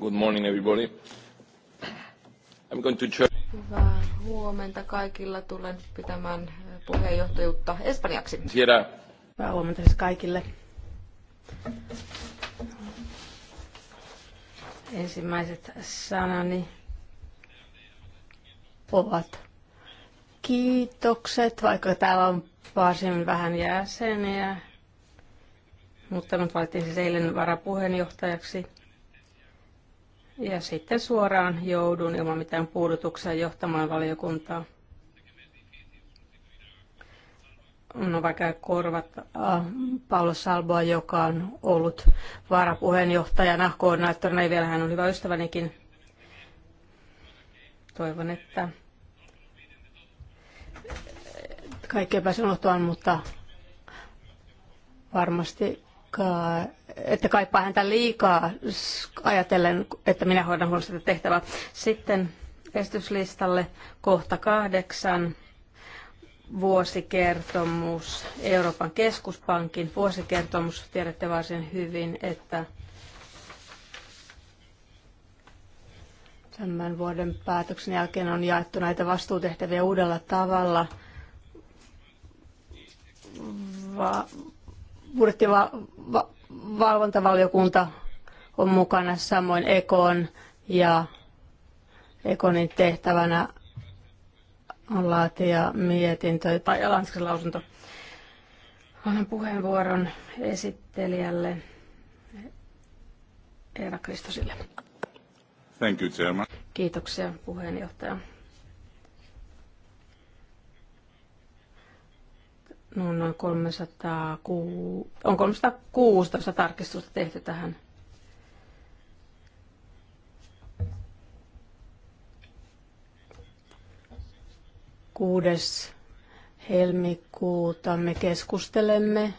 Good morning everybody. I'm going to try... Hyvää huomenta kaikilla. Tulen pitämään eh, puheenjohtajuutta espanjaksi. Hyvää huomenta siis kaikille. Ensimmäiset sanani ovat kiitokset, vaikka täällä on varsin vähän jäseniä, mutta minut valittiin siis eilen varapuheenjohtajaksi. Ja sitten suoraan joudun ilman mitään puudutuksia johtamaan valiokuntaa. No vaikka äh, Paolo Salboa, joka on ollut varapuheenjohtajana, koordinaattorina, ei vielä hän on hyvä ystävänikin. Toivon, että kaikkea pääsen mutta varmasti että kaipaa häntä liikaa ajatellen, että minä hoidan huonosti tehtävää. Sitten estyslistalle kohta kahdeksan vuosikertomus, Euroopan keskuspankin vuosikertomus. Tiedätte varsin hyvin, että tämän vuoden päätöksen jälkeen on jaettu näitä vastuutehtäviä uudella tavalla. Va- budjettivalvontavaliokunta on mukana samoin Ekon ja Ekonin tehtävänä on laatia mietintö tai Lanskin lausunto. Annan puheenvuoron esittelijälle Eeva Kristosille. Thank you, Kiitoksia puheenjohtaja. No, noin 306, on 316 tarkistusta tehty tähän. Kuudes helmikuuta me keskustelemme.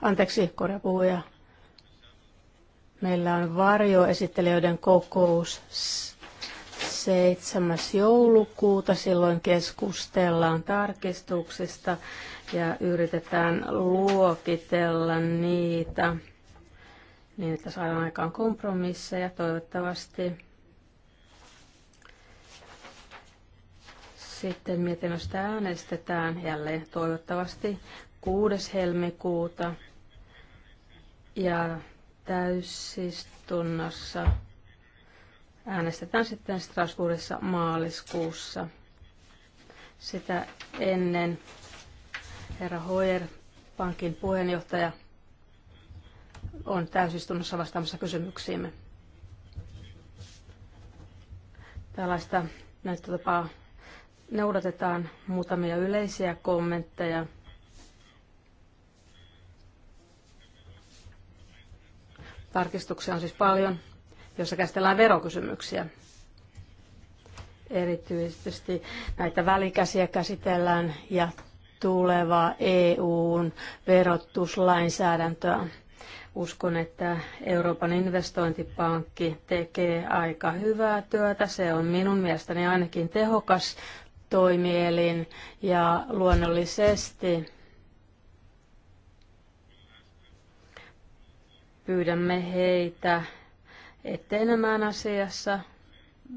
Anteeksi, korjapuhuja. Meillä on varjoesittelijöiden kokous 7. joulukuuta. Silloin keskustellaan tarkistuksista ja yritetään luokitella niitä niin, että saadaan aikaan kompromisseja toivottavasti. Sitten mietinnöstä äänestetään jälleen toivottavasti 6. helmikuuta ja täysistunnossa Äänestetään sitten Strasbourgissa maaliskuussa. Sitä ennen herra Hoyer, pankin puheenjohtaja, on täysistunnossa vastaamassa kysymyksiimme. Tällaista tapaa noudatetaan muutamia yleisiä kommentteja. Tarkistuksia on siis paljon jossa käsitellään verokysymyksiä. Erityisesti näitä välikäsiä käsitellään ja tulevaa EUn verotuslainsäädäntöä. Uskon, että Euroopan investointipankki tekee aika hyvää työtä. Se on minun mielestäni ainakin tehokas toimielin ja luonnollisesti pyydämme heitä etenemään asiassa,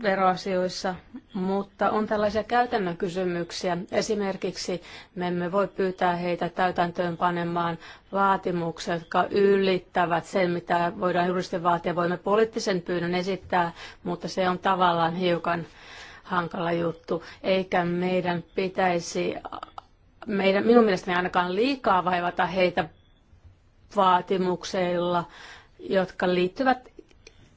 veroasioissa, mutta on tällaisia käytännön kysymyksiä. Esimerkiksi me emme voi pyytää heitä täytäntöön panemaan vaatimuksia, jotka ylittävät sen, mitä voidaan juristin vaatia. Voimme poliittisen pyynnön esittää, mutta se on tavallaan hiukan hankala juttu, eikä meidän pitäisi, meidän, minun mielestäni ainakaan liikaa vaivata heitä vaatimukseilla, jotka liittyvät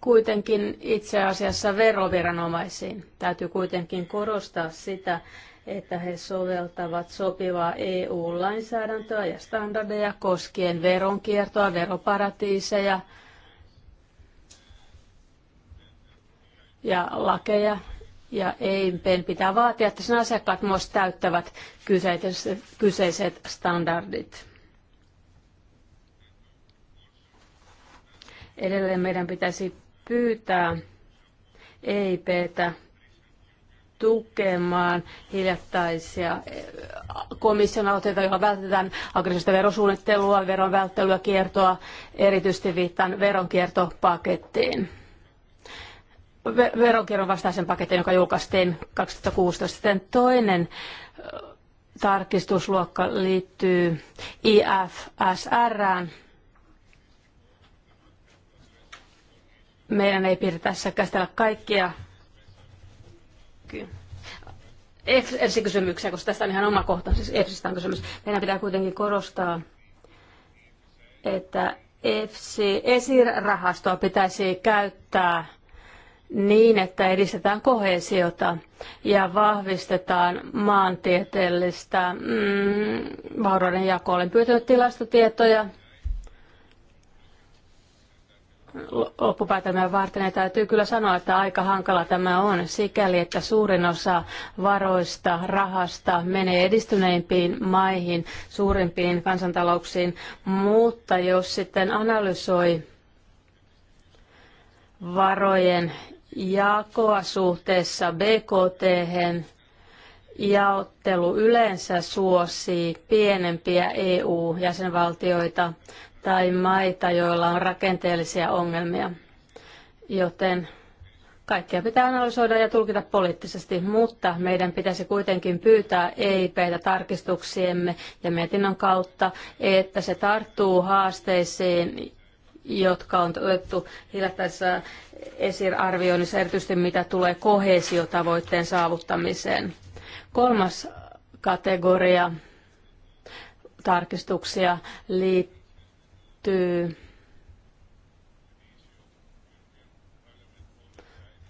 kuitenkin itse asiassa veroviranomaisiin. Täytyy kuitenkin korostaa sitä, että he soveltavat sopivaa EU-lainsäädäntöä ja standardeja koskien veronkiertoa, veroparatiiseja ja lakeja. Ja EIMPen pitää vaatia, että sen asiakkaat myös täyttävät kyseiset, standardit. Edelleen meidän pitäisi pyytää EIPtä tukemaan hiljattaisia eh, komission aloitteita, joilla vältetään aggressiivista verosuunnittelua, veron välttelyä, kiertoa, erityisesti viittaan veronkiertopakettiin. Veronkierron vastaisen paketin, joka julkaistiin 2016. Sitten toinen eh, tarkistusluokka liittyy IFSR, meidän ei pidä tässä käsitellä kaikkia EFSin kysymyksiä, koska tästä on ihan oma kohta, siis EFSistä on kysymys. Meidän pitää kuitenkin korostaa, että EFSI, esirahastoa pitäisi käyttää niin, että edistetään kohesiota ja vahvistetaan maantieteellistä mm, vaurauden jakoa. Olen pyytänyt tilastotietoja loppupäätelmää varten. Ja täytyy kyllä sanoa, että aika hankala tämä on sikäli, että suurin osa varoista, rahasta menee edistyneimpiin maihin, suurimpiin kansantalouksiin, mutta jos sitten analysoi varojen jakoa suhteessa BKT, hen jaottelu yleensä suosii pienempiä EU-jäsenvaltioita tai maita, joilla on rakenteellisia ongelmia. Joten kaikkea pitää analysoida ja tulkita poliittisesti, mutta meidän pitäisi kuitenkin pyytää EIPtä tarkistuksiemme ja mietinnön kautta, että se tarttuu haasteisiin, jotka on otettu hiljattaisessa esirarvioinnissa, erityisesti mitä tulee kohesiotavoitteen saavuttamiseen. Kolmas kategoria tarkistuksia liittyy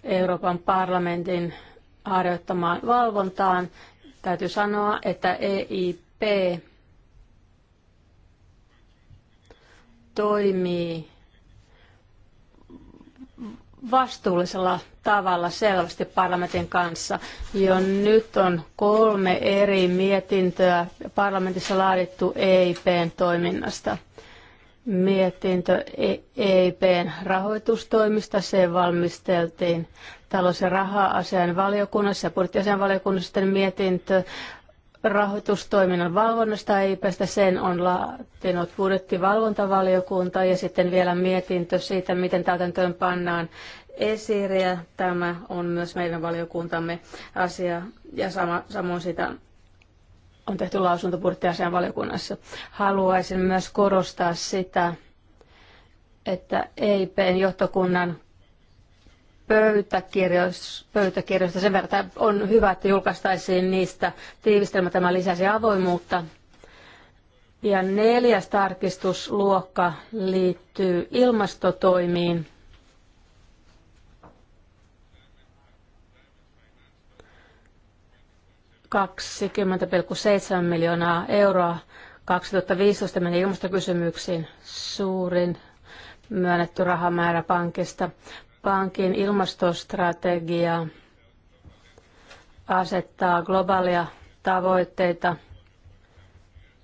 Euroopan parlamentin harjoittamaan valvontaan. Täytyy sanoa, että EIP toimii vastuullisella tavalla selvästi parlamentin kanssa. Jo nyt on kolme eri mietintöä parlamentissa laadittu EIPn toiminnasta mietintö EIPn e rahoitustoimista. Se valmisteltiin talous- ja raha-asian valiokunnassa ja budjettiasian valiokunnassa sitten mietintö rahoitustoiminnan valvonnasta EIPstä. Sen on laatinut budjettivalvontavaliokunta ja sitten vielä mietintö siitä, miten täytäntöön pannaan esiriä. Tämä on myös meidän valiokuntamme asia ja sama, samoin sitä on tehty lausunto budjettiasian valiokunnassa. Haluaisin myös korostaa sitä, että EIPn johtokunnan pöytäkirjoista sen verran, on hyvä, että julkaistaisiin niistä tiivistelmä. Tämä lisäsi avoimuutta. Ja neljäs tarkistusluokka liittyy ilmastotoimiin. 20,7 miljoonaa euroa 2015 meni ilmastokysymyksiin suurin myönnetty rahamäärä pankista. Pankin ilmastostrategia asettaa globaalia tavoitteita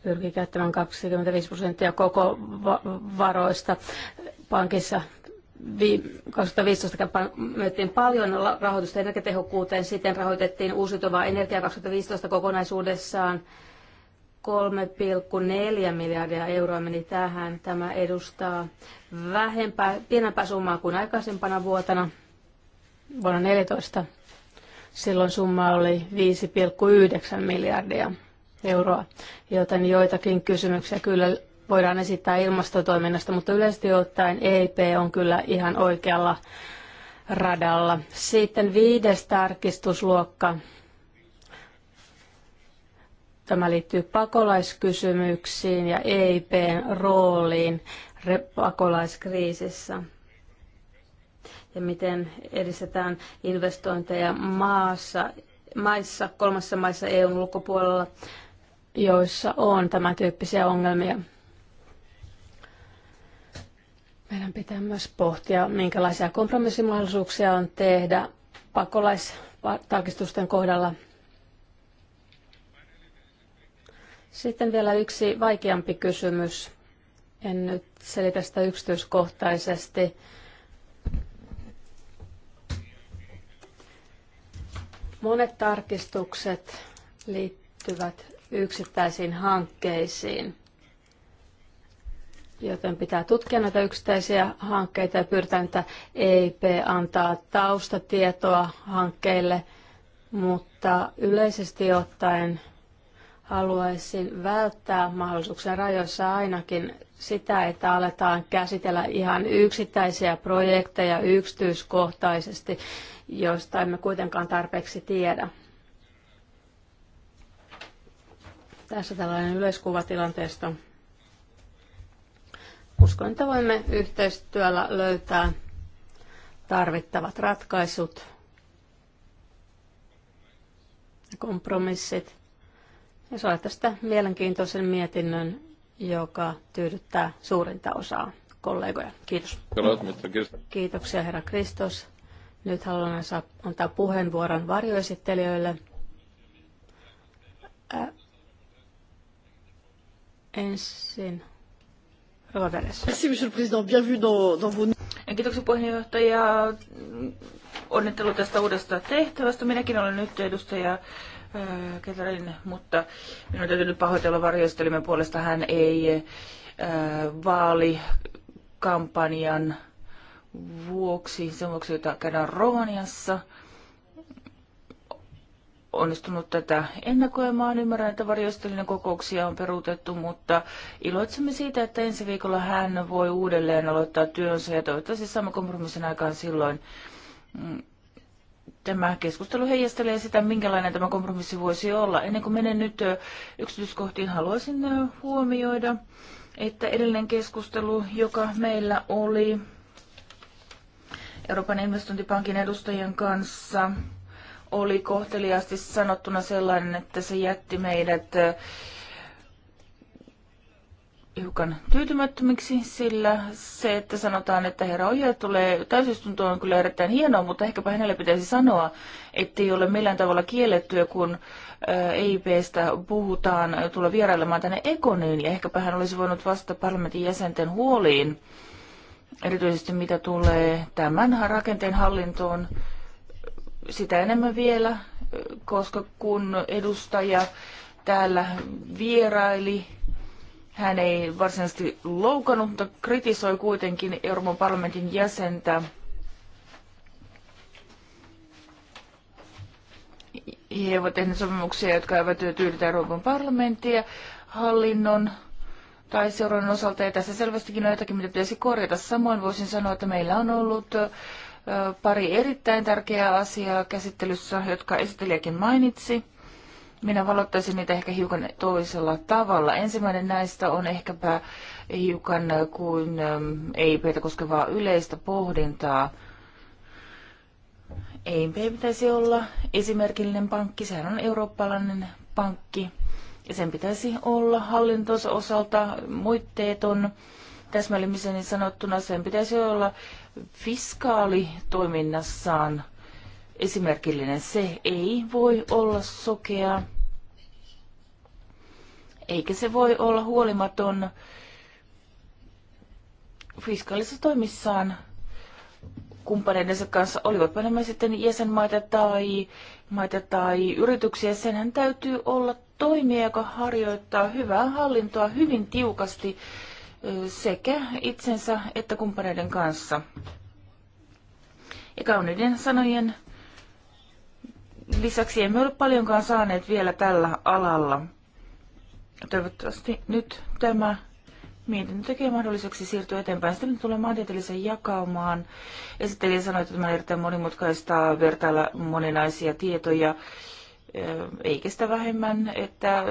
pyrkii käyttämään 25 prosenttia koko varoista pankissa 2015 myöttiin paljon rahoitusta energiatehokkuuteen, sitten rahoitettiin uusiutuvaa energiaa 2015 kokonaisuudessaan. 3,4 miljardia euroa meni tähän. Tämä edustaa vähempää, pienempää summaa kuin aikaisempana vuotena, vuonna 2014. Silloin summa oli 5,9 miljardia euroa, joten joitakin kysymyksiä kyllä voidaan esittää ilmastotoiminnasta, mutta yleisesti ottaen EIP on kyllä ihan oikealla radalla. Sitten viides tarkistusluokka. Tämä liittyy pakolaiskysymyksiin ja EIPn rooliin pakolaiskriisissä ja miten edistetään investointeja maassa, maissa, kolmassa maissa EUn ulkopuolella, joissa on tämän tyyppisiä ongelmia. Meidän pitää myös pohtia, minkälaisia kompromissimahdollisuuksia on tehdä pakolaistarkistusten kohdalla. Sitten vielä yksi vaikeampi kysymys. En nyt selitä sitä yksityiskohtaisesti. Monet tarkistukset liittyvät yksittäisiin hankkeisiin joten pitää tutkia näitä yksittäisiä hankkeita ja pyritään, että EIP antaa taustatietoa hankkeille, mutta yleisesti ottaen haluaisin välttää mahdollisuuksien rajoissa ainakin sitä, että aletaan käsitellä ihan yksittäisiä projekteja yksityiskohtaisesti, joista emme kuitenkaan tarpeeksi tiedä. Tässä tällainen yleiskuva tilanteesta. Uskon, että voimme yhteistyöllä löytää tarvittavat ratkaisut ja kompromissit. Ja saa tästä mielenkiintoisen mietinnön, joka tyydyttää suurinta osaa kollegoja. Kiitos. Kiitoksia herra Kristos. Nyt haluan antaa puheenvuoron varjoesittelijöille. ensin Rova Välles. Kiitoksia puheenjohtaja. Onnittelu tästä uudesta tehtävästä. Minäkin olen nyt edustaja äh, Ketarin, mutta minun täytyy nyt pahoitella varjoistelimen puolesta. Hän ei äh, vaalikampanjan vuoksi, sen vuoksi, jota käydään Romaniassa – onnistunut tätä ennakoimaan. Ymmärrän, että varjostelinen kokouksia on peruutettu, mutta iloitsemme siitä, että ensi viikolla hän voi uudelleen aloittaa työnsä ja toivottavasti sama kompromissin aikaan silloin. Mm, tämä keskustelu heijastelee sitä, minkälainen tämä kompromissi voisi olla. Ennen kuin menen nyt yksityiskohtiin, haluaisin huomioida, että edellinen keskustelu, joka meillä oli Euroopan investointipankin edustajien kanssa, oli kohteliaasti sanottuna sellainen, että se jätti meidät hiukan tyytymättömiksi, sillä se, että sanotaan, että herra Oja tulee täysistuntoon on kyllä erittäin hienoa, mutta ehkäpä hänelle pitäisi sanoa, ei ole millään tavalla kiellettyä, kun EIPstä puhutaan tulla vierailemaan tänne Ekoniin, ja ehkäpä hän olisi voinut vastata parlamentin jäsenten huoliin, erityisesti mitä tulee tämän rakenteen hallintoon sitä enemmän vielä, koska kun edustaja täällä vieraili, hän ei varsinaisesti loukannut, mutta kritisoi kuitenkin Euroopan parlamentin jäsentä. He ovat tehneet sopimuksia, jotka eivät tyydytä Euroopan parlamenttia, hallinnon tai seurannan osalta, ja tässä selvästikin on jotakin, mitä pitäisi korjata. Samoin voisin sanoa, että meillä on ollut äh, pari erittäin tärkeää asiaa käsittelyssä, jotka esittelijäkin mainitsi. Minä valottaisin niitä ehkä hiukan toisella tavalla. Ensimmäinen näistä on ehkäpä hiukan kuin ähm, EIPtä koskevaa yleistä pohdintaa. EIP pitäisi olla esimerkillinen pankki, sehän on eurooppalainen pankki, ja sen pitäisi olla hallintonsa osalta muitteeton. Täsmällimisen sanottuna sen pitäisi olla fiskaalitoiminnassaan esimerkillinen. Se ei voi olla sokea, eikä se voi olla huolimaton fiskaalisessa toimissaan kumppaneidensa kanssa, olivatpa nämä sitten jäsenmaita tai, maita tai yrityksiä. Senhän täytyy olla toimija, joka harjoittaa hyvää hallintoa hyvin tiukasti sekä itsensä että kumppaneiden kanssa. Ja kauniiden sanojen lisäksi emme ole paljonkaan saaneet vielä tällä alalla. Toivottavasti nyt tämä mietintö tekee mahdolliseksi siirtyä eteenpäin. Sitten tulee maantieteelliseen jakaumaan. Esittelijä sanoi, että tämä on erittäin monimutkaista vertailla moninaisia tietoja. Eh, Ei kestä vähemmän, että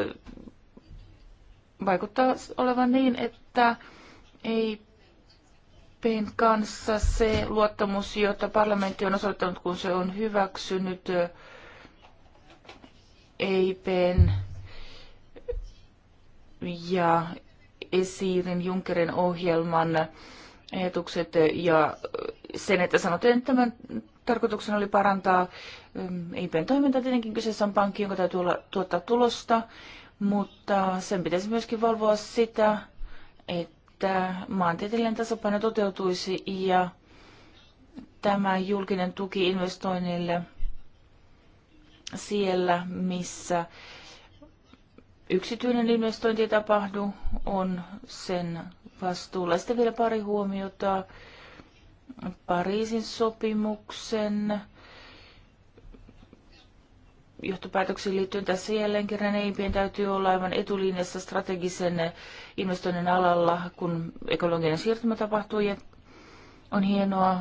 vaikuttaa olevan niin, että että ei kanssa se luottamus, jota parlamentti on osoittanut, kun se on hyväksynyt EIPn ja Esirin Junckerin ohjelman ajatukset ja sen, että sanotaan, että tämän tarkoituksena oli parantaa mm, EIPn toimintaa. Tietenkin kyseessä on pankki, jonka täytyy olla, tuottaa tulosta, mutta sen pitäisi myöskin valvoa sitä, että maantieteellinen tasapaino toteutuisi ja tämä julkinen tuki investoinnille siellä, missä yksityinen investointi ei tapahdu, on sen vastuulla. Sitten vielä pari huomiota Pariisin sopimuksen johtopäätöksiin liittyen tässä jälleen kerran EIPien täytyy olla aivan etulinjassa strategisen investoinnin alalla, kun ekologinen siirtymä tapahtuu. Ja on hienoa,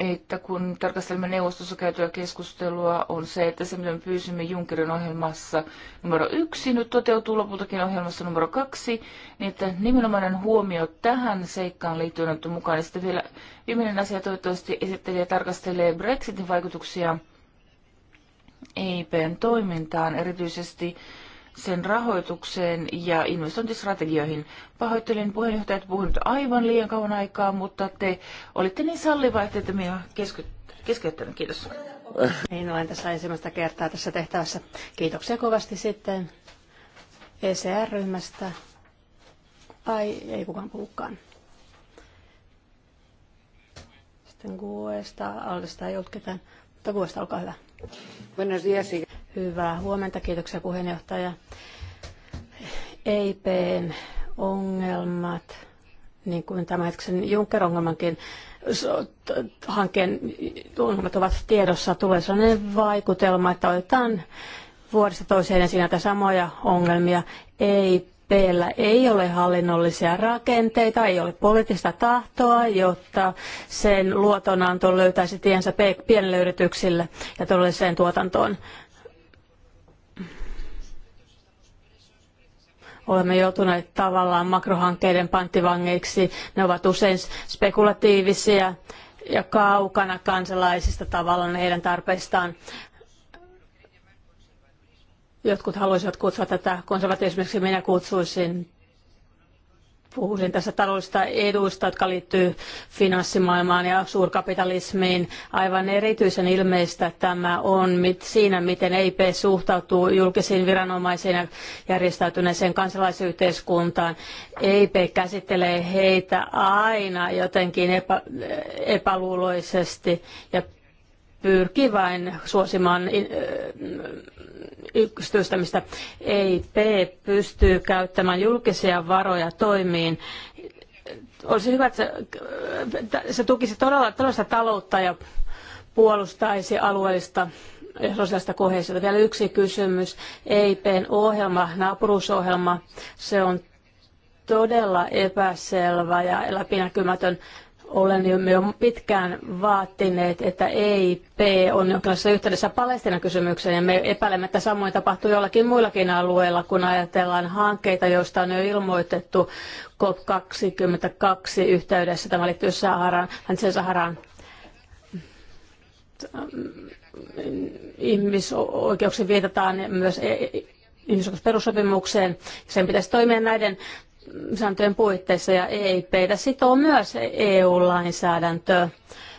että kun tarkastelemme neuvostossa käytyä keskustelua, on se, että se, mitä me pyysimme Junckerin ohjelmassa numero yksi, nyt toteutuu lopultakin ohjelmassa numero kaksi, niin että nimenomainen huomio tähän seikkaan liittyen on mukaan. Ja sitten vielä viimeinen asia, toivottavasti esittelijä tarkastelee Brexitin vaikutuksia – EIPn toimintaan, erityisesti sen rahoitukseen ja investointistrategioihin. Pahoittelen puheenjohtaja, että puhunut aivan liian kauan aikaa, mutta te olitte niin salliva, että minä keskeyttänyt. Kiitos. Niin olen tässä ensimmäistä kertaa tässä tehtävässä. Kiitoksia kovasti sitten ECR-ryhmästä. Ai, ei kukaan puhukaan. Sitten Guesta, Aldesta ei ollut ketään, mutta Guesta, olkaa hyvä. Hyvää huomenta, kiitoksia puheenjohtaja. EIPn ongelmat, niin kuin tämän hetken Juncker-ongelmankin hankkeen ongelmat ovat tiedossa, tulee sellainen vaikutelma, että otetaan vuodesta toiseen esiin näitä samoja ongelmia. EIP teillä ei ole hallinnollisia rakenteita, ei ole poliittista tahtoa, jotta sen luotonanto löytäisi tiensä pienille yrityksille ja todelliseen tuotantoon. Olemme joutuneet tavallaan makrohankkeiden panttivangeiksi. Ne ovat usein spekulatiivisia ja kaukana kansalaisista tavallaan heidän tarpeistaan. Jotkut haluaisivat kutsua tätä konservatiiviseksi, minä kutsuisin puhuisin tässä taloudellisista eduista, jotka liittyy finanssimaailmaan ja suurkapitalismiin. Aivan erityisen ilmeistä tämä on siinä, miten EIP suhtautuu julkisiin viranomaisiin ja järjestäytyneeseen kansalaisyhteiskuntaan. EIP käsittelee heitä aina jotenkin epä, epäluuloisesti ja pyrkii vain suosimaan yksityistämistä. EIP pystyy käyttämään julkisia varoja toimiin, olisi hyvä, että se, se tukisi todella, todellista taloutta ja puolustaisi alueellista ja sosiaalista kohesiota. Vielä yksi kysymys. EIPn ohjelma, naapuruusohjelma, se on todella epäselvä ja läpinäkymätön. Olen jo pitkään vaatineet, että EIP on jonkinlaisessa yhteydessä Palestinan kysymykseen ja me epäilemme, että samoin tapahtuu jollakin muillakin alueilla, kun ajatellaan hankkeita, joista on jo ilmoitettu COP22 yhteydessä. Tämä liittyy Saharan, Läntisen Saharan ihmisoikeuksiin viitataan myös e ihmisoikeusperussopimukseen. Sen pitäisi toimia näiden sääntöjen puitteissa ja EIPtä sitoo myös EU-lainsäädäntöä.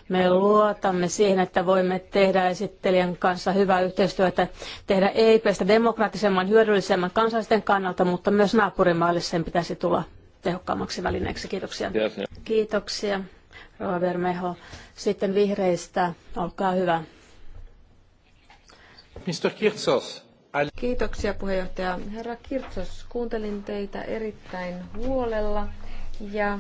Me luotamme siihen, että voimme tehdä esittelijän kanssa hyvää yhteistyötä, tehdä EIPstä demokraattisemman, hyödyllisemmän kansalaisten kannalta, mutta myös naapurimaille sen pitäisi tulla tehokkaammaksi välineeksi. Kiitoksia. Kiitoksia, Rova Sitten vihreistä, olkaa hyvä. Mr. Kirtsos. Kiitoksia puheenjohtaja. Herra Kirtsos, kuuntelin teitä erittäin huolella ja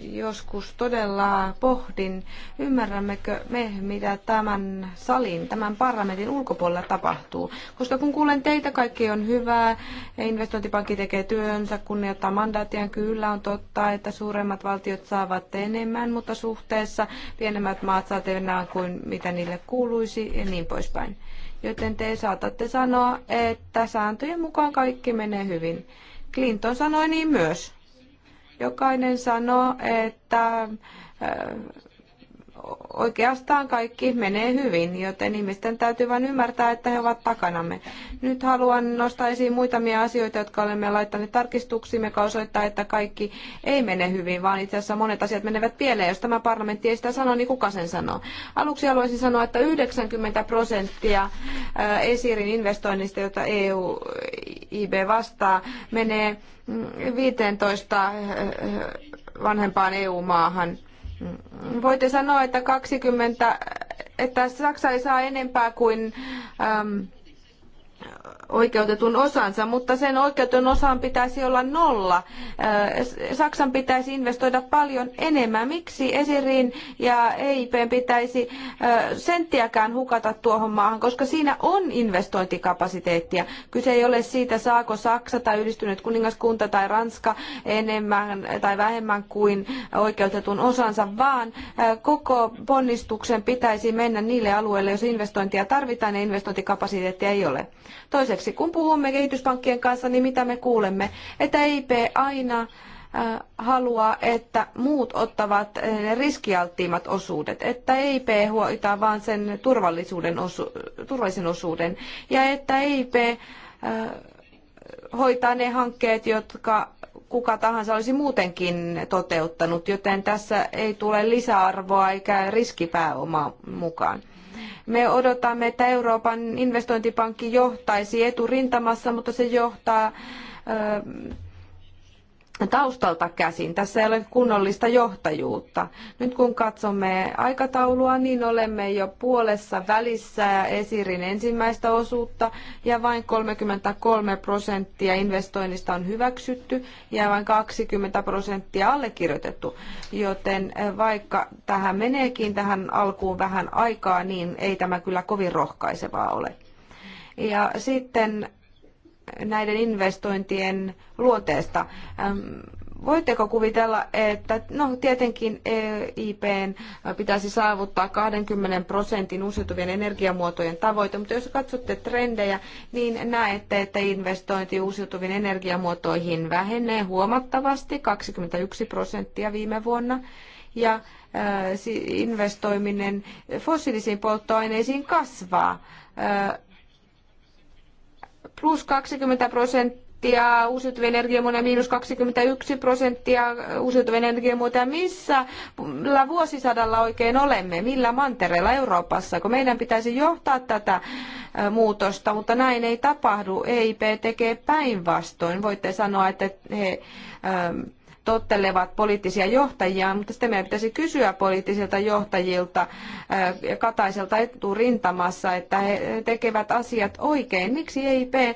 joskus todella pohdin, ymmärrämmekö me, mitä tämän salin, tämän parlamentin ulkopuolella tapahtuu. Koska kun kuulen teitä, kaikki on hyvää, investointipankki tekee työnsä, kunnioittaa mandaattiaan, kyllä on totta, että suuremmat valtiot saavat enemmän, mutta suhteessa pienemmät maat saavat enemmän kuin mitä niille kuuluisi ja niin poispäin joten te saatatte sanoa, että sääntöjen mukaan kaikki menee hyvin. Clinton sanoi niin myös. Jokainen sanoo, että oikeastaan kaikki menee hyvin, joten ihmisten täytyy vain ymmärtää, että he ovat takanamme. Nyt haluan nostaa esiin muutamia asioita, jotka olemme laittaneet tarkistuksiin, mikä osoittaa, että kaikki ei mene hyvin, vaan itse asiassa monet asiat menevät pieleen. Jos tämä parlamentti ei sitä sano, niin kuka sen sanoo? Aluksi haluaisin sanoa, että 90 prosenttia esirin investoinnista, joita EU IB vastaa, menee 15 mm, vanhempaan EU-maahan – Voitte sanoa, että 20, että Saksa ei saa enempää kuin äm, oikeutetun osansa, mutta sen oikeutetun osan pitäisi olla nolla. Äh, Saksan pitäisi investoida paljon enemmän. Miksi Esirin ja EIPn pitäisi äh, senttiäkään hukata tuohon maahan, koska siinä on investointikapasiteettia. Kyse ei ole siitä, saako Saksa tai yhdistynyt kuningaskunta tai Ranska enemmän tai vähemmän kuin oikeutetun osansa, vaan äh, koko ponnistuksen pitäisi mennä niille alueille, jos investointia tarvitaan ja investointikapasiteettia ei ole. Toiseksi, kun puhumme kehityspankkien kanssa, niin mitä me kuulemme? Että EIP aina haluaa, että muut ottavat riskialttiimmat osuudet, että EIP huoitaa vain sen turvallisuuden osu, turvallisen osuuden ja että EIP hoitaa ne hankkeet, jotka kuka tahansa olisi muutenkin toteuttanut, joten tässä ei tule lisäarvoa eikä riskipääomaa mukaan. Me odotamme, että Euroopan investointipankki johtaisi eturintamassa, mutta se johtaa taustalta käsin. Tässä ei ole kunnollista johtajuutta. Nyt kun katsomme aikataulua, niin olemme jo puolessa välissä Esirin ensimmäistä osuutta ja vain 33 prosenttia investoinnista on hyväksytty ja vain 20 prosenttia allekirjoitettu. Joten vaikka tähän meneekin tähän alkuun vähän aikaa, niin ei tämä kyllä kovin rohkaisevaa ole. Ja sitten näiden investointien luonteesta ähm, Voitteko kuvitella, että no tietenkin EIPn pitäisi saavuttaa 20 prosentin uusiutuvien energiamuotojen tavoite, mutta jos katsotte trendejä, niin näette, että investointi uusiutuviin energiamuotoihin vähenee huomattavasti, 21 prosenttia viime vuonna, ja äh, investoiminen fossiilisiin polttoaineisiin kasvaa äh, plus 20 prosenttia uusiutuvia energiamuotoja, miinus 21 prosenttia uusiutuvia energiamuotoja. Missä vuosisadalla oikein olemme? Millä mantereella Euroopassa? Kun meidän pitäisi johtaa tätä muutosta, mutta näin ei tapahdu. EIP tekee päinvastoin. Voitte sanoa, että he ähm, tottelevat poliittisia johtajia, mutta sitten meidän pitäisi kysyä poliittisilta johtajilta eh, Kataiselta eturintamassa, että he tekevät asiat oikein. Miksi EIP eh,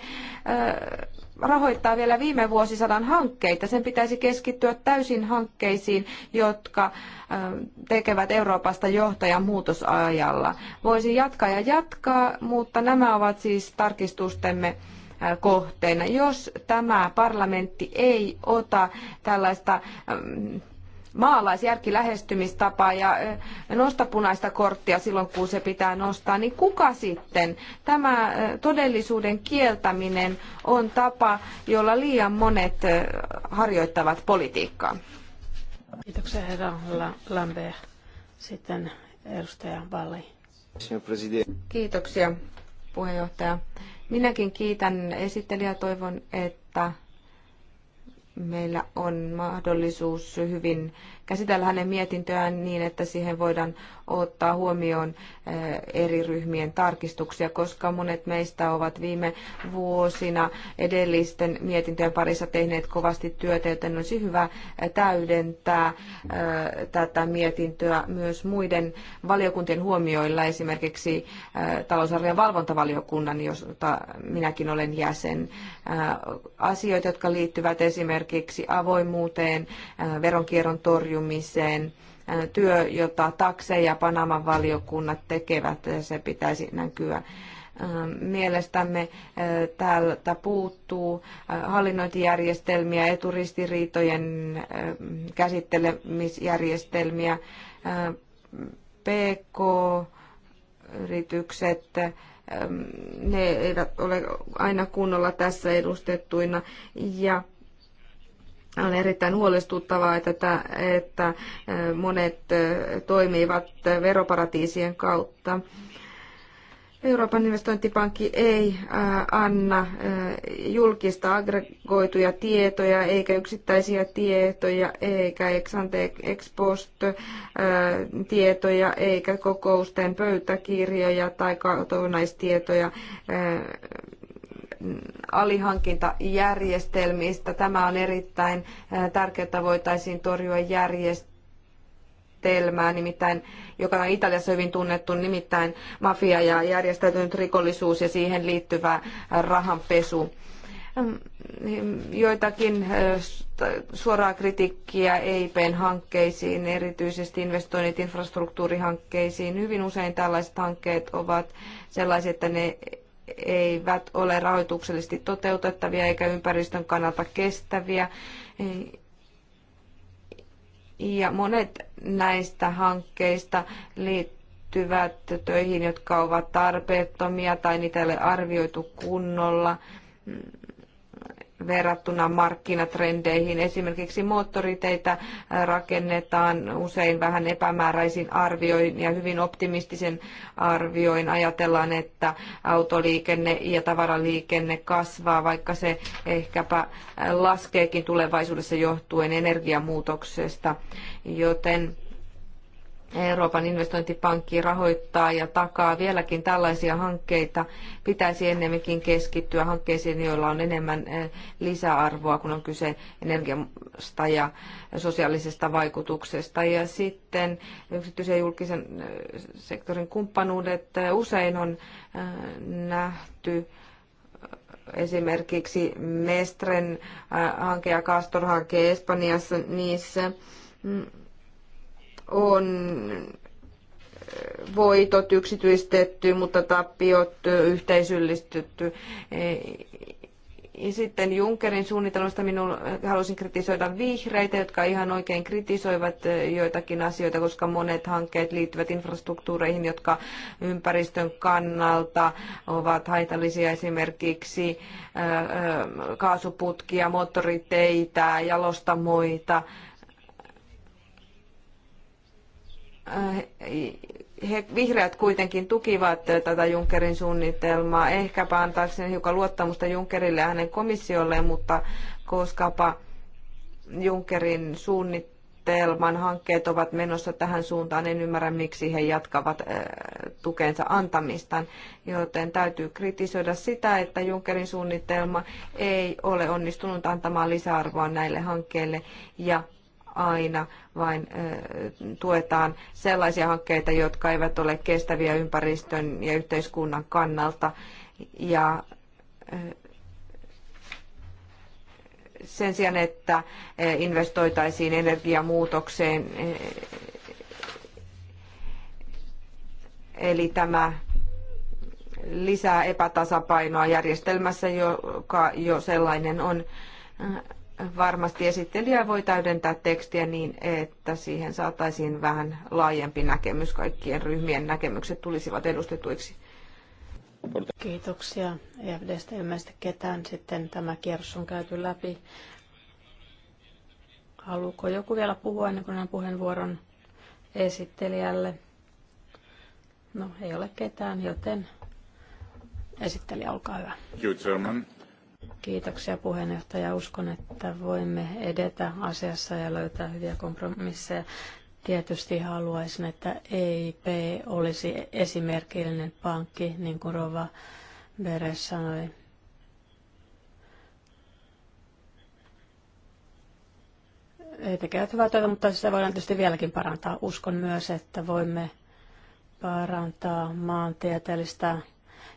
rahoittaa vielä viime vuosisadan hankkeita. Sen pitäisi keskittyä täysin hankkeisiin, jotka eh, tekevät Euroopasta johtajan muutosajalla. Voisi jatkaa ja jatkaa, mutta nämä ovat siis tarkistustemme Äh, kohteena. Jos tämä parlamentti ei ota tällaista ähm, maalaisjärkilähestymistapaa ja äh, nosta punaista korttia silloin, kun se pitää nostaa, niin kuka sitten? Tämä äh, todellisuuden kieltäminen on tapa, jolla liian monet harjoittavat politiikkaa. Kiitoksia herra Lambert. Sitten edustaja Valli. Kiitoksia puheenjohtaja. Minäkin kiitän esittelijä Toivon, että meillä on mahdollisuus hyvin käsitellä hänen mietintöään niin, että siihen voidaan ottaa huomioon eh, eri ryhmien tarkistuksia, koska monet meistä ovat viime vuosina edellisten mietintöjen parissa tehneet kovasti työtä, joten olisi hyvä eh, täydentää eh, tätä mietintöä myös muiden valiokuntien huomioilla, esimerkiksi talousarvion valvontavaliokunnan, josta minäkin olen jäsen. Asioita, jotka liittyvät esimerkiksi avoimuuteen, veronkierron torjuntaan, torjumiseen. Työ, jota takse ja Panaman valiokunnat tekevät, se pitäisi näkyä. Mielestämme täältä puuttuu hallinnointijärjestelmiä, eturistiriitojen käsittelemisjärjestelmiä, PK-yritykset, ne eivät ole aina kunnolla tässä edustettuina. Ja on erittäin huolestuttavaa, että, että monet toimivat veroparatiisien kautta. Euroopan investointipankki ei anna julkista aggregoituja tietoja eikä yksittäisiä tietoja eikä ex ante ex post tietoja eikä kokousten pöytäkirjoja tai kotonaistietoja alihankintajärjestelmistä. Tämä on erittäin tärkeää, voitaisiin torjua järjestelmää, nimittäin, joka on Italiassa hyvin tunnettu, nimittäin mafia ja järjestäytynyt rikollisuus ja siihen liittyvä rahanpesu niin, joitakin suoraa kritiikkiä EIPn hankkeisiin, erityisesti investoinnit infrastruktuurihankkeisiin. Hyvin usein tällaiset hankkeet ovat sellaisia, että ne eivät ole rahoituksellisesti toteutettavia eikä ympäristön kannalta kestäviä. Ja monet näistä hankkeista liittyvät töihin, jotka ovat tarpeettomia tai niitä ei ole arvioitu kunnolla verrattuna markkinatrendeihin. Esimerkiksi moottoriteitä äh, rakennetaan usein vähän epämääräisin arvioin ja hyvin optimistisen arvioin. Ajatellaan, että autoliikenne ja tavaraliikenne kasvaa, vaikka se ehkäpä äh, laskeekin tulevaisuudessa johtuen energiamuutoksesta. Joten Euroopan investointipankki rahoittaa ja takaa vieläkin tällaisia hankkeita, pitäisi ennemminkin keskittyä hankkeisiin, joilla on enemmän eh, lisäarvoa, kun on kyse energiasta ja sosiaalisesta vaikutuksesta. Ja sitten yksityisen ja julkisen eh, sektorin kumppanuudet usein on eh, nähty esimerkiksi Mestren hanke ja Castor-hanke Espanjassa niissä mm on äh, voitot yksityistetty, mutta tappiot äh, yhteisöllistetty. Äh, ja sitten Junckerin suunnitelmasta minun halusin kritisoida vihreitä, jotka ihan oikein kritisoivat joitakin asioita, koska monet hankkeet liittyvät infrastruktuureihin, jotka ympäristön kannalta ovat haitallisia esimerkiksi kaasuputkia, moottoriteitä, jalostamoita – Äh, he, vihreät kuitenkin tukivat tätä Junckerin suunnitelmaa, ehkäpä antaakseen hiukan luottamusta Junckerille ja hänen komissiolleen, mutta koskapa Junckerin suunnitelman hankkeet ovat menossa tähän suuntaan, en ymmärrä miksi he jatkavat äh, tukensa antamistaan, joten täytyy kritisoida sitä, että Junckerin suunnitelma ei ole onnistunut antamaan lisäarvoa näille hankkeille ja aina vain tuetaan sellaisia hankkeita, jotka eivät ole kestäviä ympäristön ja yhteiskunnan kannalta. Ja sen sijaan, että investoitaisiin energiamuutokseen, eli tämä lisää epätasapainoa järjestelmässä, joka jo sellainen on. Varmasti esittelijä voi täydentää tekstiä niin, että siihen saataisiin vähän laajempi näkemys, kaikkien ryhmien näkemykset tulisivat edustetuiksi. Kiitoksia. EFDstä ilmeisesti ketään sitten tämä kierros on käyty läpi. Haluuko joku vielä puhua ennen kuin puheenvuoron esittelijälle? No ei ole ketään, joten esittelijä, olkaa hyvä. Kiitoksia puheenjohtaja. Uskon, että voimme edetä asiassa ja löytää hyviä kompromisseja. Tietysti haluaisin, että EIP olisi esimerkillinen pankki, niin kuin Rova Beres sanoi. Ei tekevät hyvää työtä, mutta sitä voidaan tietysti vieläkin parantaa. Uskon myös, että voimme parantaa maantieteellistä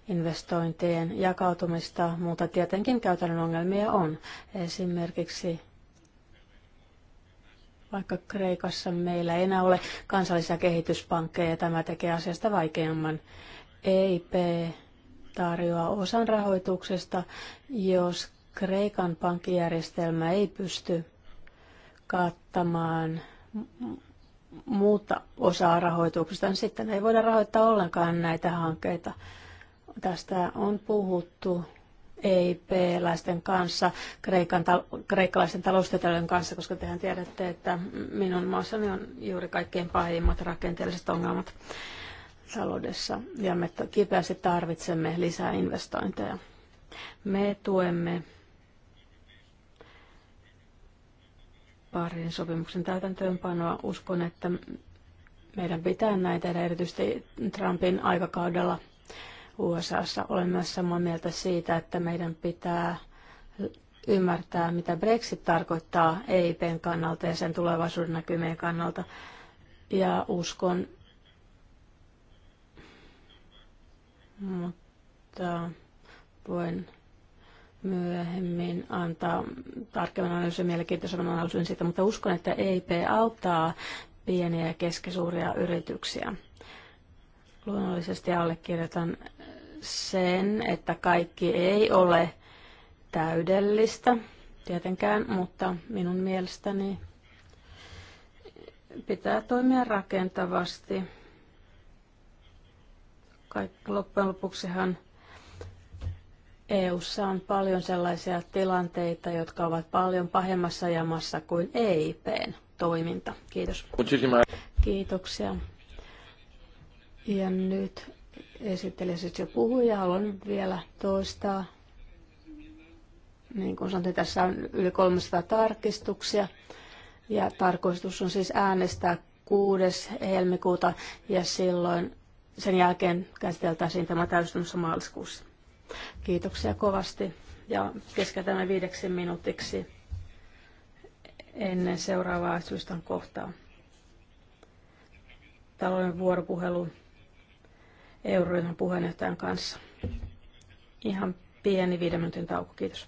investointien jakautumista, mutta tietenkin käytännön ongelmia on. Esimerkiksi vaikka Kreikassa meillä ei enää ole kansallisia kehityspankkeja, tämä tekee asiasta vaikeamman. EIP tarjoaa osan rahoituksesta, jos Kreikan pankkijärjestelmä ei pysty kattamaan muuta osaa rahoituksesta, niin sitten ei voida rahoittaa ollenkaan näitä hankkeita. Tästä on puhuttu EIP-läisten kanssa, Kreikan, kreikkalaisten taloustieteilijöiden kanssa, koska tehän tiedätte, että minun maassani on juuri kaikkein pahimmat rakenteelliset ongelmat taloudessa ja me kipeästi tarvitsemme lisää investointeja. Me tuemme parin sopimuksen täytäntöönpanoa. Uskon, että meidän pitää näin tehdä erityisesti Trumpin aikakaudella – USAssa. Olen myös samaa mieltä siitä, että meidän pitää ymmärtää, mitä Brexit tarkoittaa EIPn kannalta ja sen tulevaisuuden näkymien kannalta. Ja uskon, mutta voin myöhemmin antaa tarkemmin analyysin, mielenkiintoisen analyysin siitä, mutta uskon, että EIP auttaa pieniä ja keskisuuria yrityksiä. Luonnollisesti allekirjoitan sen, että kaikki ei ole täydellistä tietenkään, mutta minun mielestäni pitää toimia rakentavasti. Kaik- loppujen lopuksihan EU:ssa on paljon sellaisia tilanteita, jotka ovat paljon pahemmassa jamassa kuin EIPn toiminta. Kiitos. Kiitoksia. Ja nyt Esittelijä siis jo puhui ja haluan vielä toistaa. Niin kuin sanoin, tässä on yli 300 tarkistuksia ja tarkoitus on siis äänestää 6. helmikuuta ja silloin sen jälkeen käsiteltäisiin tämä täysistunnossa maaliskuussa. Kiitoksia kovasti ja keskeytämme viideksi minuutiksi ennen seuraavaa syystä kohtaa. Talouden vuoropuhelu euroryhmän puheenjohtajan kanssa. Ihan pieni viiden minuutin tauko. Kiitos.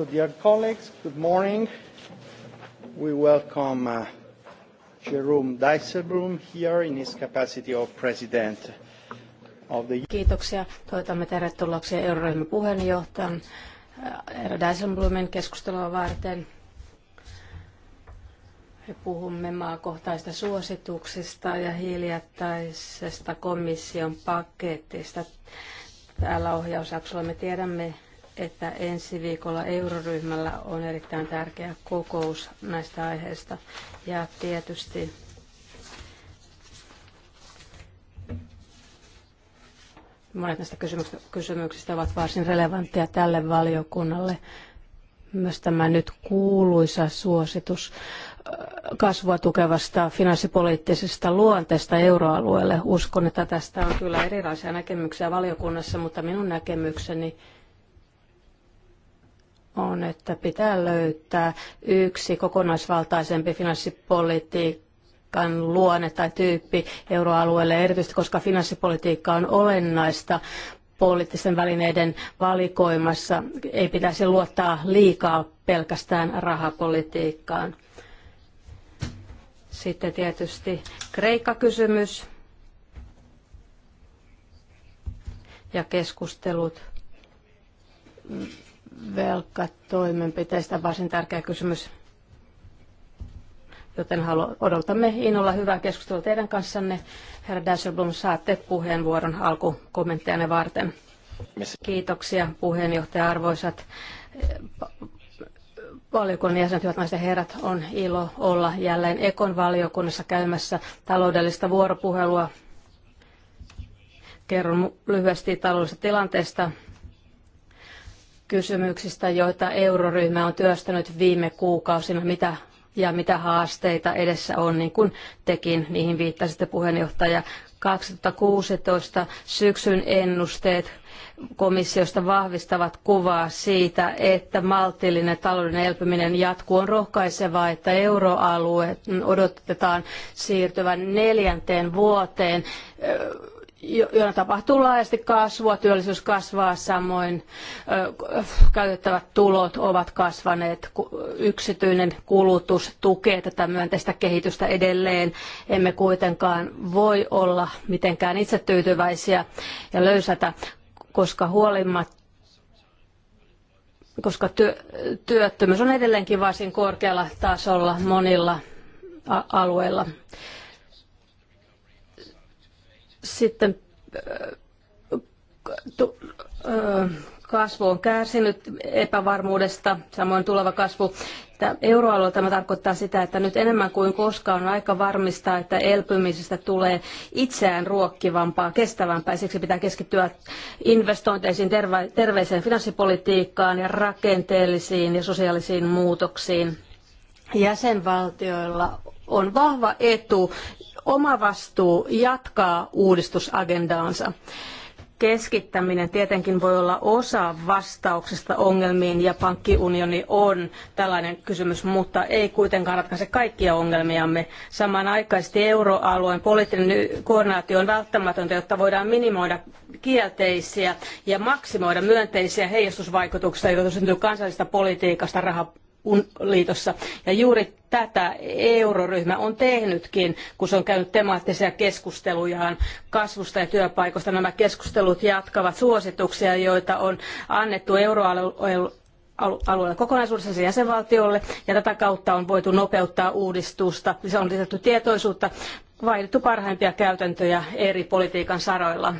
So, dear colleagues, good morning. We welcome uh, Jerome Dijsselbloem here in his capacity of president of the... Kiitoksia. Toivotamme tervetulleeksi euroryhmän puheenjohtajan Eero äh, Dijsselbloemin keskustelua varten. Me puhumme maakohtaista suosituksista ja hiljattaisesta komission paketista. Täällä ohjausjaksolla me tiedämme, että ensi viikolla euroryhmällä on erittäin tärkeä kokous näistä aiheista. Ja tietysti monet näistä kysymyksistä ovat varsin relevantteja tälle valiokunnalle. Myös tämä nyt kuuluisa suositus kasvua tukevasta finanssipoliittisesta luonteesta euroalueelle. Uskon, että tästä on kyllä erilaisia näkemyksiä valiokunnassa, mutta minun näkemykseni on, että pitää löytää yksi kokonaisvaltaisempi finanssipolitiikan luonne tai tyyppi euroalueelle, erityisesti koska finanssipolitiikka on olennaista poliittisten välineiden valikoimassa. Ei pitäisi luottaa liikaa pelkästään rahapolitiikkaan. Sitten tietysti Kreikka-kysymys ja keskustelut velkatoimenpiteistä varsin tärkeä kysymys. Joten halu, odotamme innolla hyvää keskustelua teidän kanssanne. Herra Dasselblom, saatte puheenvuoron alkukommenttejanne varten. Kiitoksia puheenjohtaja arvoisat eh, valiokunnan jäsenet, hyvät naiset ja herrat, on ilo olla jälleen Ekon valiokunnassa käymässä taloudellista vuoropuhelua. Kerron lyhyesti taloudellisesta tilanteesta kysymyksistä, joita euroryhmä on työstänyt viime kuukausina, mitä ja mitä haasteita edessä on, niin kuin tekin niihin viittasitte puheenjohtaja. 2016 syksyn ennusteet komissiosta vahvistavat kuvaa siitä, että maltillinen talouden elpyminen jatkuu. On rohkaisevaa, että euroalue odotetaan siirtyvän neljänteen vuoteen joilla tapahtuu laajasti kasvua, työllisyys kasvaa samoin, käytettävät tulot ovat kasvaneet, yksityinen kulutus tukee tätä myönteistä kehitystä edelleen. Emme kuitenkaan voi olla mitenkään itse tyytyväisiä ja löysätä, koska huolimatta koska työttömyys on edelleenkin varsin korkealla tasolla monilla alueilla. Sitten äh, äh, kasvu on kärsinyt epävarmuudesta, samoin tuleva kasvu. Euroalueella tämä tarkoittaa sitä, että nyt enemmän kuin koskaan on aika varmistaa, että elpymisestä tulee itseään ruokkivampaa, kestävämpää. Siksi pitää keskittyä investointeisiin, terveeseen finanssipolitiikkaan ja rakenteellisiin ja sosiaalisiin muutoksiin. Jäsenvaltioilla on vahva etu oma vastuu jatkaa uudistusagendaansa. Keskittäminen tietenkin voi olla osa vastauksesta ongelmiin ja pankkiunioni on tällainen kysymys, mutta ei kuitenkaan ratkaise kaikkia ongelmiamme. Samanaikaisesti euroalueen poliittinen koordinaatio on välttämätöntä, jotta voidaan minimoida kielteisiä ja maksimoida myönteisiä heijastusvaikutuksia, joita syntyy kansallisesta politiikasta rahapolitiikasta liitossa. Ja juuri tätä euroryhmä on tehnytkin, kun se on käynyt temaattisia keskustelujaan kasvusta ja työpaikoista. Nämä keskustelut jatkavat suosituksia, joita on annettu euroalueella kokonaisuudessaan se siis jäsenvaltiolle, ja tätä kautta on voitu nopeuttaa uudistusta. Se on lisätty tietoisuutta, vaihdettu parhaimpia käytäntöjä eri politiikan saroilla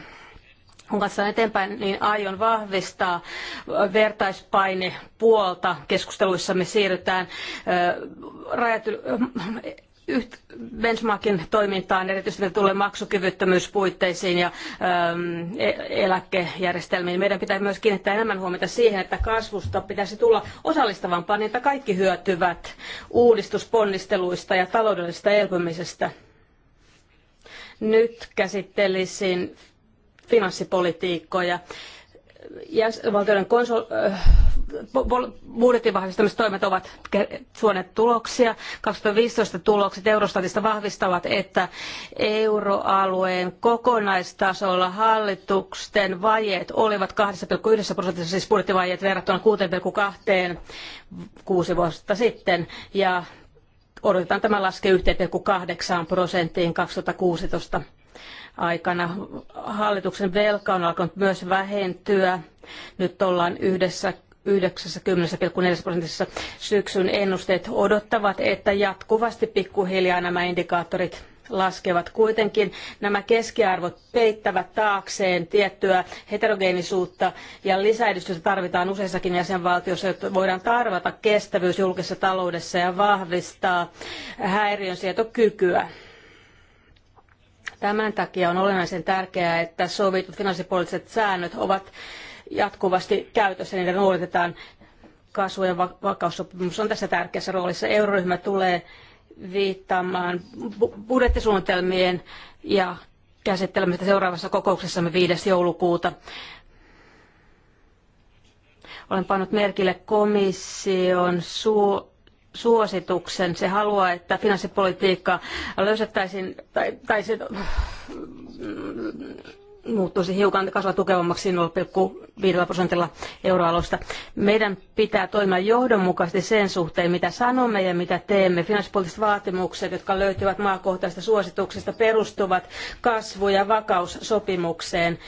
kun katsotaan eteenpäin, niin aion vahvistaa vertaispainepuolta. Keskusteluissamme siirrytään yht benchmarkin toimintaan, erityisesti mitä tulee maksukyvyttömyyspuitteisiin ja e-, eläkejärjestelmiin. Meidän pitää myös kiinnittää enemmän huomiota siihen, että kasvusta pitäisi tulla osallistavampaa, niin että kaikki hyötyvät uudistusponnisteluista ja taloudellisesta elpymisestä. Nyt käsittelisin finanssipolitiikkoja jäsenvaltioiden konsol- äh, budjetin vahvistamistoimet ovat suoneet tuloksia. 2015 tulokset Eurostatista vahvistavat, että euroalueen kokonaistasolla hallitusten vajeet olivat 2,1 prosentissa, siis budjettivajeet verrattuna 6,2 kuusi vuotta sitten. Ja odotetaan tämä laske 1,8 prosenttiin 2016 aikana. Hallituksen velka on alkanut myös vähentyä. Nyt ollaan yhdessä 90,4 prosentissa syksyn ennusteet odottavat, että jatkuvasti pikkuhiljaa nämä indikaattorit laskevat. Kuitenkin nämä keskiarvot peittävät taakseen tiettyä heterogeenisuutta ja lisäedistystä tarvitaan useissakin jäsenvaltioissa, jotta voidaan tarvata kestävyys julkisessa taloudessa ja vahvistaa häiriönsietokykyä. Tämän takia on olennaisen tärkeää, että sovitut finanssipoliittiset säännöt ovat jatkuvasti käytössä, niitä noudatetaan. Kasvu- ja vakaussopimus on tässä tärkeässä roolissa. Euroryhmä tulee viittaamaan budjettisuunnitelmien ja käsittelemistä seuraavassa kokouksessamme 5. joulukuuta. Olen pannut merkille komission su- suosituksen. Se haluaa, että finanssipolitiikka löysettäisiin tai, tai se mm, muuttuisi hiukan kasvaa tukevammaksi 0,5 prosentilla euroalosta. Meidän pitää toimia johdonmukaisesti sen suhteen, mitä sanomme ja mitä teemme. Finanssipoliittiset vaatimukset, jotka löytyvät maakohtaisista suosituksista, perustuvat kasvu- ja vakaussopimukseen.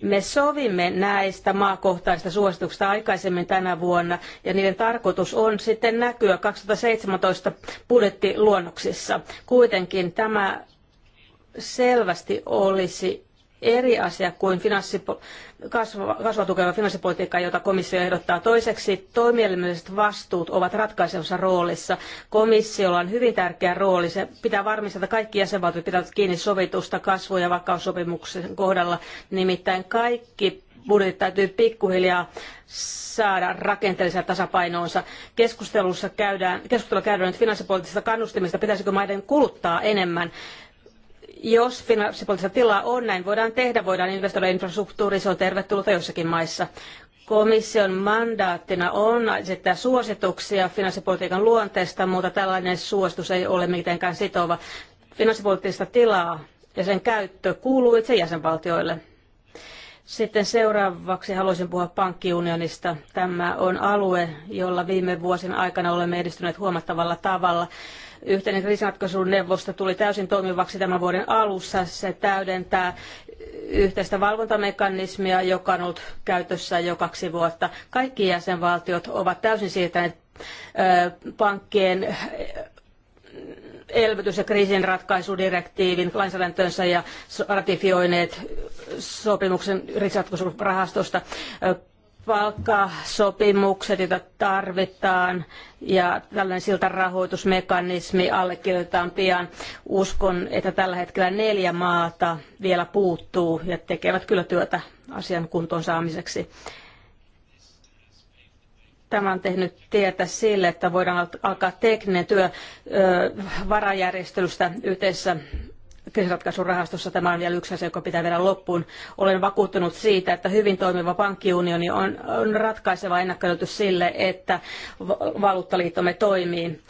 Me sovimme näistä maakohtaisista suosituksista aikaisemmin tänä vuonna ja niiden tarkoitus on sitten näkyä 2017 budjettiluonnoksissa. Kuitenkin tämä selvästi olisi eri asia kuin kasvua, kasvua tukeva finanssipolitiikka, jota komissio ehdottaa. Toiseksi toimielimelliset vastuut ovat ratkaisevassa roolissa. Komissiolla on hyvin tärkeä rooli. Se pitää varmistaa, että kaikki jäsenvaltiot pitävät kiinni sovitusta kasvu- ja vakaussopimuksen kohdalla. Nimittäin kaikki budjetit täytyy pikkuhiljaa saada rakenteelliseen tasapainoonsa. Keskustelussa käydään, keskustelua käydään nyt finanssipoliittisista kannustimista, pitäisikö maiden kuluttaa enemmän. Jos finanssipoliittista tilaa on, näin voidaan tehdä, voidaan investoida infrastruktuuriin, se on tervetullutta jossakin maissa. Komission mandaattina on esittää suosituksia finanssipolitiikan luonteesta, mutta tällainen suositus ei ole mitenkään sitova. Finanssipoliittista tilaa ja sen käyttö kuuluu itse jäsenvaltioille. Sitten seuraavaksi haluaisin puhua pankkiunionista. Tämä on alue, jolla viime vuosien aikana olemme edistyneet huomattavalla tavalla. Yhteinen kriisinratkaisuneuvosto tuli täysin toimivaksi tämän vuoden alussa. Se täydentää yhteistä valvontamekanismia, joka on ollut käytössä jo kaksi vuotta. Kaikki jäsenvaltiot ovat täysin siirtäneet pankkien elvytys- ja kriisinratkaisudirektiivin lainsäädäntönsä ja ratifioineet sopimuksen rahastosta palkkasopimukset, joita tarvitaan, ja tällainen siltarahoitusmekanismi allekirjoitetaan pian. Uskon, että tällä hetkellä neljä maata vielä puuttuu ja tekevät kyllä työtä asian kuntoon saamiseksi. Tämä on tehnyt tietä sille, että voidaan alkaa tekninen työ varajärjestelystä yhteisessä kriisiratkaisurahastossa tämä on vielä yksi asia, joka pitää vielä loppuun. Olen vakuuttunut siitä, että hyvin toimiva pankkiunioni on, on ratkaiseva ennakkoedellytys sille, että valuuttaliittomme toimii.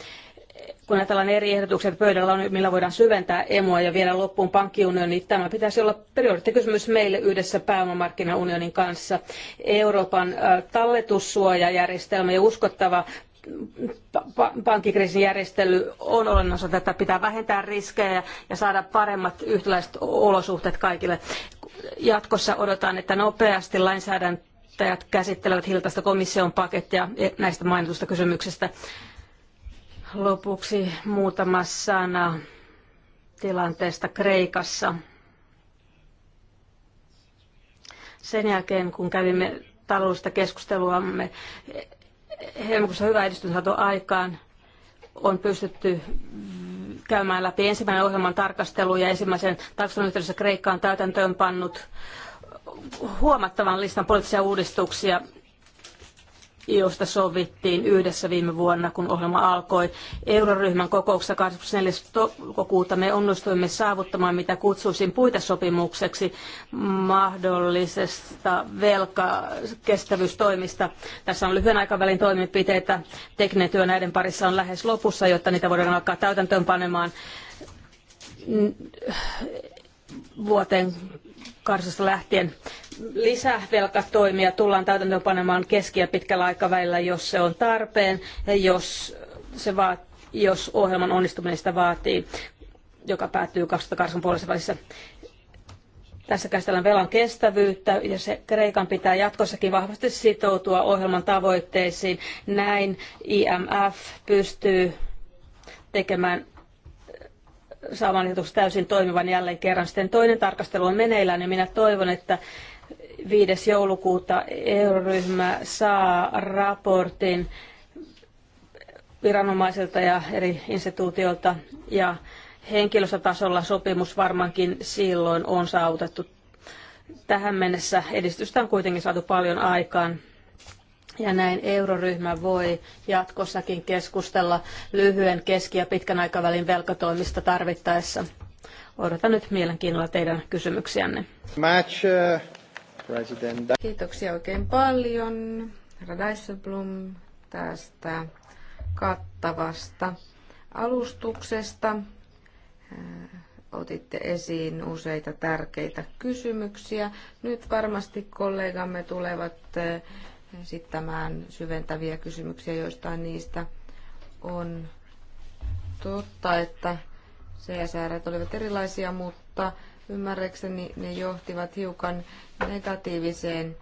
Kun ajatellaan eri ehdotukset pöydällä on, niin millä voidaan syventää emoa ja vielä loppuun pankkiunioni, niin tämä pitäisi olla prioriteettikysymys meille yhdessä pääomamarkkinaunionin kanssa. Euroopan talletussuojajärjestelmä ja uskottava pankkikriisin järjestely on olennainen osa tätä. Pitää vähentää riskejä ja saada paremmat yhtäläiset olosuhteet kaikille. Jatkossa odotan, että nopeasti lainsäädäntäjät käsittelevät hiltaista komission pakettia e-, näistä mainitusta kysymyksistä. Lopuksi muutama sana tilanteesta Kreikassa. Sen jälkeen, kun kävimme taloudellista keskusteluamme helmikuussa hyvä edistys saatu aikaan. On pystytty käymään läpi ensimmäinen ohjelman tarkastelu ja ensimmäisen tarkastelun yhteydessä Kreikka on täytäntöön pannut huomattavan listan poliittisia uudistuksia josta sovittiin yhdessä viime vuonna, kun ohjelma alkoi. Euroryhmän kokouksessa 24. toukokuuta me onnistuimme saavuttamaan, mitä kutsuisin puitesopimukseksi mahdollisesta velkakestävyystoimista. Tässä on lyhyen aikavälin toimenpiteitä. Tekninen työ näiden parissa on lähes lopussa, jotta niitä voidaan alkaa täytäntöönpanemaan vuoteen karsasta lähtien lisävelkatoimia tullaan täytäntöönpanemaan keski- ja pitkällä aikavälillä, jos se on tarpeen ja jos, se vaat, jos ohjelman onnistuminen sitä vaatii, joka päättyy 2008 puolessa välissä. Tässä käsitellään velan kestävyyttä ja se Kreikan pitää jatkossakin vahvasti sitoutua ohjelman tavoitteisiin. Näin IMF pystyy tekemään saamaan täysin toimivan jälleen kerran. Sitten toinen tarkastelu on meneillään ja minä toivon, että 5. joulukuuta euroryhmä saa raportin viranomaisilta ja eri instituutioilta ja henkilöstötasolla sopimus varmaankin silloin on saavutettu. Tähän mennessä edistystä on kuitenkin saatu paljon aikaan. Ja näin euroryhmä voi jatkossakin keskustella lyhyen, keski- ja pitkän aikavälin velkatoimista tarvittaessa. Odotan nyt mielenkiinnolla teidän kysymyksiänne. Match, uh... Kiitoksia oikein paljon, Dijsselblom, tästä kattavasta alustuksesta. Äh, otitte esiin useita tärkeitä kysymyksiä. Nyt varmasti kollegamme tulevat äh, esittämään syventäviä kysymyksiä, joistain niistä on totta, että CSR olivat erilaisia, mutta ymmärrekseni ne johtivat hiukan negatiiviseen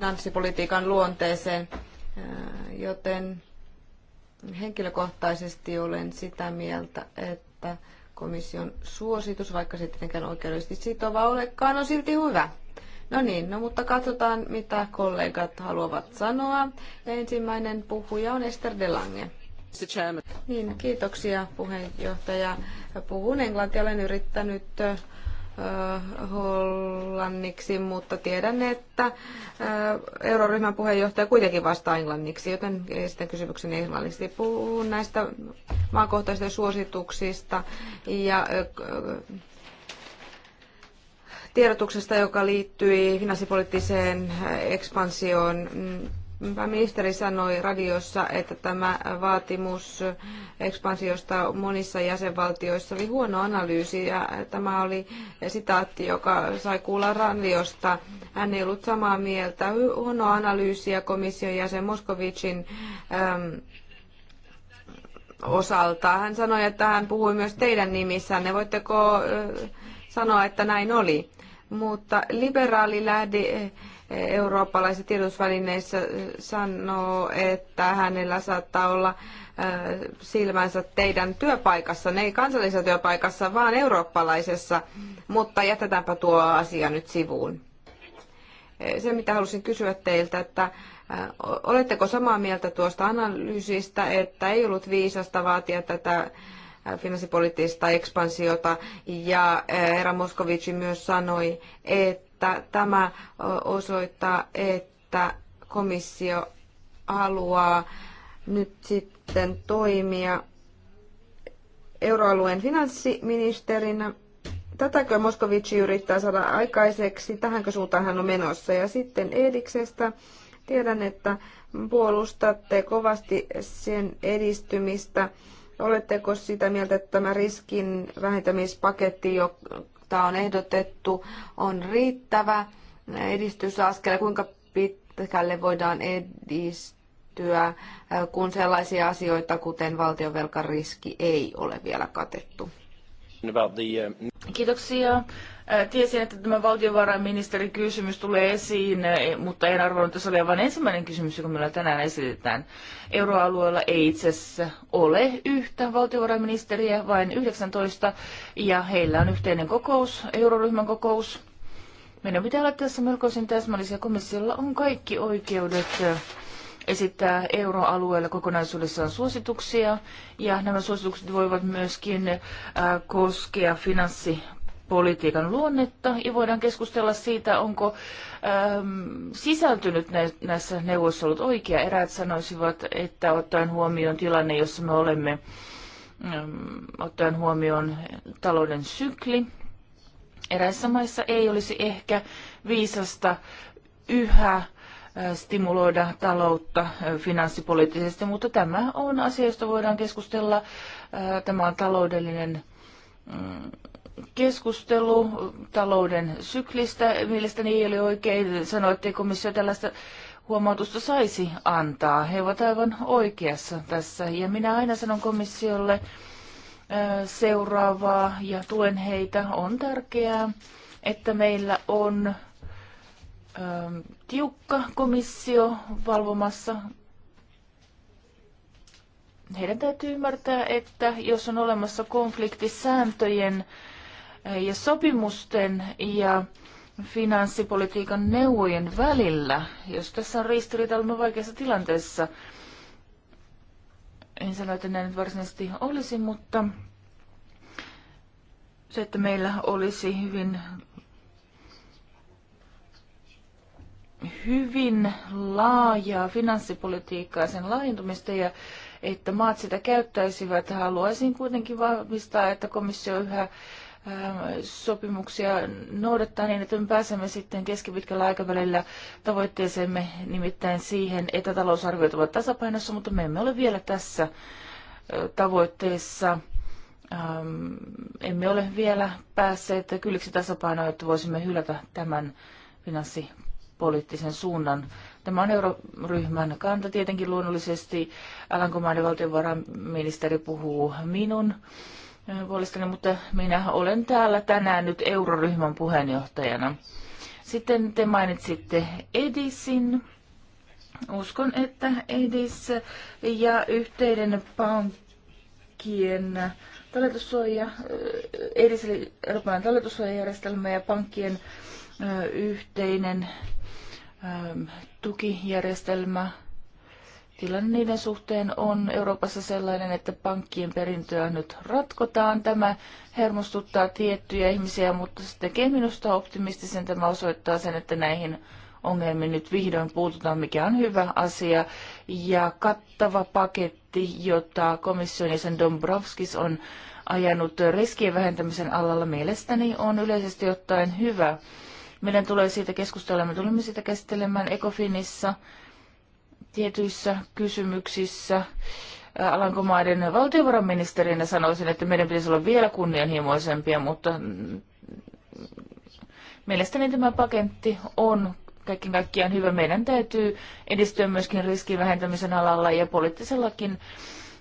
finanssipolitiikan luonteeseen, äh, joten henkilökohtaisesti olen sitä mieltä, että komission suositus, vaikka se tietenkään oikeudellisesti sitova olekaan, on silti hyvä. No niin, no mutta katsotaan, mitä kollegat haluavat sanoa. ensimmäinen puhuja on Esther Delange. Niin, kiitoksia puheenjohtaja. Puhun englantia, olen yrittänyt hollanniksi, mutta tiedän, että euroryhmän puheenjohtaja kuitenkin vastaa englanniksi, joten esitän kysymyksen englanniksi. Puhun näistä maakohtaisista suosituksista ja tiedotuksesta, joka liittyi finanssipoliittiseen ekspansioon Pääministeri sanoi radiossa, että tämä vaatimus ekspansiosta monissa jäsenvaltioissa oli huono analyysi ja tämä oli sitaatti, joka sai kuulla radiosta. Hän ei ollut samaa mieltä. Huono analyysiä komission jäsen Moskovicin äm, osalta. Hän sanoi, että hän puhui myös teidän nimissänne. Voitteko äh, sanoa, että näin oli? Mutta liberaali lähdi... Äh, eurooppalaisissa tiedotusvälineissä sanoo, että hänellä saattaa olla silmänsä teidän työpaikassa, ei kansallisessa työpaikassa, vaan eurooppalaisessa, mutta jätetäänpä tuo asia nyt sivuun. E, se, mitä halusin kysyä teiltä, että oletteko samaa mieltä tuosta analyysistä, että ei ollut viisasta vaatia tätä finanssipoliittista ekspansiota, ja Era Moskovici myös sanoi, että että tämä osoittaa, että komissio haluaa nyt sitten toimia euroalueen finanssiministerinä. Tätäkö Moskovici yrittää saada aikaiseksi? Tähänkö suuntaan hän on menossa? Ja sitten Ediksestä. Tiedän, että puolustatte kovasti sen edistymistä. Oletteko sitä mieltä, että tämä riskin vähentämispaketti, jota on ehdotettu, on riittävä edistysaskel, kuinka pitkälle voidaan edistyä, kun sellaisia asioita, kuten valtionvelkariski, ei ole vielä katettu. Um, Kiitoksia. Tiesin, että tämä kysymys tulee esiin, mutta en arvannut, että se oli vain ensimmäinen kysymys, joka meillä tänään esitetään. Euroalueella ei itse asiassa ole yhtä valtiovarainministeriä, vain 19, ja heillä on yhteinen kokous, euroryhmän kokous. Meidän pitää olla tässä melkoisen täsmällisiä. Komissiolla on kaikki oikeudet esittää euroalueelle kokonaisuudessaan suosituksia, ja nämä suositukset voivat myöskin koskea finanssi politiikan luonnetta ja voidaan keskustella siitä, onko äm, sisältynyt nä- näissä neuvoissa ollut oikea. Eräät sanoisivat, että ottaen huomioon tilanne, jossa me olemme, äm, ottaen huomioon talouden sykli, eräissä maissa ei olisi ehkä viisasta yhä äh, stimuloida taloutta äh, finanssipoliittisesti, mutta tämä on asia, josta voidaan keskustella. Äh, tämä on taloudellinen mm, keskustelu talouden syklistä. Mielestäni ei ole oikein sanoa, että komissio tällaista huomautusta saisi antaa. He ovat aivan oikeassa tässä. Ja minä aina sanon komissiolle seuraavaa ja tuen heitä. On tärkeää, että meillä on tiukka komissio valvomassa heidän täytyy ymmärtää, että jos on olemassa konflikti sääntöjen ja sopimusten ja finanssipolitiikan neuvojen välillä, jos tässä on ristiriita, vaikeassa tilanteessa. En sano, että näin nyt varsinaisesti olisi, mutta se, että meillä olisi hyvin, hyvin laajaa finanssipolitiikkaa sen laajentumista ja että maat sitä käyttäisivät, haluaisin kuitenkin vahvistaa, että komissio yhä Ähm, sopimuksia noudattaa niin, että me pääsemme sitten keskipitkällä aikavälillä tavoitteeseemme nimittäin siihen, että talousarviot ovat tasapainossa, mutta me emme ole vielä tässä tavoitteessa. Ähm, emme ole vielä päässeet kylliksi tasapainoa, että voisimme hylätä tämän finanssipoliittisen suunnan. Tämä on euroryhmän kanta tietenkin luonnollisesti. Alankomaiden valtiovarainministeri puhuu minun Äh, puolestani, mutta minä olen täällä tänään nyt euroryhmän puheenjohtajana. Sitten te mainitsitte Edisin. Uskon, että Edis ja yhteinen pankkien talletussuoja, äh, Edis eli Euroopan talletussuojajärjestelmä ja pankkien äh, yhteinen ähm, tukijärjestelmä – Tilanne niiden suhteen on Euroopassa sellainen, että pankkien perintöä nyt ratkotaan. Tämä hermostuttaa tiettyjä ihmisiä, mutta se tekee minusta optimistisen. Tämä osoittaa sen, että näihin ongelmiin nyt vihdoin puututaan, mikä on hyvä asia. Ja kattava paketti, jota komission jäsen Dombrovskis on ajanut riskien vähentämisen alalla, mielestäni on yleisesti ottaen hyvä. Meidän tulee siitä keskustella, me tulemme sitä käsittelemään Ecofinissa tietyissä kysymyksissä. Alankomaiden valtiovarainministerinä sanoisin, että meidän pitäisi olla vielä kunnianhimoisempia, mutta mielestäni tämä paketti on kaiken kaikkiaan hyvä. Meidän täytyy edistyä myöskin riskin vähentämisen alalla ja poliittisellakin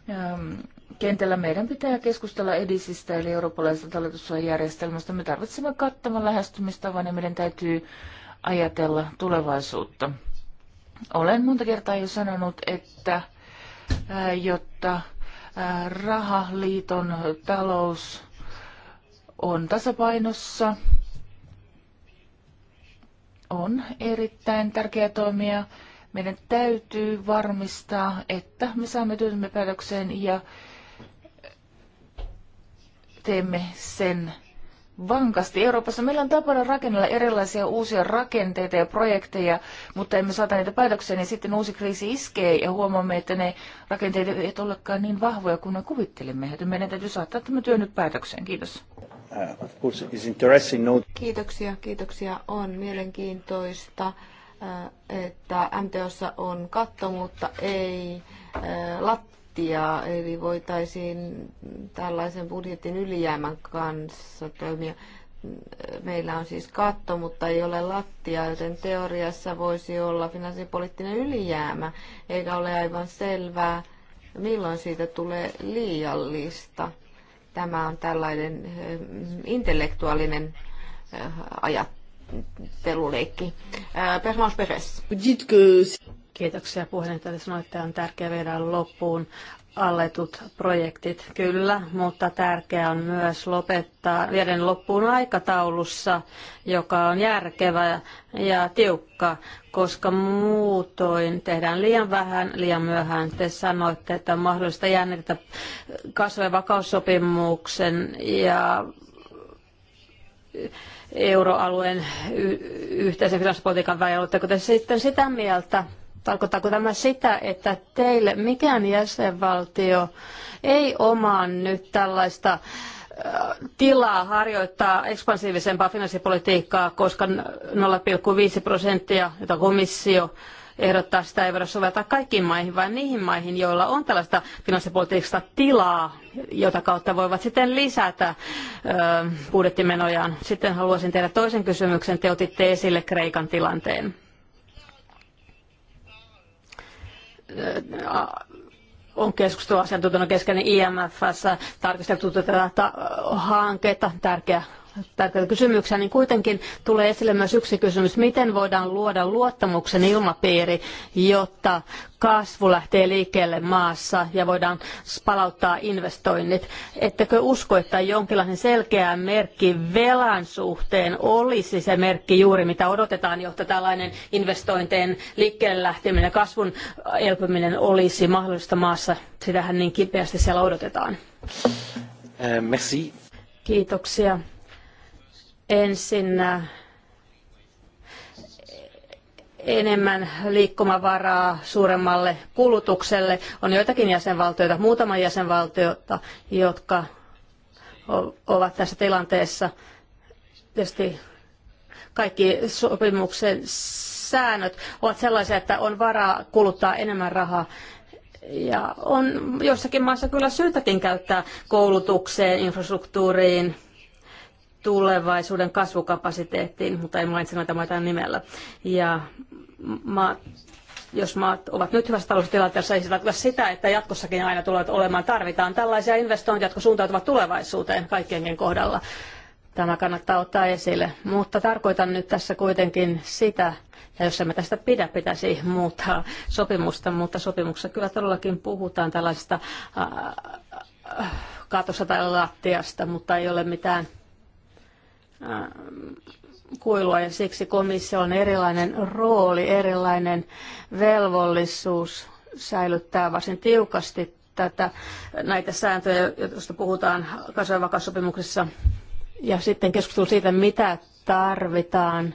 ähm, kentällä meidän pitää keskustella edisistä eli eurooppalaisesta järjestelmästä. Me tarvitsemme kattavan lähestymistavan ja meidän täytyy ajatella tulevaisuutta. Olen monta kertaa jo sanonut, että jotta rahaliiton talous on tasapainossa, on erittäin tärkeä toimia. Meidän täytyy varmistaa, että me saamme työtämme päätökseen ja teemme sen vankasti Euroopassa. Meillä on tapana rakennella erilaisia uusia rakenteita ja projekteja, mutta emme saata niitä päätöksiä, niin sitten uusi kriisi iskee ja huomaamme, että ne rakenteet eivät olekaan niin vahvoja kuin me kuvittelimme. että meidän täytyy saattaa tämä työ nyt päätökseen. Kiitos. Kiitoksia, kiitoksia. On mielenkiintoista, äh, että MTOssa on katto, mutta ei äh, lattia budjettia, eli voitaisiin tällaisen budjetin ylijäämän kanssa toimia. Meillä on siis katto, mutta ei ole lattia, joten teoriassa voisi olla finanssipoliittinen ylijäämä, eikä ole aivan selvää, milloin siitä tulee liiallista. Tämä on tällainen eh, intellektuaalinen ajattelu eh, ajatteluleikki. Eh, Permans Peres. Kiitoksia puheenjohtajalle. Sanoit, että on tärkeää viedä loppuun alletut projektit, kyllä, mutta tärkeää on myös lopettaa viedä loppuun aikataulussa, joka on järkevä ja tiukka, koska muutoin tehdään liian vähän, liian myöhään. Te sanoitte, että on mahdollista jännittää kasvojen vakaussopimuksen ja euroalueen yhteisen finanssipolitiikan välillä. Oletteko te sitten sitä mieltä, Tarkoittaako tämä sitä, että teille mikään jäsenvaltio ei omaa nyt tällaista tilaa harjoittaa ekspansiivisempaa finanssipolitiikkaa, koska 0,5 prosenttia, jota komissio ehdottaa, sitä ei voida soveltaa kaikkiin maihin, vaan niihin maihin, joilla on tällaista finanssipolitiikasta tilaa, jota kautta voivat sitten lisätä ö, budjettimenojaan. Sitten haluaisin tehdä toisen kysymyksen. Te otitte esille Kreikan tilanteen. on keskustelu asiantuntijoiden kesken IMFssä tarkasteltu tätä hanketta, tärkeä tärkeitä kysymyksiä, niin kuitenkin tulee esille myös yksi kysymys. Miten voidaan luoda luottamuksen ilmapiiri, jotta kasvu lähtee liikkeelle maassa ja voidaan palauttaa investoinnit? Ettekö usko, että jonkinlainen selkeä merkki velan suhteen olisi se merkki juuri, mitä odotetaan, jotta tällainen investointien liikkeelle lähteminen ja kasvun elpyminen olisi mahdollista maassa? Sitähän niin kipeästi siellä odotetaan. Eh, merci. Kiitoksia ensin äh, enemmän liikkumavaraa suuremmalle kulutukselle. On joitakin jäsenvaltioita, muutama jäsenvaltiota, jotka ovat tässä tilanteessa. Tietysti kaikki sopimuksen säännöt ovat sellaisia, että on varaa kuluttaa enemmän rahaa. Ja on jossakin maassa kyllä syytäkin käyttää koulutukseen, infrastruktuuriin, tulevaisuuden kasvukapasiteettiin, mutta en mainitse näitä maita nimellä. Ja ma- jos maat ovat nyt hyvässä taloudellisessa tilanteessa, ei sitä, sitä, että jatkossakin aina tulevat olemaan. Tarvitaan tällaisia investointeja, jotka suuntautuvat tulevaisuuteen kaikkienkin kohdalla. Tämä kannattaa ottaa esille. Mutta tarkoitan nyt tässä kuitenkin sitä, ja jos emme tästä pidä, pitäisi muuttaa sopimusta, mutta sopimuksessa kyllä todellakin puhutaan tällaisesta äh, katosta tai lattiasta, mutta ei ole mitään kuilua ja siksi komissio on erilainen rooli, erilainen velvollisuus säilyttää varsin tiukasti tätä, näitä sääntöjä, joista puhutaan kansainvakaussopimuksessa ja sitten keskustelu siitä, mitä tarvitaan,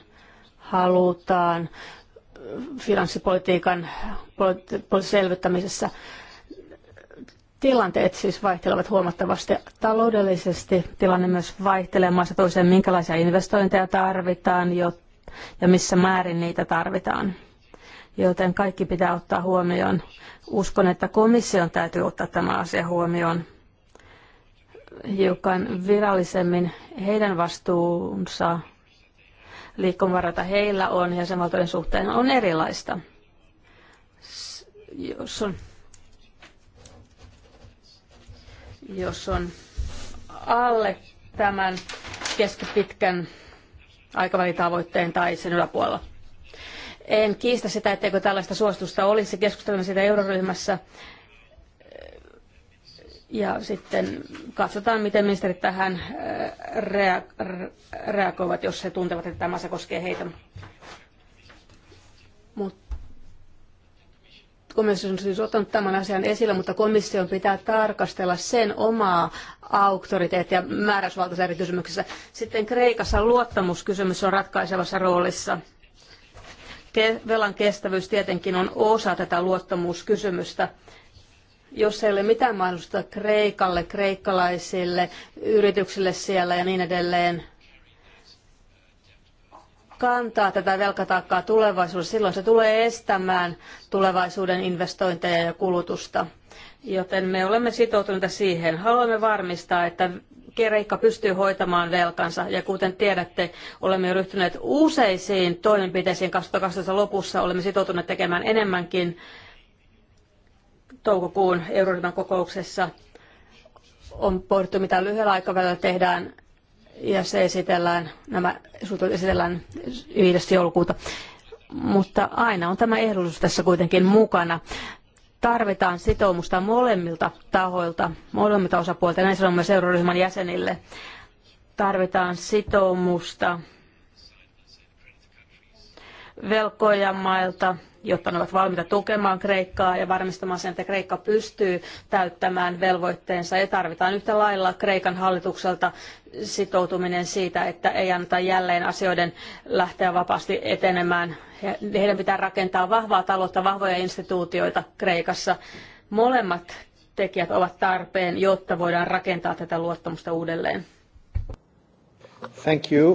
halutaan finanssipolitiikan selvittämisessä. Tilanteet siis vaihtelevat huomattavasti taloudellisesti. Tilanne myös vaihtelee maassa toiseen, minkälaisia investointeja tarvitaan jo, ja missä määrin niitä tarvitaan. Joten kaikki pitää ottaa huomioon. Uskon, että komission täytyy ottaa tämä asia huomioon hiukan virallisemmin heidän vastuunsa liikkumavarata heillä on ja sen suhteen on erilaista. Jos on jos on alle tämän keskipitkän aikavälitavoitteen tai sen yläpuolella. En kiistä sitä, etteikö tällaista suositusta olisi. Keskustelemme siitä euroryhmässä. Ja sitten katsotaan, miten ministerit tähän äh, reagoivat, jos he tuntevat, että tämä asia koskee heitä. komissio on siis ottanut tämän asian esille, mutta komission pitää tarkastella sen omaa auktoriteettia määräysvaltaisessa eri kysymyksissä. Sitten Kreikassa luottamuskysymys on ratkaisevassa roolissa. Velan kestävyys tietenkin on osa tätä luottamuskysymystä. Jos ei ole mitään mahdollisuutta Kreikalle, kreikkalaisille, yrityksille siellä ja niin edelleen, kantaa tätä velkataakkaa tulevaisuudessa, silloin se tulee estämään tulevaisuuden investointeja ja kulutusta. Joten me olemme sitoutuneita siihen. Haluamme varmistaa, että Kreikka pystyy hoitamaan velkansa. Ja kuten tiedätte, olemme jo ryhtyneet useisiin toimenpiteisiin 2012 lopussa. Olemme sitoutuneet tekemään enemmänkin toukokuun euroryhmän kokouksessa. On pohdittu, mitä lyhyellä aikavälillä tehdään ja se esitellään, nämä esitellään 5. joulukuuta. Mutta aina on tämä ehdollisuus tässä kuitenkin mukana. Tarvitaan sitoumusta molemmilta tahoilta, molemmilta osapuolta, näin sanon myös euroryhmän jäsenille. Tarvitaan sitoumusta velkojamailta mailta, jotta ne ovat valmiita tukemaan Kreikkaa ja varmistamaan sen, että Kreikka pystyy täyttämään velvoitteensa. Ja tarvitaan yhtä lailla Kreikan hallitukselta sitoutuminen siitä, että ei anneta jälleen asioiden lähteä vapaasti etenemään. Heidän pitää rakentaa vahvaa taloutta, vahvoja instituutioita Kreikassa. Molemmat tekijät ovat tarpeen, jotta voidaan rakentaa tätä luottamusta uudelleen. Thank you.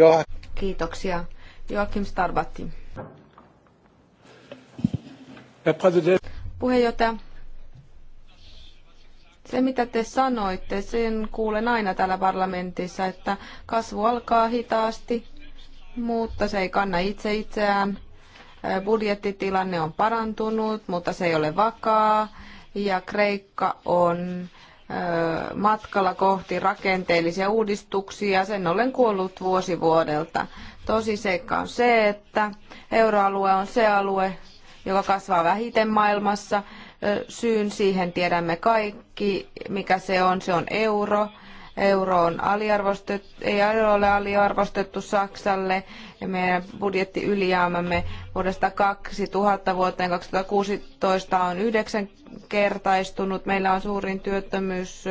Uh, Kiitoksia. Joakim Starbatti. Puheenjohtaja, se mitä te sanoitte, sen kuulen aina täällä parlamentissa, että kasvu alkaa hitaasti, mutta se ei kanna itse itseään. Budjettitilanne on parantunut, mutta se ei ole vakaa ja Kreikka on matkalla kohti rakenteellisia uudistuksia. Sen olen kuollut vuosi vuodelta. Tosi seikka on se, että euroalue on se alue, joka kasvaa vähiten maailmassa. Syyn siihen tiedämme kaikki, mikä se on. Se on euro. Euro on aliarvostettu, ei euro ole aliarvostettu Saksalle ja meidän budjetti ylijäämämme vuodesta 2000 vuoteen 2016 on yhdeksän Meillä on suurin työttömyys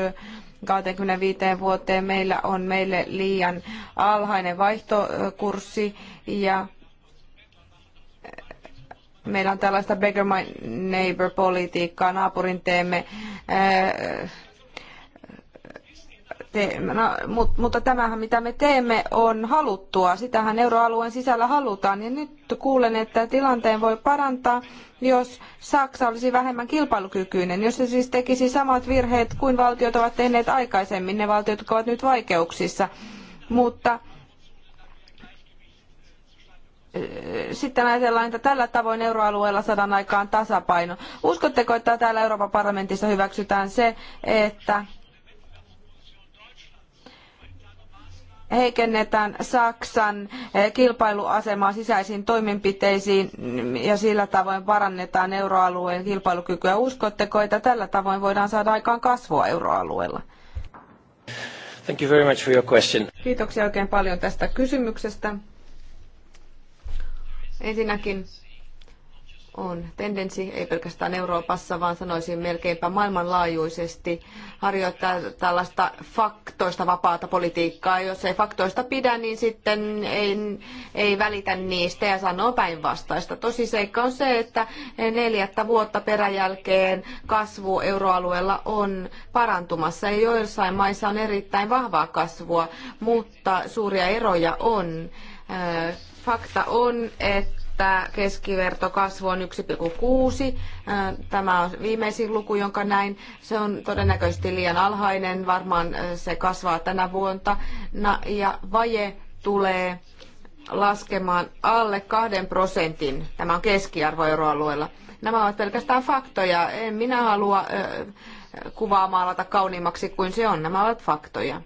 25 vuoteen meillä on meille liian alhainen vaihtokurssi ja meillä on tällaista beggar my neighbor-politiikkaa, naapurin teemme. Eh, teemme. no, mut, mutta tämähän, mitä me teemme, on haluttua. Sitähän euroalueen sisällä halutaan. Ja nyt kuulen, että tilanteen voi parantaa, jos Saksa olisi vähemmän kilpailukykyinen. Jos se siis tekisi samat virheet kuin valtiot ovat tehneet aikaisemmin, ne valtiot, jotka ovat nyt vaikeuksissa. Mutta sitten ajatellaan, että tällä tavoin euroalueella saadaan aikaan tasapaino. Uskotteko, että täällä Euroopan parlamentissa hyväksytään se, että heikennetään Saksan kilpailuasemaa sisäisiin toimenpiteisiin ja sillä tavoin parannetaan euroalueen kilpailukykyä. Uskotteko, että tällä tavoin voidaan saada aikaan kasvua euroalueella? Thank you very much for your question. Kiitoksia oikein paljon tästä kysymyksestä. Ensinnäkin on tendenssi, ei pelkästään Euroopassa, vaan sanoisin melkeinpä maailmanlaajuisesti, harjoittaa tällaista faktoista vapaata politiikkaa. Jos ei faktoista pidä, niin sitten ei, ei välitä niistä ja sanoo päinvastaista. seikka on se, että neljättä vuotta peräjälkeen kasvu euroalueella on parantumassa. Ja joissain maissa on erittäin vahvaa kasvua, mutta suuria eroja on fakta on, että keskivertokasvu on 1,6. Tämä on viimeisin luku, jonka näin. Se on todennäköisesti liian alhainen. Varmaan se kasvaa tänä vuonna. Ja vaje tulee laskemaan alle kahden prosentin. Tämä on keskiarvo euroalueella. Nämä ovat pelkästään faktoja. En minä halua kuvaa maalata kauniimmaksi kuin se on. Nämä ovat faktoja.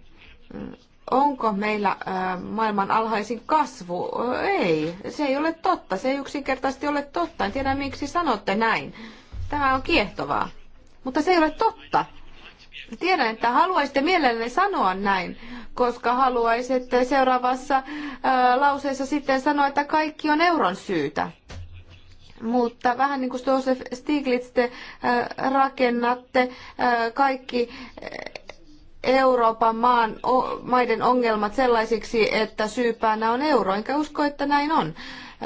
Mm onko meillä äh, maailman alhaisin kasvu? Ei, se ei ole totta. Se ei yksinkertaisesti ole totta. En tiedä, miksi sanotte näin. Tämä on kiehtovaa. Mutta se ei ole totta. Tiedän, että haluaisitte mielelläni sanoa näin, koska haluaisitte seuraavassa äh, lauseessa sitten sanoa, että kaikki on euron syytä. Mutta vähän niin kuin Joseph Stiglitz, te äh, rakennatte kaikki Euroopan maan, o, maiden ongelmat sellaisiksi, että syypäänä on euro, enkä usko, että näin on.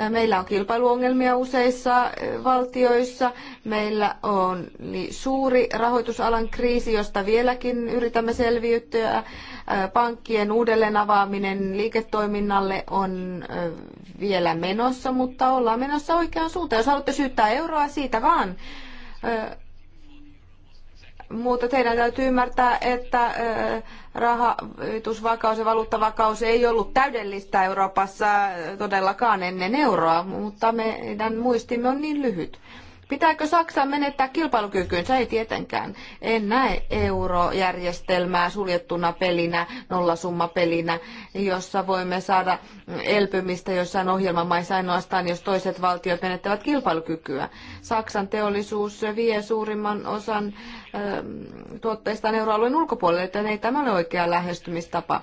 Meillä on kilpailuongelmia useissa valtioissa, meillä on niin suuri rahoitusalan kriisi, josta vieläkin yritämme selviytyä. Pankkien uudelleen avaaminen liiketoiminnalle on vielä menossa, mutta ollaan menossa oikeaan suuntaan. Jos haluatte syyttää euroa, siitä vaan mutta teidän täytyy ymmärtää, että rahoitusvakaus ja valuuttavakaus ei ollut täydellistä Euroopassa todellakaan ennen euroa, mutta meidän muistimme on niin lyhyt. Pitääkö Saksan menettää kilpailukykynsä? Ei tietenkään. En näe eurojärjestelmää suljettuna pelinä, nollasummapelinä, jossa voimme saada elpymistä jossain ohjelmamaissa ainoastaan, jos toiset valtiot menettävät kilpailukykyä. Saksan teollisuus vie suurimman osan Ähm, tuotteistaan euroalueen ulkopuolelle, että ei tämä ole oikea lähestymistapa.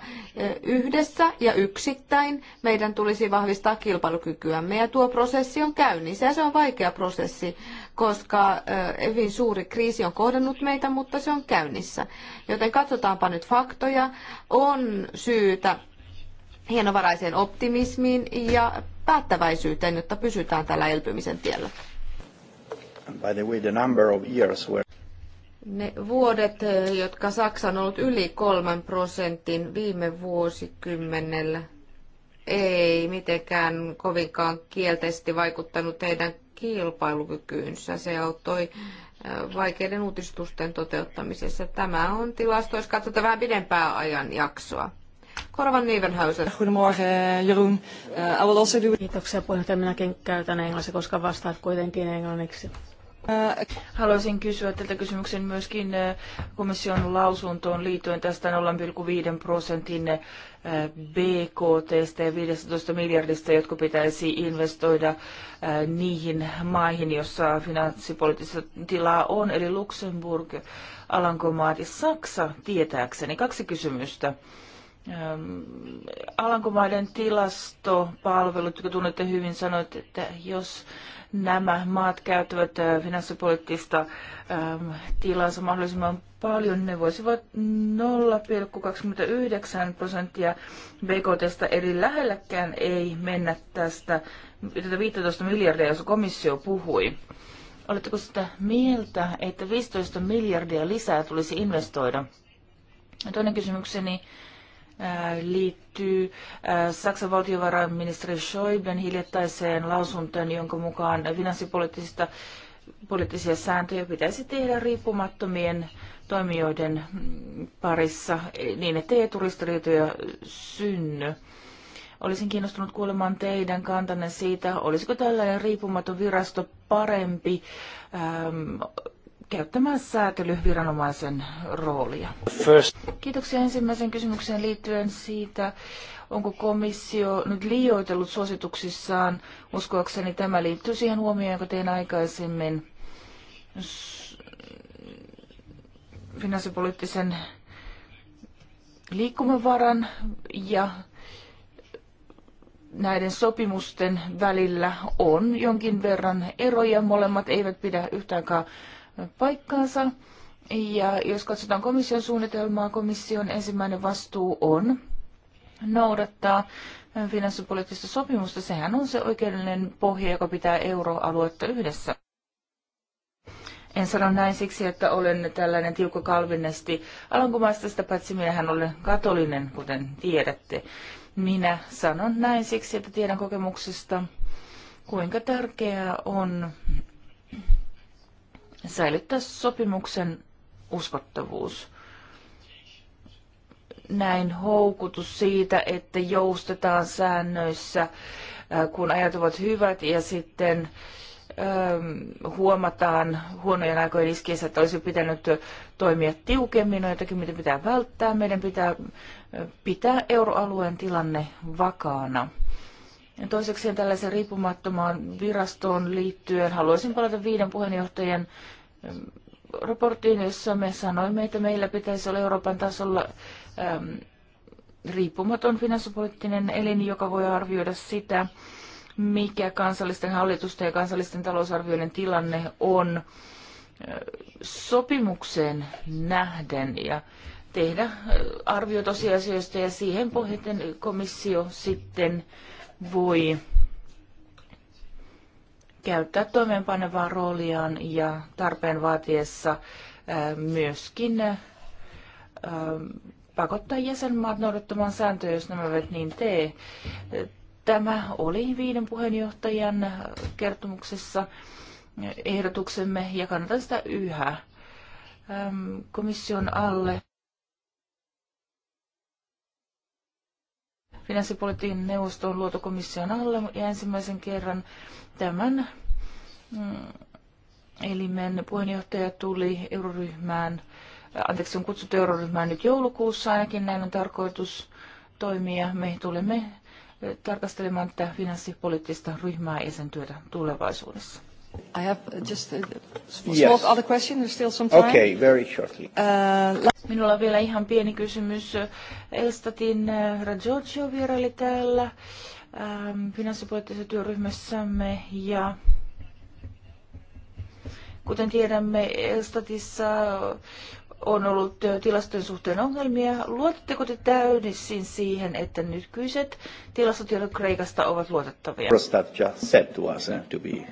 Yhdessä ja yksittäin meidän tulisi vahvistaa kilpailukykyämme ja tuo prosessi on käynnissä ja se on vaikea prosessi, koska hyvin suuri kriisi on kohdannut meitä, mutta se on käynnissä. Joten katsotaanpa nyt faktoja. On syytä hienovaraiseen optimismiin ja päättäväisyyteen, jotta pysytään tällä elpymisen tiellä. By the way, the number of years where... Ne vuodet, eh, jotka Saksa on ollut yli kolmen prosentin viime vuosikymmenellä, ei mitenkään kovinkaan kielteisesti vaikuttanut heidän kilpailukykyynsä. Se auttoi eh, vaikeiden uutistusten toteuttamisessa. Tämä on tilasto, jos katsotaan vähän pidempää jaksoa. Korvan Nivenhausen. Jeroen. Uh, I will also do... Kiitoksia puheenjohtaja. Minäkin käytän englanniksi, koska vastaat kuitenkin englanniksi. Haluaisin kysyä tältä kysymyksen myöskin eh, komission lausuntoon liittyen tästä 0,5 prosentin eh, BKT ja 15 miljardista, jotka pitäisi investoida eh, niihin maihin, joissa finanssipoliittista tilaa on, eli Luxemburg, Alankomaat ja Saksa tietääkseni. Kaksi kysymystä. Ehm, Alankomaiden tilastopalvelut, jotka tunnette hyvin, sanoit, että jos nämä maat käyttävät finanssipoliittista tilansa mahdollisimman paljon, ne voisivat 0,29 prosenttia BKTstä, eli lähelläkään ei mennä tästä 15 miljardia, jos komissio puhui. Oletteko sitä mieltä, että 15 miljardia lisää tulisi investoida? Toinen kysymykseni liittyy äh, Saksan valtiovarainministeri Schäuble hiljattaiseen lausuntoon, jonka mukaan finanssipoliittisista poliittisia sääntöjä pitäisi tehdä riippumattomien toimijoiden parissa niin, ettei eturistiriitoja synny. Olisin kiinnostunut kuulemaan teidän kantanne siitä, olisiko tällainen riippumaton virasto parempi ähm, käyttämään säätelyviranomaisen roolia. First. Kiitoksia ensimmäisen kysymykseen liittyen siitä, onko komissio nyt liioitellut suosituksissaan. Uskoakseni tämä liittyy siihen huomioon, jonka tein aikaisemmin finanssipoliittisen liikkumavaran ja näiden sopimusten välillä on jonkin verran eroja. Molemmat eivät pidä yhtäänkaan paikkaansa. Ja jos katsotaan komission suunnitelmaa, komission ensimmäinen vastuu on noudattaa finanssipoliittista sopimusta. Sehän on se oikeudellinen pohja, joka pitää euroaluetta yhdessä. En sano näin siksi, että olen tällainen tiukka kalvinesti alankomaista, sitä paitsi minähän olen katolinen, kuten tiedätte. Minä sanon näin siksi, että tiedän kokemuksesta, kuinka tärkeää on säilyttää sopimuksen uskottavuus. Näin houkutus siitä, että joustetaan säännöissä, äh, kun ajat ovat hyvät ja sitten ähm, huomataan huonojen aikojen iskiessä, että olisi pitänyt toimia tiukemmin, on no jotakin, mitä pitää välttää. Meidän pitää äh, pitää euroalueen tilanne vakaana. Toiseksi tällaisen riippumattomaan virastoon liittyen haluaisin palata viiden puheenjohtajan ähm, raporttiin, jossa me sanoimme, että meillä pitäisi olla Euroopan tasolla äm, riippumaton finanssipoliittinen elin, joka voi arvioida sitä, mikä kansallisten hallitusten ja kansallisten talousarvioiden tilanne on äh, sopimukseen nähden ja tehdä äh, arvio tosiasioista ja siihen pohjaten komissio sitten äh, voi käyttää toimeenpanevaa rooliaan ja tarpeen vaatiessa myöskin pakottaa jäsenmaat noudattamaan sääntöjä, jos nämä eivät niin tee. Tämä oli viiden puheenjohtajan kertomuksessa ehdotuksemme ja kannatan sitä yhä komission alle. finanssipolitiikan neuvosto on luotu komission alle ja ensimmäisen kerran tämän mm, elimen puheenjohtaja tuli euroryhmään, äh, anteeksi on kutsuttu euroryhmään nyt joulukuussa ainakin, näin on tarkoitus toimia. Me tulemme äh, tarkastelemaan tätä finanssipoliittista ryhmää ja sen työtä tulevaisuudessa. I have uh, just a uh, small yes. other question. There's still some time. Okay, very shortly. Uh, Minulla on vielä ihan pieni kysymys. Elstatin uh, Rajoccio vieraili täällä ähm, finanssipoliittisessa työryhmässämme ja kuten tiedämme, Elstatissa on ollut tilastojen suhteen ongelmia. Luotatteko te täydessin siihen, että nykyiset tilastotiedot Kreikasta ovat luotettavia? Prostat just said to us to be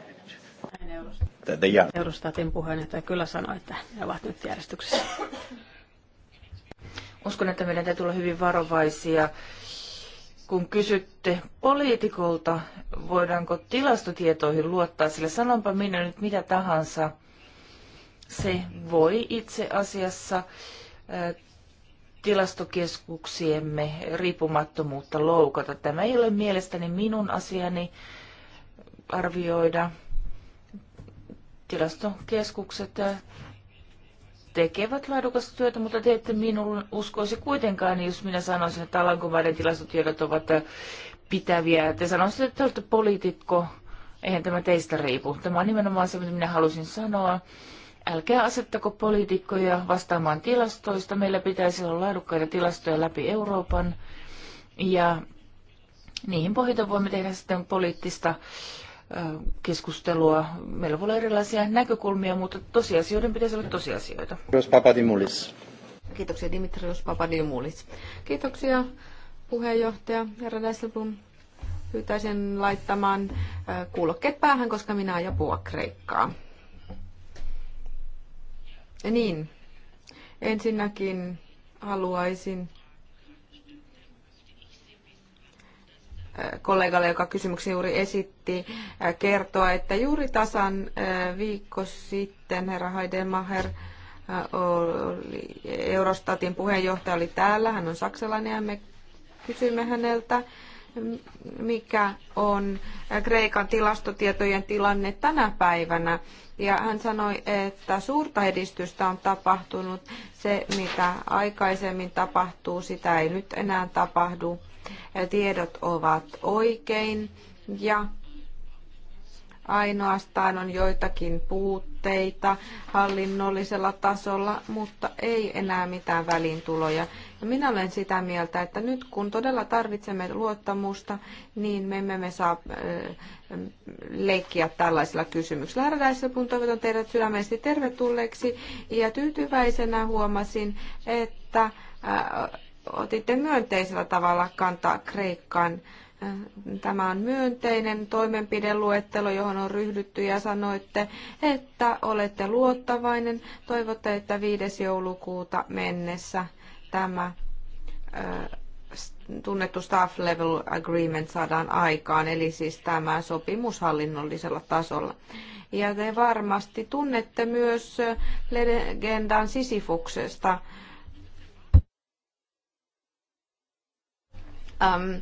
Eurostatin puheenjohtaja kyllä sanoi, että ne ovat nyt järjestyksessä. Uskon, että meidän täytyy olla hyvin varovaisia. Kun kysytte poliitikolta, voidaanko tilastotietoihin luottaa, sillä sanonpa minä nyt mitä tahansa, se voi itse asiassa tilastokeskuksiemme riippumattomuutta loukata. Tämä ei ole mielestäni minun asiani arvioida tilastokeskukset äh, tekevät laadukasta työtä, mutta te ette minun uskoisi kuitenkaan, niin jos minä sanoisin, että Alankomaiden tilastotiedot ovat äh, pitäviä. Te sanoisitte, että te olette poliitikko, eihän tämä teistä riipu. Tämä on nimenomaan se, mitä minä halusin sanoa. Älkää asettako poliitikkoja vastaamaan tilastoista. Meillä pitäisi olla laadukkaita tilastoja läpi Euroopan. Ja niihin pohjalta voimme tehdä sitten poliittista äh, keskustelua. Meillä voi olla erilaisia näkökulmia, mutta tosiasioiden pitäisi olla tosiasioita. Jos Papadimulis. Kiitoksia Dimitrios Papadimulis. Kiitoksia puheenjohtaja herra Dasselblom. Pyytäisin laittamaan kuulokkeet päähän, koska minä aion puhua kreikkaa. Ja niin, ensinnäkin haluaisin kollegalle, joka kysymyksen juuri esitti, kertoa, että juuri tasan viikko sitten herra Heidemacher oli, Eurostatin puheenjohtaja oli täällä, hän on saksalainen ja me kysyimme häneltä, mikä on Kreikan tilastotietojen tilanne tänä päivänä. Ja hän sanoi, että suurta edistystä on tapahtunut. Se, mitä aikaisemmin tapahtuu, sitä ei nyt enää tapahdu tiedot ovat oikein ja ainoastaan on joitakin puutteita hallinnollisella tasolla, mutta ei enää mitään välintuloja. Ja minä olen sitä mieltä, että nyt kun todella tarvitsemme luottamusta, niin me emme me saa leikkiä tällaisilla kysymyksillä. Herra Dijsselbloem, toivotan teidät sydämesti tervetulleeksi ja tyytyväisenä huomasin, että otitte myönteisellä tavalla kantaa Kreikkaan. Tämä on myönteinen toimenpideluettelo, johon on ryhdytty ja sanoitte, että olette luottavainen. Toivotte, että 5. joulukuuta mennessä tämä tunnettu staff level agreement saadaan aikaan, eli siis tämä sopimus hallinnollisella tasolla. Ja te varmasti tunnette myös legendan Sisifuksesta. Um,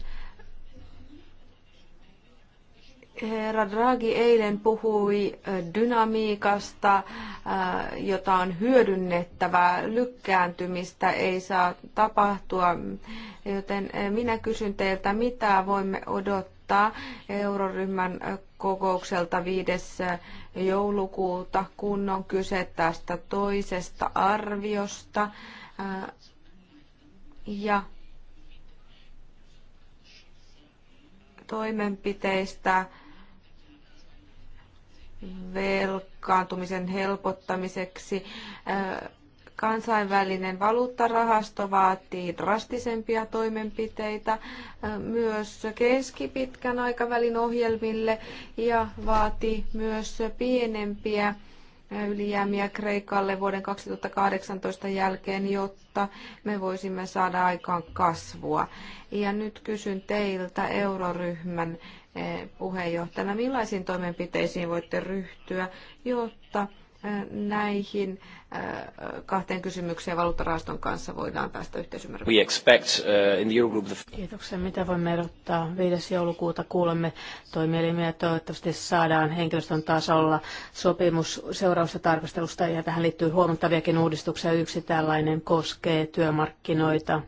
Herra Draghi eilen puhui äh, dynamiikasta, äh, jota on hyödynnettävä, lykkääntymistä ei saa tapahtua, joten äh, minä kysyn teiltä, mitä voimme odottaa euroryhmän kokoukselta 5. joulukuuta, kun on kyse tästä toisesta arviosta ja toimenpiteistä velkaantumisen helpottamiseksi. Äh, kansainvälinen valuuttarahasto vaatii drastisempia toimenpiteitä äh, myös keskipitkän aikavälin ohjelmille ja vaatii myös pienempiä ylijäämiä Kreikalle vuoden 2018 jälkeen, jotta me voisimme saada aikaan kasvua. Ja nyt kysyn teiltä euroryhmän eh, puheenjohtajana, millaisiin toimenpiteisiin voitte ryhtyä, jotta näihin kahteen kysymykseen valuuttarahaston kanssa voidaan päästä yhteisymmärrykseen. uh, the... Kiitoksia. Mitä voimme odottaa? 5. joulukuuta kuulemme toimielimiä. Toivottavasti saadaan henkilöstön tasolla sopimus seurausta tarkastelusta ja tähän liittyy huomattaviakin uudistuksia. Yksi tällainen koskee työmarkkinoita.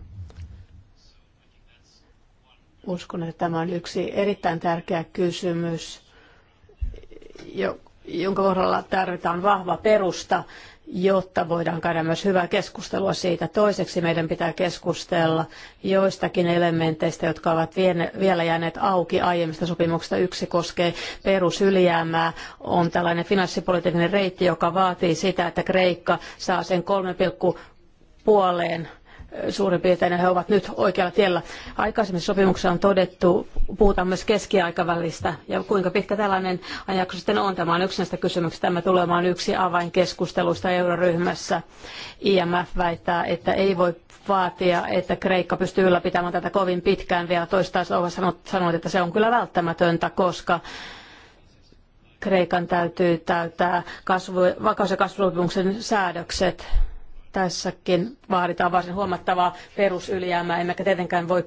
Uskon, että tämä on yksi erittäin tärkeä kysymys, joka jonka kohdalla tarvitaan vahva perusta, jotta voidaan käydä myös hyvää keskustelua siitä. Toiseksi meidän pitää keskustella joistakin elementeistä, jotka ovat vielä jääneet auki aiemmista sopimuksista. Yksi koskee perusylijäämää, on tällainen finanssipolitiikan reitti, joka vaatii sitä, että Kreikka saa sen kolme puoleen suurin piirtein, he ovat nyt oikealla tiellä. Aikaisemmissa sopimuksissa on todettu, puhutaan myös keskiaikavälistä, ja kuinka pitkä tällainen ajanjakso sitten on. Tämä on yksi näistä kysymyksistä. Tämä tulee olemaan yksi avainkeskusteluista euroryhmässä. IMF väittää, että ei voi vaatia, että Kreikka pystyy ylläpitämään tätä kovin pitkään. Vielä toistaiseksi ovat sanoneet, että se on kyllä välttämätöntä, koska Kreikan täytyy täyttää kasvu, vakaus- ja kasvusopimuksen säädökset Tässäkin vaaditaan varsin huomattavaa perusylijäämää, emmekä tietenkään voi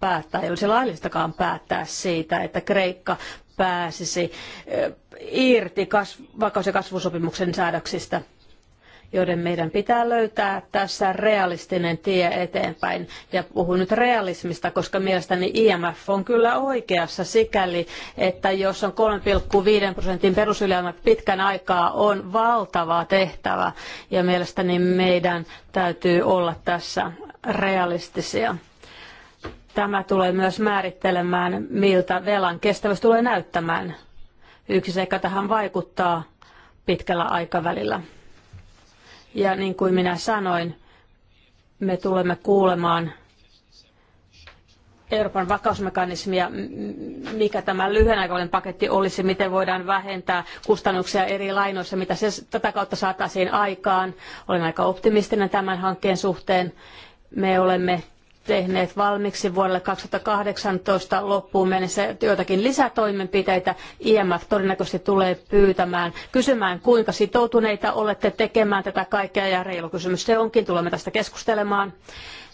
päättää, ei olisi laillistakaan päättää siitä, että Kreikka pääsisi irti vakaus- ja kasvusopimuksen säädöksistä joiden meidän pitää löytää tässä realistinen tie eteenpäin. Ja puhun nyt realismista, koska mielestäni IMF on kyllä oikeassa sikäli, että jos on 3,5 prosentin perusylijäämä pitkän aikaa, on valtava tehtävä. Ja mielestäni meidän täytyy olla tässä realistisia. Tämä tulee myös määrittelemään, miltä velan kestävyys tulee näyttämään. Yksi seikka tähän vaikuttaa pitkällä aikavälillä. Ja niin kuin minä sanoin, me tulemme kuulemaan Euroopan vakausmekanismia, mikä tämä lyhyen aikavälin paketti olisi, miten voidaan vähentää kustannuksia eri lainoissa, mitä se tätä kautta saataisiin aikaan. Olen aika optimistinen tämän hankkeen suhteen. Me olemme tehneet valmiiksi vuodelle 2018 loppuun mennessä joitakin lisätoimenpiteitä. IMF todennäköisesti tulee pyytämään, kysymään kuinka sitoutuneita olette tekemään tätä kaikkea ja reilu kysymys se onkin, tulemme tästä keskustelemaan.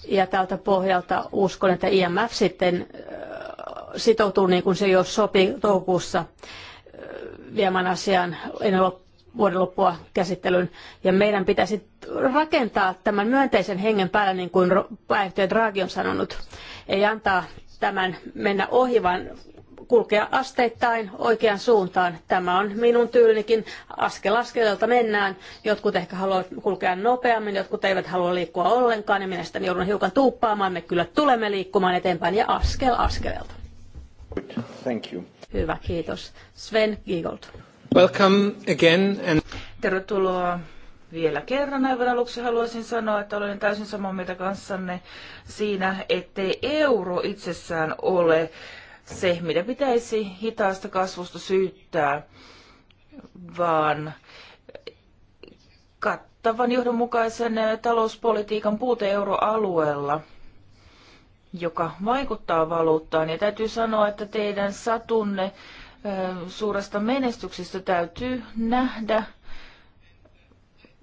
Ja tältä pohjalta uskon, että IMF sitten äh, sitoutuu niin kuin se jo sopii toukokuussa äh, viemään asian ennen loppuun vuoden loppua käsittelyyn. Ja meidän pitäisi rakentaa tämän myönteisen hengen päällä, niin kuin pääjohtaja Draghi on sanonut. Ei antaa tämän mennä ohi, vaan kulkea asteittain oikeaan suuntaan. Tämä on minun tyylinikin askel askeleelta mennään. Jotkut ehkä haluavat kulkea nopeammin, jotkut eivät halua liikkua ollenkaan ja mielestäni joudun hiukan tuuppaamaan. Me kyllä tulemme liikkumaan eteenpäin ja askel askeleelta. Hyvä, kiitos. Sven Giegold. Welcome again and... Tervetuloa vielä kerran. Aivan aluksi haluaisin sanoa, että olen täysin samaa mieltä kanssanne siinä, ettei euro itsessään ole se, mitä pitäisi hitaasta kasvusta syyttää, vaan kattavan johdonmukaisen talouspolitiikan puute euroalueella joka vaikuttaa valuuttaan. Ja täytyy sanoa, että teidän satunne suuresta menestyksestä täytyy nähdä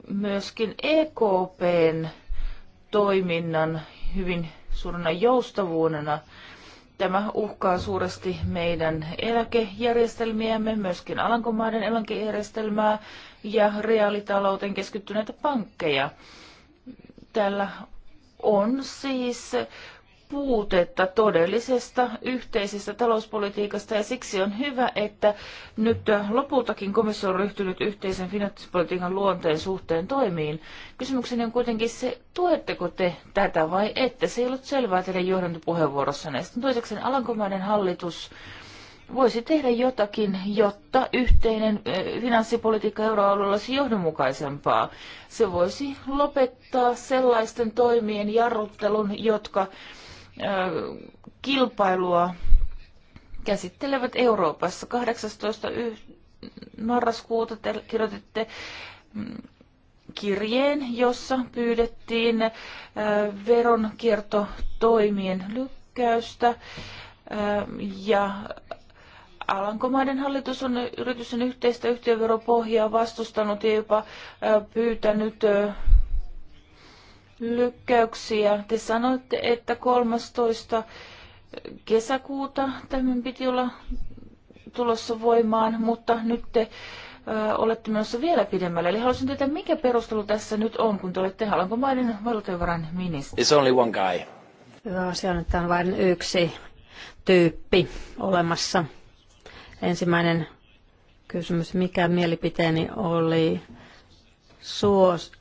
myöskin EKPn toiminnan hyvin suurena joustavuudena. Tämä uhkaa suuresti meidän eläkejärjestelmiämme, myöskin Alankomaiden eläkejärjestelmää ja reaalitalouteen keskittyneitä pankkeja. Tällä on siis puutetta todellisesta yhteisestä talouspolitiikasta ja siksi on hyvä, että nyt lopultakin komissio on ryhtynyt yhteisen finanssipolitiikan luonteen suhteen toimiin. Kysymykseni on kuitenkin se, tuetteko te tätä vai ette? Se ei ollut selvää teidän johdantopuheenvuorossanne. Sitten toiseksi Alankomaiden hallitus voisi tehdä jotakin, jotta yhteinen finanssipolitiikka euroalueella olisi johdonmukaisempaa. Se voisi lopettaa sellaisten toimien jarruttelun, jotka kilpailua käsittelevät Euroopassa. 18. marraskuuta te kirjoititte mm, kirjeen, jossa pyydettiin veronkiertotoimien lykkäystä ja Alankomaiden hallitus on yritysten yhteistä yhtiöveropohjaa vastustanut ja jopa pyytänyt lykkäyksiä. Te sanoitte, että 13. kesäkuuta tämän piti olla tulossa voimaan, mutta nyt te ö, olette menossa vielä pidemmälle. Eli haluaisin tietää, mikä perustelu tässä nyt on, kun te olette Hallankomaiden valtiovarainministeri. It's only one guy. Hyvä asia on, että on vain yksi tyyppi olemassa. Ensimmäinen kysymys, mikä mielipiteeni oli suos,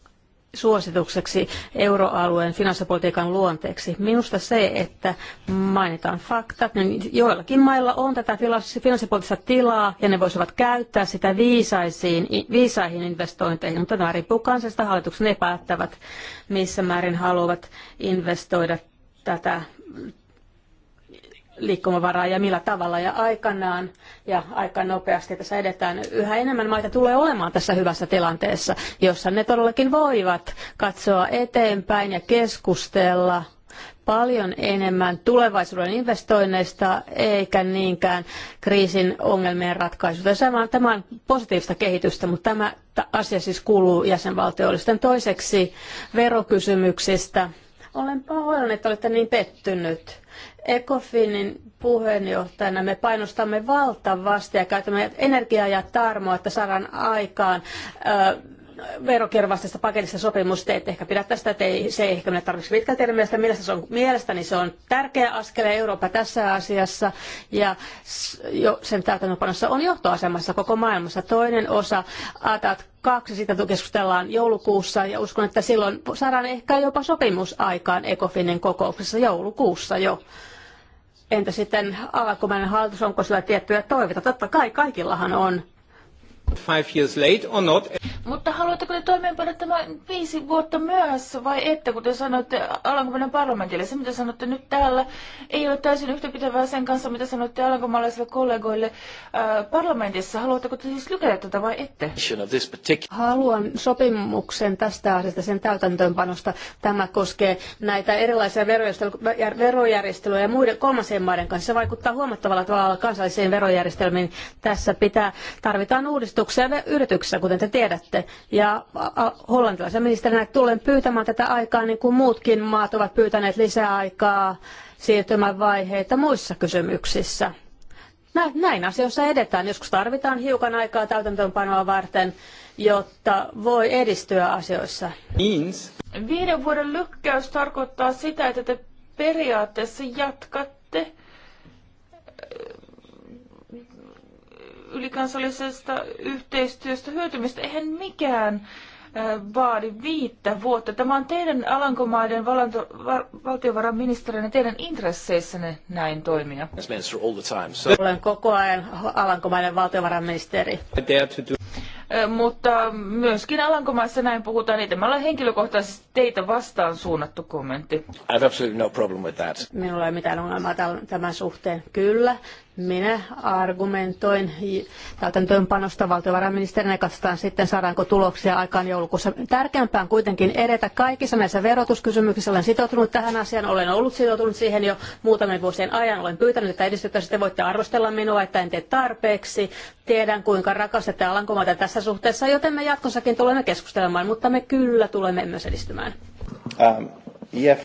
suositukseksi euroalueen finanssipolitiikan luonteeksi. Minusta se, että mainitaan faktat, niin joillakin mailla on tätä finanssipoliittista tilaa ja ne voisivat käyttää sitä viisaisiin, viisaihin investointeihin, mutta tämä riippuu kansallisesta hallituksen, ne päättävät missä määrin haluavat investoida tätä liikkumavaraa ja millä tavalla ja aikanaan ja aika nopeasti tässä edetään. Yhä enemmän maita tulee olemaan tässä hyvässä tilanteessa, jossa ne todellakin voivat katsoa eteenpäin ja keskustella paljon enemmän tulevaisuuden investoinneista eikä niinkään kriisin ongelmien ratkaisusta. Tämä on positiivista kehitystä, mutta tämä asia siis kuuluu jäsenvaltioiden toiseksi verokysymyksistä. Olen pahoillani, että olette niin pettynyt Ecofinin puheenjohtajana me painostamme valtavasti ja käytämme energiaa ja tarmoa, että saadaan aikaan ö, verokirvastaista paketista sopimus. Te ette ehkä pidä tästä, että ei, se ei ehkä mene tarpeeksi pitkälti teidän mielestä. Mielestäni se on, mielestäni se on tärkeä askel Eurooppa tässä asiassa ja jo sen täytäntöönpanossa on johtoasemassa koko maailmassa. Toinen osa ATAT kaksi, sitä keskustellaan joulukuussa ja uskon, että silloin saadaan ehkä jopa sopimus aikaan Ecofinin kokouksessa joulukuussa jo. Entä sitten alkuperäinen hallitus, onko sillä tiettyjä toiveita? Totta kai kaikillahan on. Five years late or not. Mutta haluatteko te toimeenpanna tämän viisi vuotta myöhässä vai ette, kun te sanoitte Alankomaiden parlamentille? Se, mitä sanotte nyt täällä, ei ole täysin yhtäpitävää sen kanssa, mitä sanoitte alankomaalaisille kollegoille äh, parlamentissa. Haluatteko te siis lykätä tätä vai ette? Haluan sopimuksen tästä asiasta, sen täytäntöönpanosta. Tämä koskee näitä erilaisia verojärjestelyjä ja muiden kolmansien maiden kanssa. Se vaikuttaa huomattavalla tavalla kansalliseen verojärjestelmiin. Tässä pitää, tarvitaan uudistus uudistuksia yrityksissä, kuten te tiedätte. Ja hollantilaisen ministerinä tulen pyytämään tätä aikaa, niin kuin muutkin maat ovat pyytäneet lisäaikaa siirtymävaiheita muissa kysymyksissä. Näin asioissa edetään. Joskus tarvitaan hiukan aikaa täytäntöönpanoa varten, jotta voi edistyä asioissa. Viiden vuoden lykkäys tarkoittaa sitä, että te periaatteessa jatkatte ylikansallisesta yhteistyöstä hyötymistä. Eihän mikään vaadi viittä vuotta. Tämä on teidän Alankomaiden valanto, va, valtiovarainministerinä teidän intresseissänne näin toimia. Olen koko ajan Alankomaiden valtiovarainministeri. Mutta myöskin Alankomaissa näin puhutaan, niin tämä on henkilökohtaisesti teitä vastaan suunnattu kommentti. I have absolutely no problem with that. Minulla ei mitään ongelmaa tämän suhteen. Kyllä, minä argumentoin täytäntöönpanosta valtiovarainministerinä ja katsotaan sitten saadaanko tuloksia aikaan joulukuussa. Tärkeämpää on kuitenkin edetä kaikissa näissä verotuskysymyksissä. Olen sitoutunut tähän asiaan, olen ollut sitoutunut siihen jo muutamien vuosien ajan. Olen pyytänyt, että edistyttäisiin, sitten voitte arvostella minua, että en tee tarpeeksi. Tiedän, kuinka rakastatte Alankomaita tässä suhteessa, joten me jatkossakin tulemme keskustelemaan, mutta me kyllä tulemme myös edistymään. Um, ähm, yeah.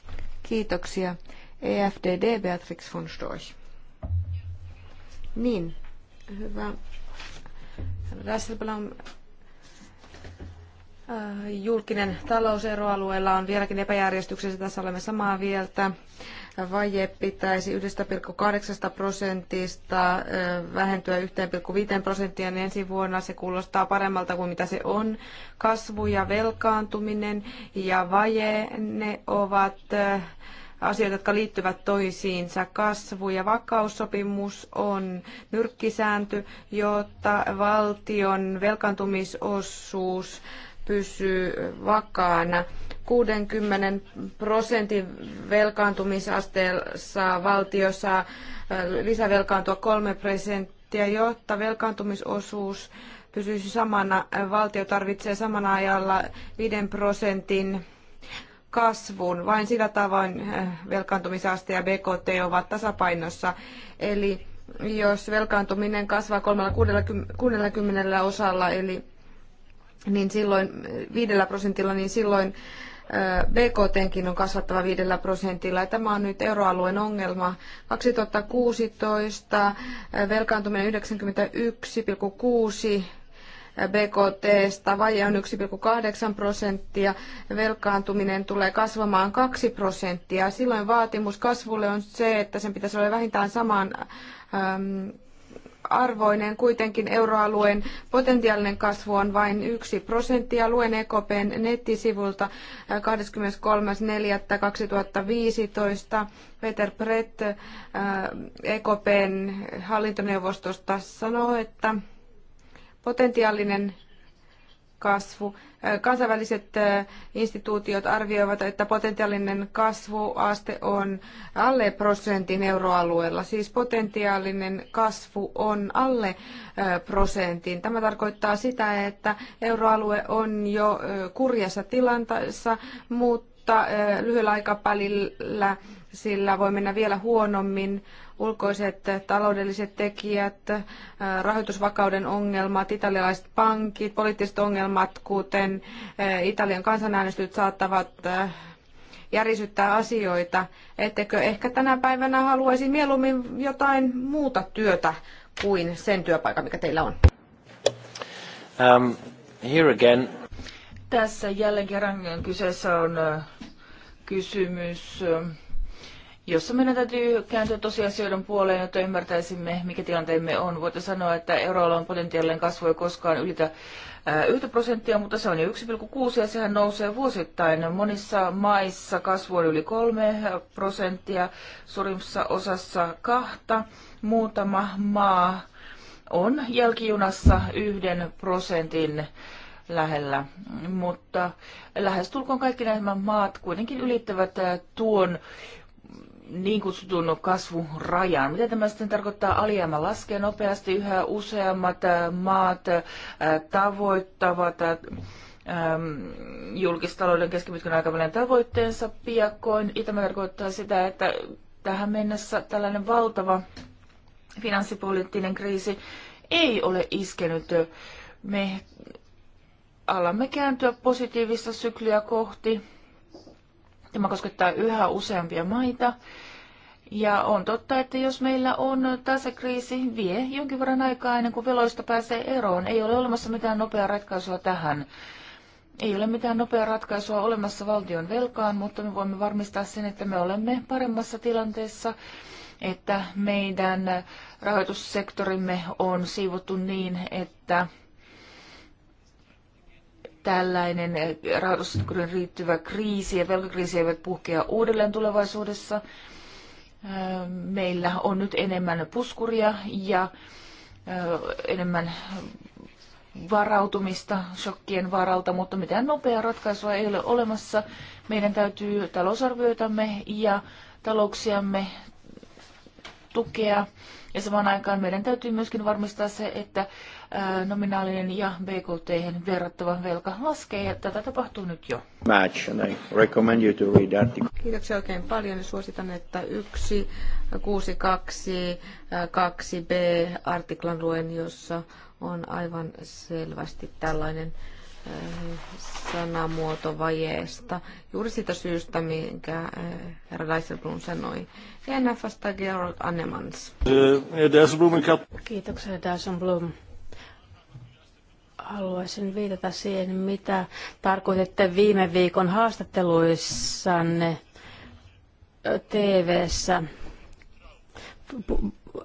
Kiitoksia. EFDD Beatrix von Storch. Niin, hyvä. äh, julkinen talous eroalueella on vieläkin epäjärjestyksessä. Tässä olemme samaa mieltä. Vaje pitäisi 1,8 prosentista äh, vähentyä 1,5 prosenttia niin ensi vuonna. Se kuulostaa paremmalta kuin mitä se on. Kasvu ja velkaantuminen ja vaje, ne ovat äh, asioita, jotka liittyvät toisiinsa. Kasvu- ja vakaussopimus on nyrkkisääntö, jotta valtion velkaantumisosuus pysyy vakaana. 60 prosentin velkaantumisasteessa valtio saa lisävelkaantua 3 prosenttia, jotta velkaantumisosuus pysyisi samana. Valtio tarvitsee samana ajalla 5 prosentin kasvuun. Vain sillä tavoin äh, velkaantumisaste ja BKT ovat tasapainossa. Eli jos velkaantuminen kasvaa 360 osalla, eli niin silloin 5 äh, prosentilla, niin silloin äh, BKTkin on kasvattava 5 prosentilla. Tämä on nyt euroalueen ongelma. 2016 velkaantuminen 91,6 BKTstä, vaje on 1,8 prosenttia, velkaantuminen tulee kasvamaan 2 prosenttia. Silloin vaatimus kasvulle on se, että sen pitäisi olla vähintään saman ähm, arvoinen. Kuitenkin euroalueen potentiaalinen kasvu on vain yksi prosentti ja luen EKPn nettisivulta 23.4.2015 äh, Peter Brett äh, EKPn hallintoneuvostosta sanoo, että potentiaalinen kasvu. Äh, kansainväliset äh, instituutiot arvioivat, että potentiaalinen kasvuaste on alle prosentin euroalueella. Siis potentiaalinen kasvu on alle äh, prosentin. Tämä tarkoittaa sitä, että euroalue on jo kurjassa tilanteessa, mutta lyhyellä aikavälillä sillä voi mennä vielä huonommin ulkoiset taloudelliset tekijät, äh, rahoitusvakauden ongelmat, italialaiset pankit, poliittiset ongelmat, kuten äh, Italian kansanäänestyt saattavat äh, järisyttää asioita. Ettekö ehkä tänä päivänä haluaisi mieluummin jotain muuta työtä kuin sen työpaikan, mikä teillä on? Um, here again. Tässä jälleen kerran kyseessä on kysymys jossa meidän täytyy kääntyä tosiasioiden puoleen, jotta ymmärtäisimme, mikä tilanteemme on. Voitte sanoa, että euroalueen potentiaalinen kasvu ei koskaan ylitä yhtä prosenttia, mutta se on jo 1,6 ja sehän nousee vuosittain. Monissa maissa kasvu on yli 3 prosenttia, suurimmassa osassa kahta. Muutama maa on jälkijunassa yhden prosentin lähellä, mutta lähestulkoon kaikki nämä maat kuitenkin ylittävät tuon niin kutsutun kasvurajan. Mitä tämä sitten tarkoittaa? Alijäämä laskee nopeasti, yhä useammat äh, maat äh, tavoittavat äh, ähm, julkistalouden keskipitkän aikavälin tavoitteensa piakkoin. itämä tämä tarkoittaa sitä, että tähän mennessä tällainen valtava finanssipoliittinen kriisi ei ole iskenyt. Me alamme kääntyä positiivista sykliä kohti Tämä koskettaa yhä useampia maita. Ja on totta, että jos meillä on tässä kriisi vie jonkin verran aikaa ennen kuin veloista pääsee eroon. Ei ole olemassa mitään nopeaa ratkaisua tähän. Ei ole mitään nopeaa ratkaisua olemassa valtion velkaan, mutta me voimme varmistaa sen, että me olemme paremmassa tilanteessa, että meidän rahoitussektorimme on siivottu niin, että tällainen rahoitussektorin riittyvä kriisi ja velkakriisi eivät puhkea uudelleen tulevaisuudessa. Ähm, meillä on nyt enemmän puskuria ja äh, enemmän varautumista shokkien varalta, mutta mitään nopeaa ratkaisua ei ole olemassa. Meidän täytyy talousarvioitamme ja talouksiamme tukea ja samaan aikaan meidän täytyy myöskin varmistaa se, että nominaalinen ja BKT verrattava velka laskee, ja tätä tapahtuu nyt jo. Match, and I recommend you to read article. Kiitoksia oikein paljon, ja suositan, että 1, 6, 2, 2b artiklan luen, jossa on aivan selvästi tällainen sanamuoto vajeesta, juuri sitä syystä, minkä herra Dijsselbloem sanoi. ENFstä Gerald Annemans. Eh, eh, Kiitoksia Blum. Haluaisin viitata siihen, mitä tarkoititte viime viikon haastatteluissanne TV-ssä.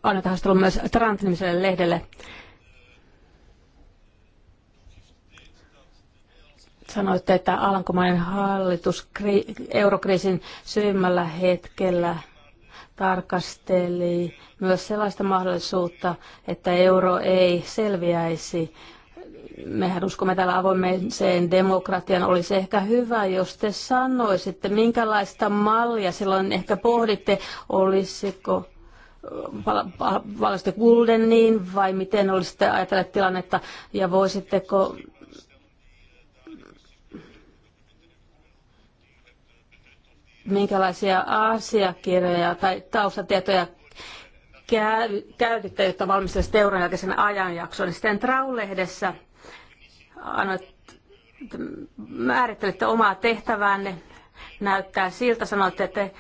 Annetaan haastattelu myös Trant-nimiselle lehdelle. Sanoitte, että Alankomainen hallitus eurokriisin syvimmällä hetkellä tarkasteli myös sellaista mahdollisuutta, että euro ei selviäisi mehän uskomme täällä avoimeen demokratian, olisi ehkä hyvä, jos te sanoisitte, minkälaista mallia silloin ehkä pohditte, olisiko kulden niin vai miten olisitte ajatelleet tilannetta ja voisitteko minkälaisia asiakirjoja tai taustatietoja käytitte, jotta valmistelisitte euron jälkeisen ajanjakson. Sitten Traulehdessä annoitte, määrittelette omaa tehtäväänne, näyttää siltä, sanoitte, että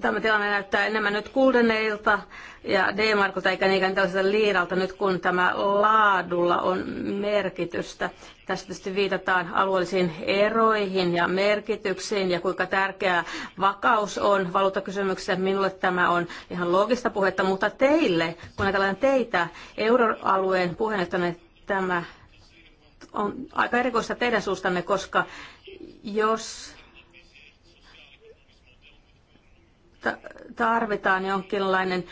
tämä tilanne näyttää enemmän nyt kuldeneilta ja D-markulta eikä niinkään tällaiselta liiralta nyt, kun tämä laadulla on merkitystä. Tässä tietysti viitataan alueellisiin eroihin ja merkityksiin ja kuinka tärkeää vakaus on valuuttakysymyksessä. Minulle tämä on ihan loogista puhetta, mutta teille, kun ajatellaan teitä euroalueen puheenjohtajana, tämä on aika erikoista teidän suustanne, koska jos tarvitaan jonkinlainen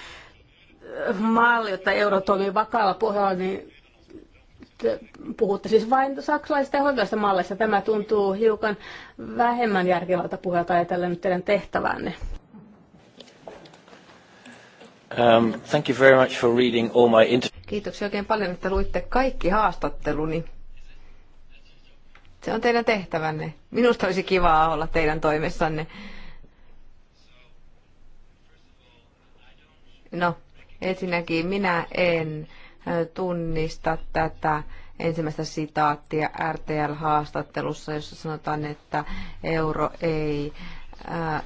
malli, jotta euro toimii vakaalla pohjalla, niin puhutte siis vain saksalaisista ja hoitajista malleista. Tämä tuntuu hiukan vähemmän järkevältä puhelta ajatellen nyt teidän tehtävänne. Um, thank you very much for reading all my inter- Kiitoksia oikein paljon, että luitte kaikki haastatteluni. Se on teidän tehtävänne. Minusta olisi kivaa olla teidän toimessanne. No, ensinnäkin minä en tunnista tätä ensimmäistä sitaattia RTL-haastattelussa, jossa sanotaan, että euro ei äh,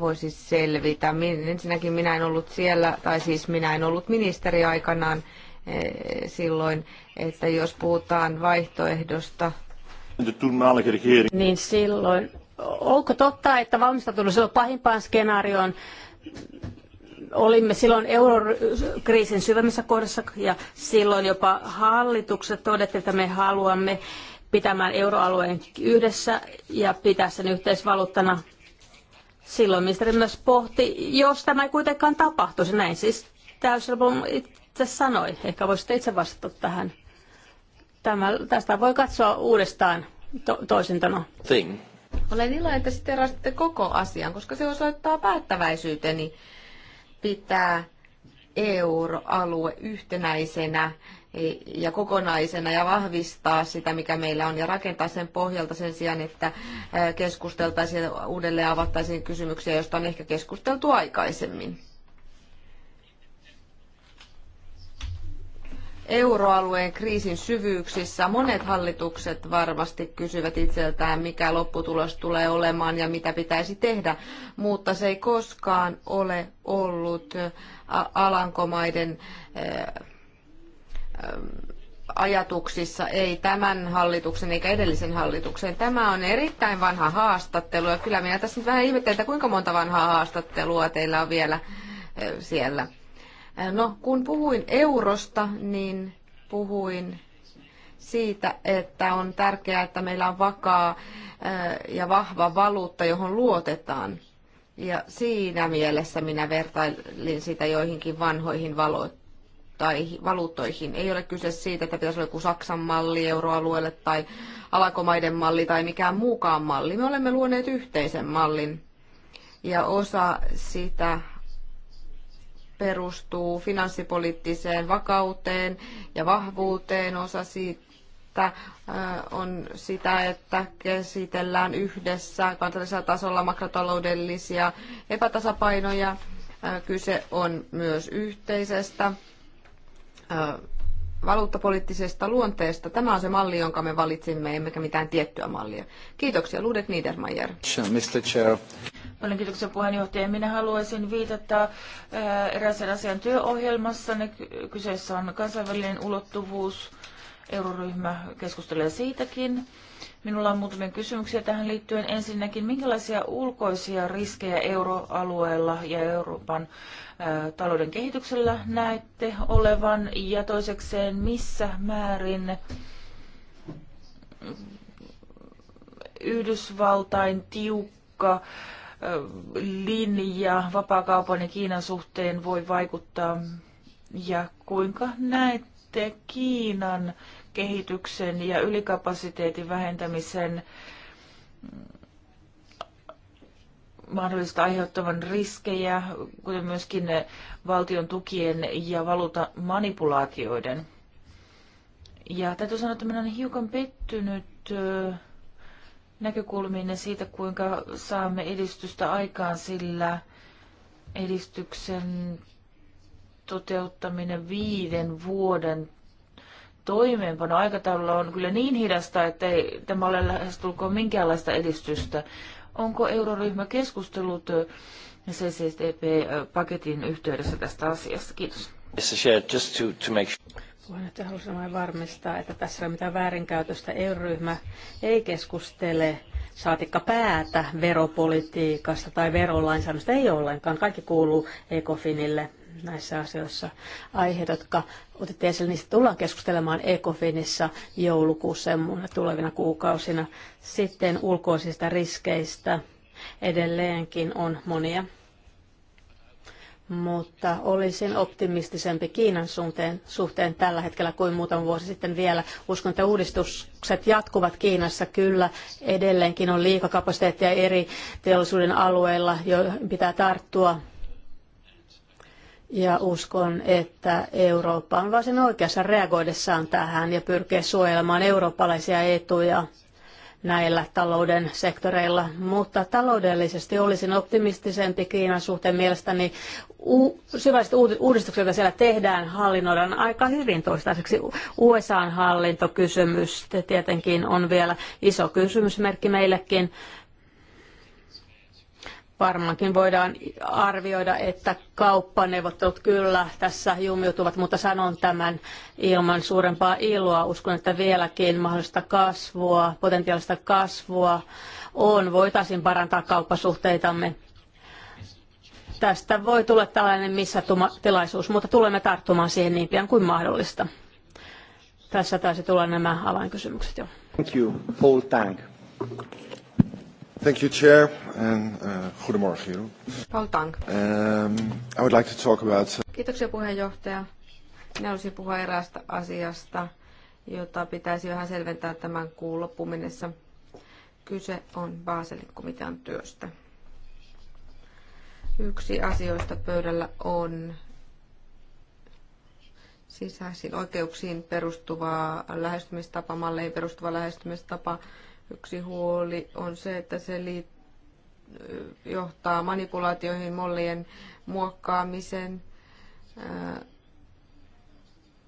voisi selvitä. Min, ensinnäkin minä en ollut siellä, tai siis minä en ollut ministeri aikanaan äh, silloin, että jos puhutaan vaihtoehdosta – niin silloin, onko totta, että valmistautunut silloin pahimpaan skenaarioon olimme silloin eurokriisin syvemmässä kohdassa ja silloin jopa hallitukset todettiin, että me haluamme pitämään euroalueen yhdessä ja pitää sen yhteisvaluuttana. Silloin ministeri myös pohti, jos tämä ei kuitenkaan tapahtuisi, näin siis täysin itse sanoi. Ehkä voisitte itse vastata tähän. Tämä, tästä voi katsoa uudestaan to, toisintana. Thing. Olen iloinen, että sitten rastitte koko asian, koska se osoittaa päättäväisyyteni pitää euroalue yhtenäisenä ja kokonaisena ja vahvistaa sitä, mikä meillä on, ja rakentaa sen pohjalta sen sijaan, että keskusteltaisiin ja uudelleen avattaisiin kysymyksiä, joista on ehkä keskusteltu aikaisemmin. euroalueen kriisin syvyyksissä monet hallitukset varmasti kysyvät itseltään, mikä lopputulos tulee olemaan ja mitä pitäisi tehdä, mutta se ei koskaan ole ollut Alankomaiden ajatuksissa, ei tämän hallituksen eikä edellisen hallituksen. Tämä on erittäin vanha haastattelu ja kyllä minä tässä nyt vähän ihmettelen, että kuinka monta vanhaa haastattelua teillä on vielä siellä. Äh, no, kun puhuin eurosta, niin puhuin siitä, että on tärkeää, että meillä on vakaa äh, ja vahva valuutta, johon luotetaan. Ja siinä mielessä minä vertailin sitä joihinkin vanhoihin valuuttoihin. Ei ole kyse siitä, että pitäisi olla joku Saksan malli euroalueelle tai alakomaiden malli tai mikään muukaan malli. Me olemme luoneet yhteisen mallin ja osa sitä perustuu finanssipoliittiseen vakauteen ja vahvuuteen. Osa siitä äh, on sitä, että käsitellään yhdessä kansallisella tasolla makrotaloudellisia epätasapainoja. Äh, kyse on myös yhteisestä äh, valuuttapoliittisesta luonteesta. Tämä on se malli, jonka me valitsimme, emmekä mitään tiettyä mallia. Kiitoksia, Ludet Niedermayer. Mr. Chair. Paljon kiitoksia puheenjohtaja. Minä haluaisin viitata eräisen asian työohjelmassa. Kyseessä on kansainvälinen ulottuvuus. Euroryhmä keskustelee siitäkin. Minulla on muutamia kysymyksiä tähän liittyen. Ensinnäkin, minkälaisia ulkoisia riskejä euroalueella ja Euroopan talouden kehityksellä näette olevan? Ja toisekseen, missä määrin Yhdysvaltain tiukka tiukka linja vapaakaupan ja Kiinan suhteen voi vaikuttaa ja kuinka näette Kiinan kehityksen ja ylikapasiteetin vähentämisen mm, mahdollista aiheuttavan riskejä, kuten myöskin valtion tukien ja valuutan manipulaatioiden. Ja täytyy sanoa, että minä olen hiukan pettynyt ja siitä, kuinka saamme edistystä aikaan, sillä edistyksen toteuttaminen viiden vuoden toimeenpano aikataululla on kyllä niin hidasta, että ei tämä ole lähestulkoon minkäänlaista edistystä. Onko euroryhmä keskustellut CCTP-paketin yhteydessä tästä asiasta? Kiitos. Puheenjohtaja haluaisin vain varmistaa, että tässä ei ole mitään väärinkäytöstä. EU-ryhmä ei keskustele saatikka päätä veropolitiikasta tai verolainsäädännöstä, ei ollenkaan. Kaikki kuuluu ECOFINille näissä asioissa. Aiheet, jotka otitte esille, niistä tullaan keskustelemaan ECOFINissa joulukuussa ja muina tulevina kuukausina. Sitten ulkoisista riskeistä edelleenkin on monia mutta olisin optimistisempi Kiinan suhteen tällä hetkellä kuin muutama vuosi sitten vielä. Uskon, että uudistukset jatkuvat Kiinassa kyllä. Edelleenkin on liikakapasiteettia eri teollisuuden alueilla, joihin pitää tarttua. Ja uskon, että Eurooppa on varsin oikeassa reagoidessaan tähän ja pyrkii suojelemaan eurooppalaisia etuja näillä talouden sektoreilla, mutta taloudellisesti olisin optimistisempi Kiinan suhteen mielestäni. U- syvälliset uudistukset, joita siellä tehdään, hallinnoidaan aika hyvin toistaiseksi. USAn hallintokysymys tietenkin on vielä iso kysymysmerkki meillekin. Varmaankin voidaan arvioida, että kauppaneuvottelut kyllä tässä jumiutuvat, mutta sanon tämän ilman suurempaa iloa. Uskon, että vieläkin mahdollista kasvua, potentiaalista kasvua on. Voitaisiin parantaa kauppasuhteitamme. Tästä voi tulla tällainen missatilaisuus, mutta tulemme tarttumaan siihen niin pian kuin mahdollista. Tässä taisi tulla nämä avainkysymykset jo. Thank you. Paul Tang. Thank you, Chair, and uh, goedemorgen, Jeroen. Paul Tank. Um, I would like to talk about... Kiitoksia puheenjohtaja. Minä haluaisin puhua eräästä asiasta, jota pitäisi vähän selventää tämän kuun loppuun mennessä. Kyse on Baselin komitean työstä. Yksi asioista pöydällä on sisäisiin oikeuksiin perustuva lähestymistapa, malleihin perustuva lähestymistapa, Yksi huoli on se, että se liittyy johtaa manipulaatioihin, mollien muokkaamisen, äh,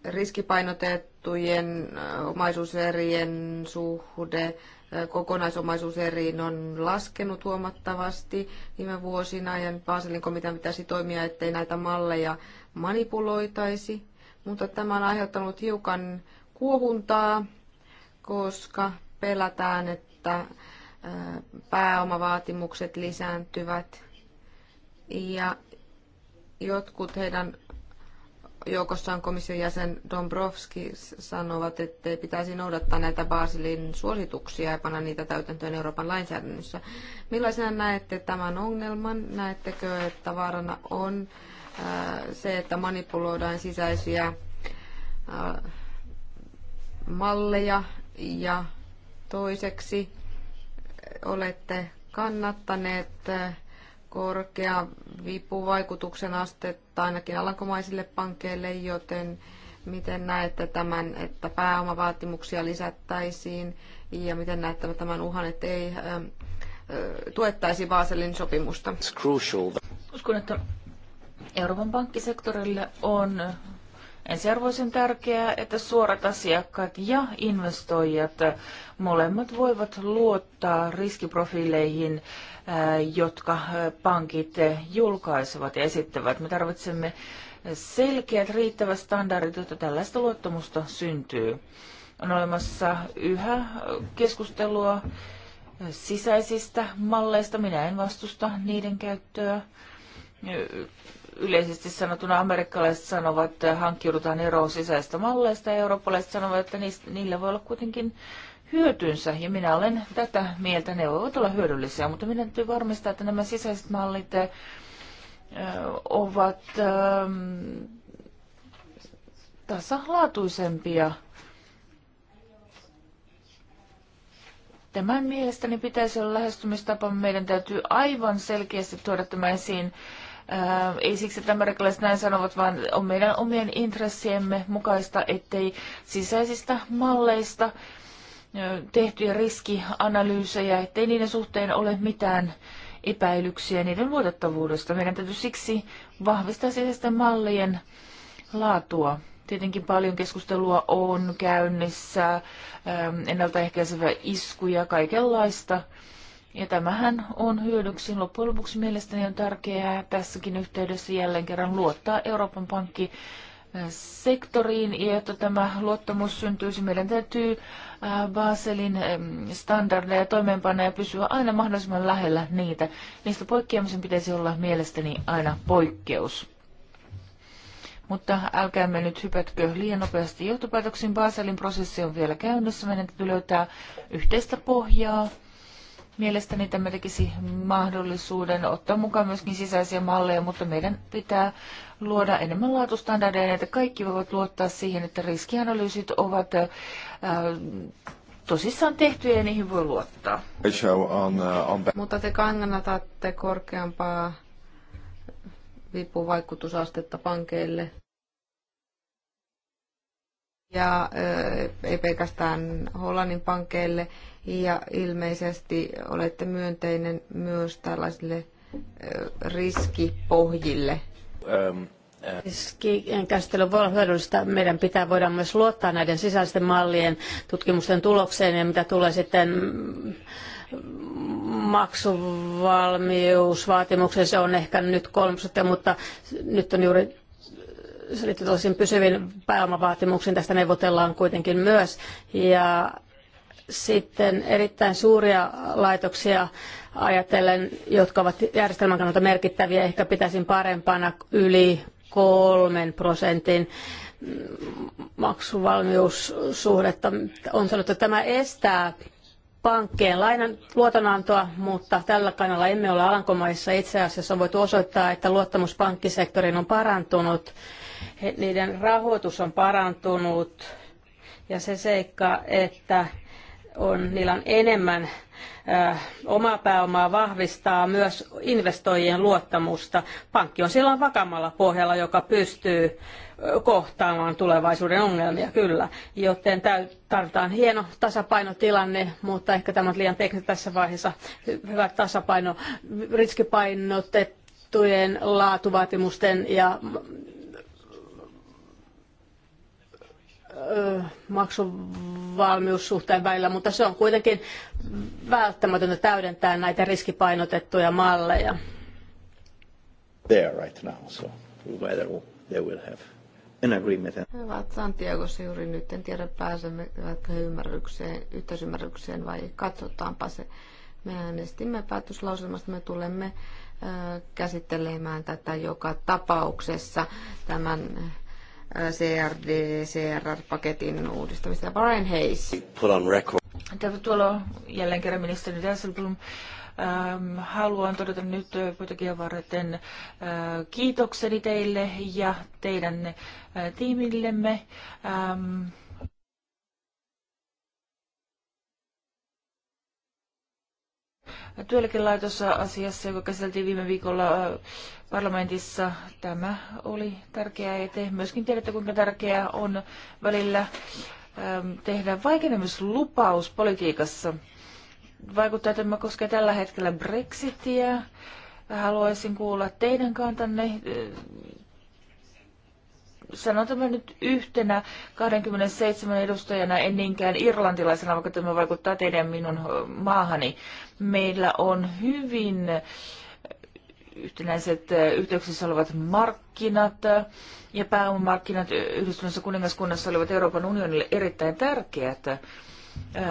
riskipainotettujen äh, omaisuuserien suhde äh, kokonaisomaisuuseriin on laskenut huomattavasti viime vuosina ja Baselin komitean pitäisi toimia, ettei näitä malleja manipuloitaisi. Mutta tämä on aiheuttanut hiukan kuohuntaa, koska pelätään, että pääomavaatimukset lisääntyvät ja jotkut heidän joukossaan komission jäsen Dombrovski sanovat, että pitäisi noudattaa näitä Baasilin suosituksia ja panna niitä täytäntöön Euroopan lainsäädännössä. Millaisena näette tämän ongelman? Näettekö, että vaarana on se, että manipuloidaan sisäisiä malleja ja Toiseksi eh, olette kannattaneet eh, korkea vipuvaikutuksen astetta ainakin alankomaisille pankeille, joten miten näette tämän, että pääomavaatimuksia lisättäisiin ja miten näette tämän uhan, että ei eh, tuettaisi Vaaselin sopimusta? Uskon, että Euroopan pankkisektorille on ensiarvoisen tärkeää, että suorat asiakkaat ja investoijat molemmat voivat luottaa riskiprofiileihin, äh, jotka äh, pankit julkaisevat ja esittävät. Me tarvitsemme selkeät, riittävät standardit, jotta tällaista luottamusta syntyy. On olemassa yhä keskustelua sisäisistä malleista. Minä en vastusta niiden käyttöä yleisesti sanotuna amerikkalaiset sanovat, että hankkiudutaan eroon sisäistä malleista ja eurooppalaiset sanovat, että niistä, niillä voi olla kuitenkin hyötynsä ja minä olen tätä mieltä. Ne voivat olla hyödyllisiä, mutta minä täytyy varmistaa, että nämä sisäiset mallit ovat ähm, tasalaatuisempia. Tämän mielestäni pitäisi olla lähestymistapa. Meidän täytyy aivan selkeästi tuoda tämä esiin ei siksi, että amerikkalaiset näin sanovat, vaan on meidän omien intressiemme mukaista, ettei sisäisistä malleista tehtyjä riskianalyysejä, ettei niiden suhteen ole mitään epäilyksiä niiden luotettavuudesta. Meidän täytyy siksi vahvistaa sisäisten mallien laatua. Tietenkin paljon keskustelua on käynnissä, ennaltaehkäisevä iskuja, kaikenlaista. Ja tämähän on hyödyksi. Loppujen lopuksi mielestäni on tärkeää tässäkin yhteydessä jälleen kerran luottaa Euroopan pankki eh, sektoriin, ja jotta tämä luottamus syntyisi, meidän täytyy eh, Baselin standardeja toimeenpanna ja pysyä aina mahdollisimman lähellä niitä. Niistä poikkeamisen pitäisi olla mielestäni aina poikkeus. Mutta älkäämme nyt hypätkö liian nopeasti johtopäätöksiin. Baselin prosessi on vielä käynnissä. Meidän täytyy löytää yhteistä pohjaa Mielestäni tämä tekisi mahdollisuuden ottaa mukaan myöskin sisäisiä malleja, mutta meidän pitää luoda enemmän laatustandardeja, niin että kaikki voivat luottaa siihen, että riskianalyysit ovat äh, tosissaan tehtyjä ja niihin voi luottaa. On, uh, on... Mutta te kannatatte korkeampaa vipuvaikutusastetta pankeille ja ei pelkästään Hollannin pankeille ja ilmeisesti olette myönteinen myös tällaisille riskipohjille. Um. Riskien käsittely voi olla hyödyllistä. Meidän pitää voida myös luottaa näiden sisäisten mallien tutkimusten tulokseen ja mitä tulee sitten maksuvalmiusvaatimukseen. Se on ehkä nyt kolme mutta nyt on juuri se liittyy tosin pysyviin pääomavaatimuksiin, tästä neuvotellaan kuitenkin myös. Ja sitten erittäin suuria laitoksia ajatellen, jotka ovat järjestelmän kannalta merkittäviä, ehkä pitäisin parempana yli kolmen prosentin maksuvalmiussuhdetta. On sanottu, että tämä estää pankkien lainan luotonantoa, mutta tällä kannalla emme ole Alankomaissa. Itse asiassa on voitu osoittaa, että luottamus pankkisektoriin on parantunut niiden rahoitus on parantunut ja se seikka, että on, niillä on enemmän äh, omaa pääomaa vahvistaa myös investoijien luottamusta. Pankki on silloin vakaammalla pohjalla, joka pystyy äh, kohtaamaan tulevaisuuden ongelmia, kyllä. Joten tarvitaan hieno tasapainotilanne, mutta ehkä tämä on liian teknistä tässä vaiheessa. Hyvä tasapaino, riskipainotettujen laatuvaatimusten ja maksuvalmiussuhteen välillä, mutta se on kuitenkin välttämätöntä täydentää näitä riskipainotettuja malleja. There right now, so whether they will have an agreement. He ovat Santiagossa juuri nyt, en tiedä pääsemme ymmärrykseen, yhteisymmärrykseen vai katsotaanpa se. Me äänestimme päätöslauselmasta, me tulemme käsittelemään tätä joka tapauksessa tämän CRD-CRR-paketin uudistamista. Brian Hayes. Put on record. Tervetuloa jälleen kerran ministeri Dasselblom. Ähm, haluan todeta nyt äh, pöytäkirjan varten äh, kiitokseni teille ja teidän äh, tiimillemme. Ähm, työeläkelaitossa asiassa, joka käsiteltiin viime viikolla parlamentissa. Tämä oli tärkeä ja te myöskin tiedätte, kuinka tärkeää on välillä tehdä vaikenemislupaus politiikassa. Vaikuttaa, että tämä koskee tällä hetkellä Brexitiä. Haluaisin kuulla teidän kantanne sanon tämän nyt yhtenä 27 edustajana, en niinkään irlantilaisena, vaikka tämä vaikuttaa teidän minun maahani. Meillä on hyvin yhtenäiset yhteyksissä olevat markkinat ja pääomamarkkinat yhdistyneessä kuningaskunnassa olivat Euroopan unionille erittäin tärkeät.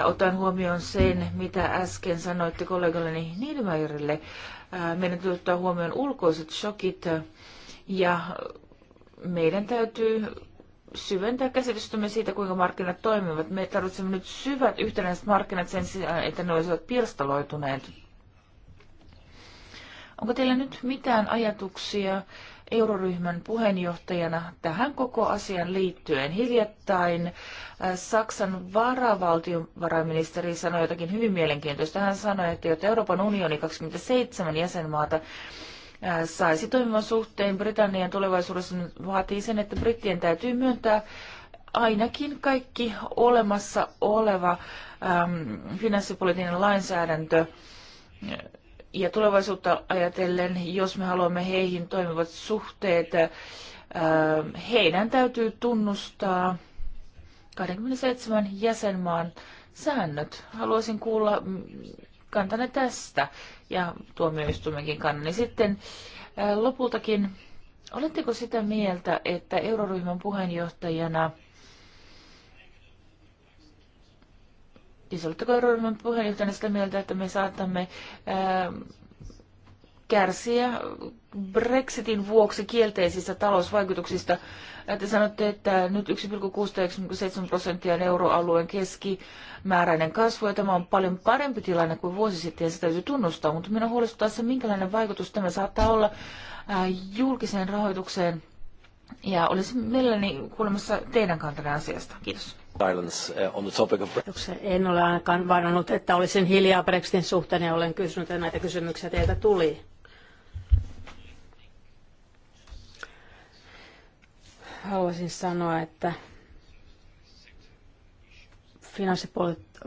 Otan huomioon sen, mitä äsken sanoitte kollegalleni Niedemajerille. Meidän tulee ottaa huomioon ulkoiset shokit ja meidän täytyy syventää käsitystämme siitä, kuinka markkinat toimivat. Me tarvitsemme nyt syvät yhtenäiset markkinat sen sijaan, että ne olisivat pirstaloituneet. Onko teillä nyt mitään ajatuksia euroryhmän puheenjohtajana tähän koko asian liittyen? Hiljattain äh, Saksan varavaltiovarainministeri sanoi jotakin hyvin mielenkiintoista. Hän sanoi, että jotta Euroopan unioni 27 jäsenmaata saisi toimivan suhteen Britannian tulevaisuudessa vaatii sen, että brittien täytyy myöntää ainakin kaikki olemassa oleva äm, finanssipoliittinen lainsäädäntö ja tulevaisuutta ajatellen, jos me haluamme heihin toimivat suhteet, ää, heidän täytyy tunnustaa 27 jäsenmaan säännöt. Haluaisin kuulla, kantanne tästä ja tuomioistuimenkin kannan. Niin sitten lopultakin, oletteko sitä mieltä, että euroryhmän puheenjohtajana Siis oletteko euroryhmän puheenjohtajana sitä mieltä, että me saatamme ää, kärsiä Brexitin vuoksi kielteisistä talousvaikutuksista te sanotte, että nyt 1,67 prosenttia on euroalueen keskimääräinen kasvu, ja tämä on paljon parempi tilanne kuin vuosi sitten, ja se täytyy tunnustaa, mutta minä huolestuttaa se, minkälainen vaikutus tämä saattaa olla äh, julkiseen rahoitukseen, ja olisi mielelläni kuulemassa teidän kantanne asiasta. Kiitos. Uh, en ole ainakaan varannut, että olisin hiljaa Brexitin suhteen ja olen kysynyt, että näitä kysymyksiä teiltä tuli. haluaisin sanoa, että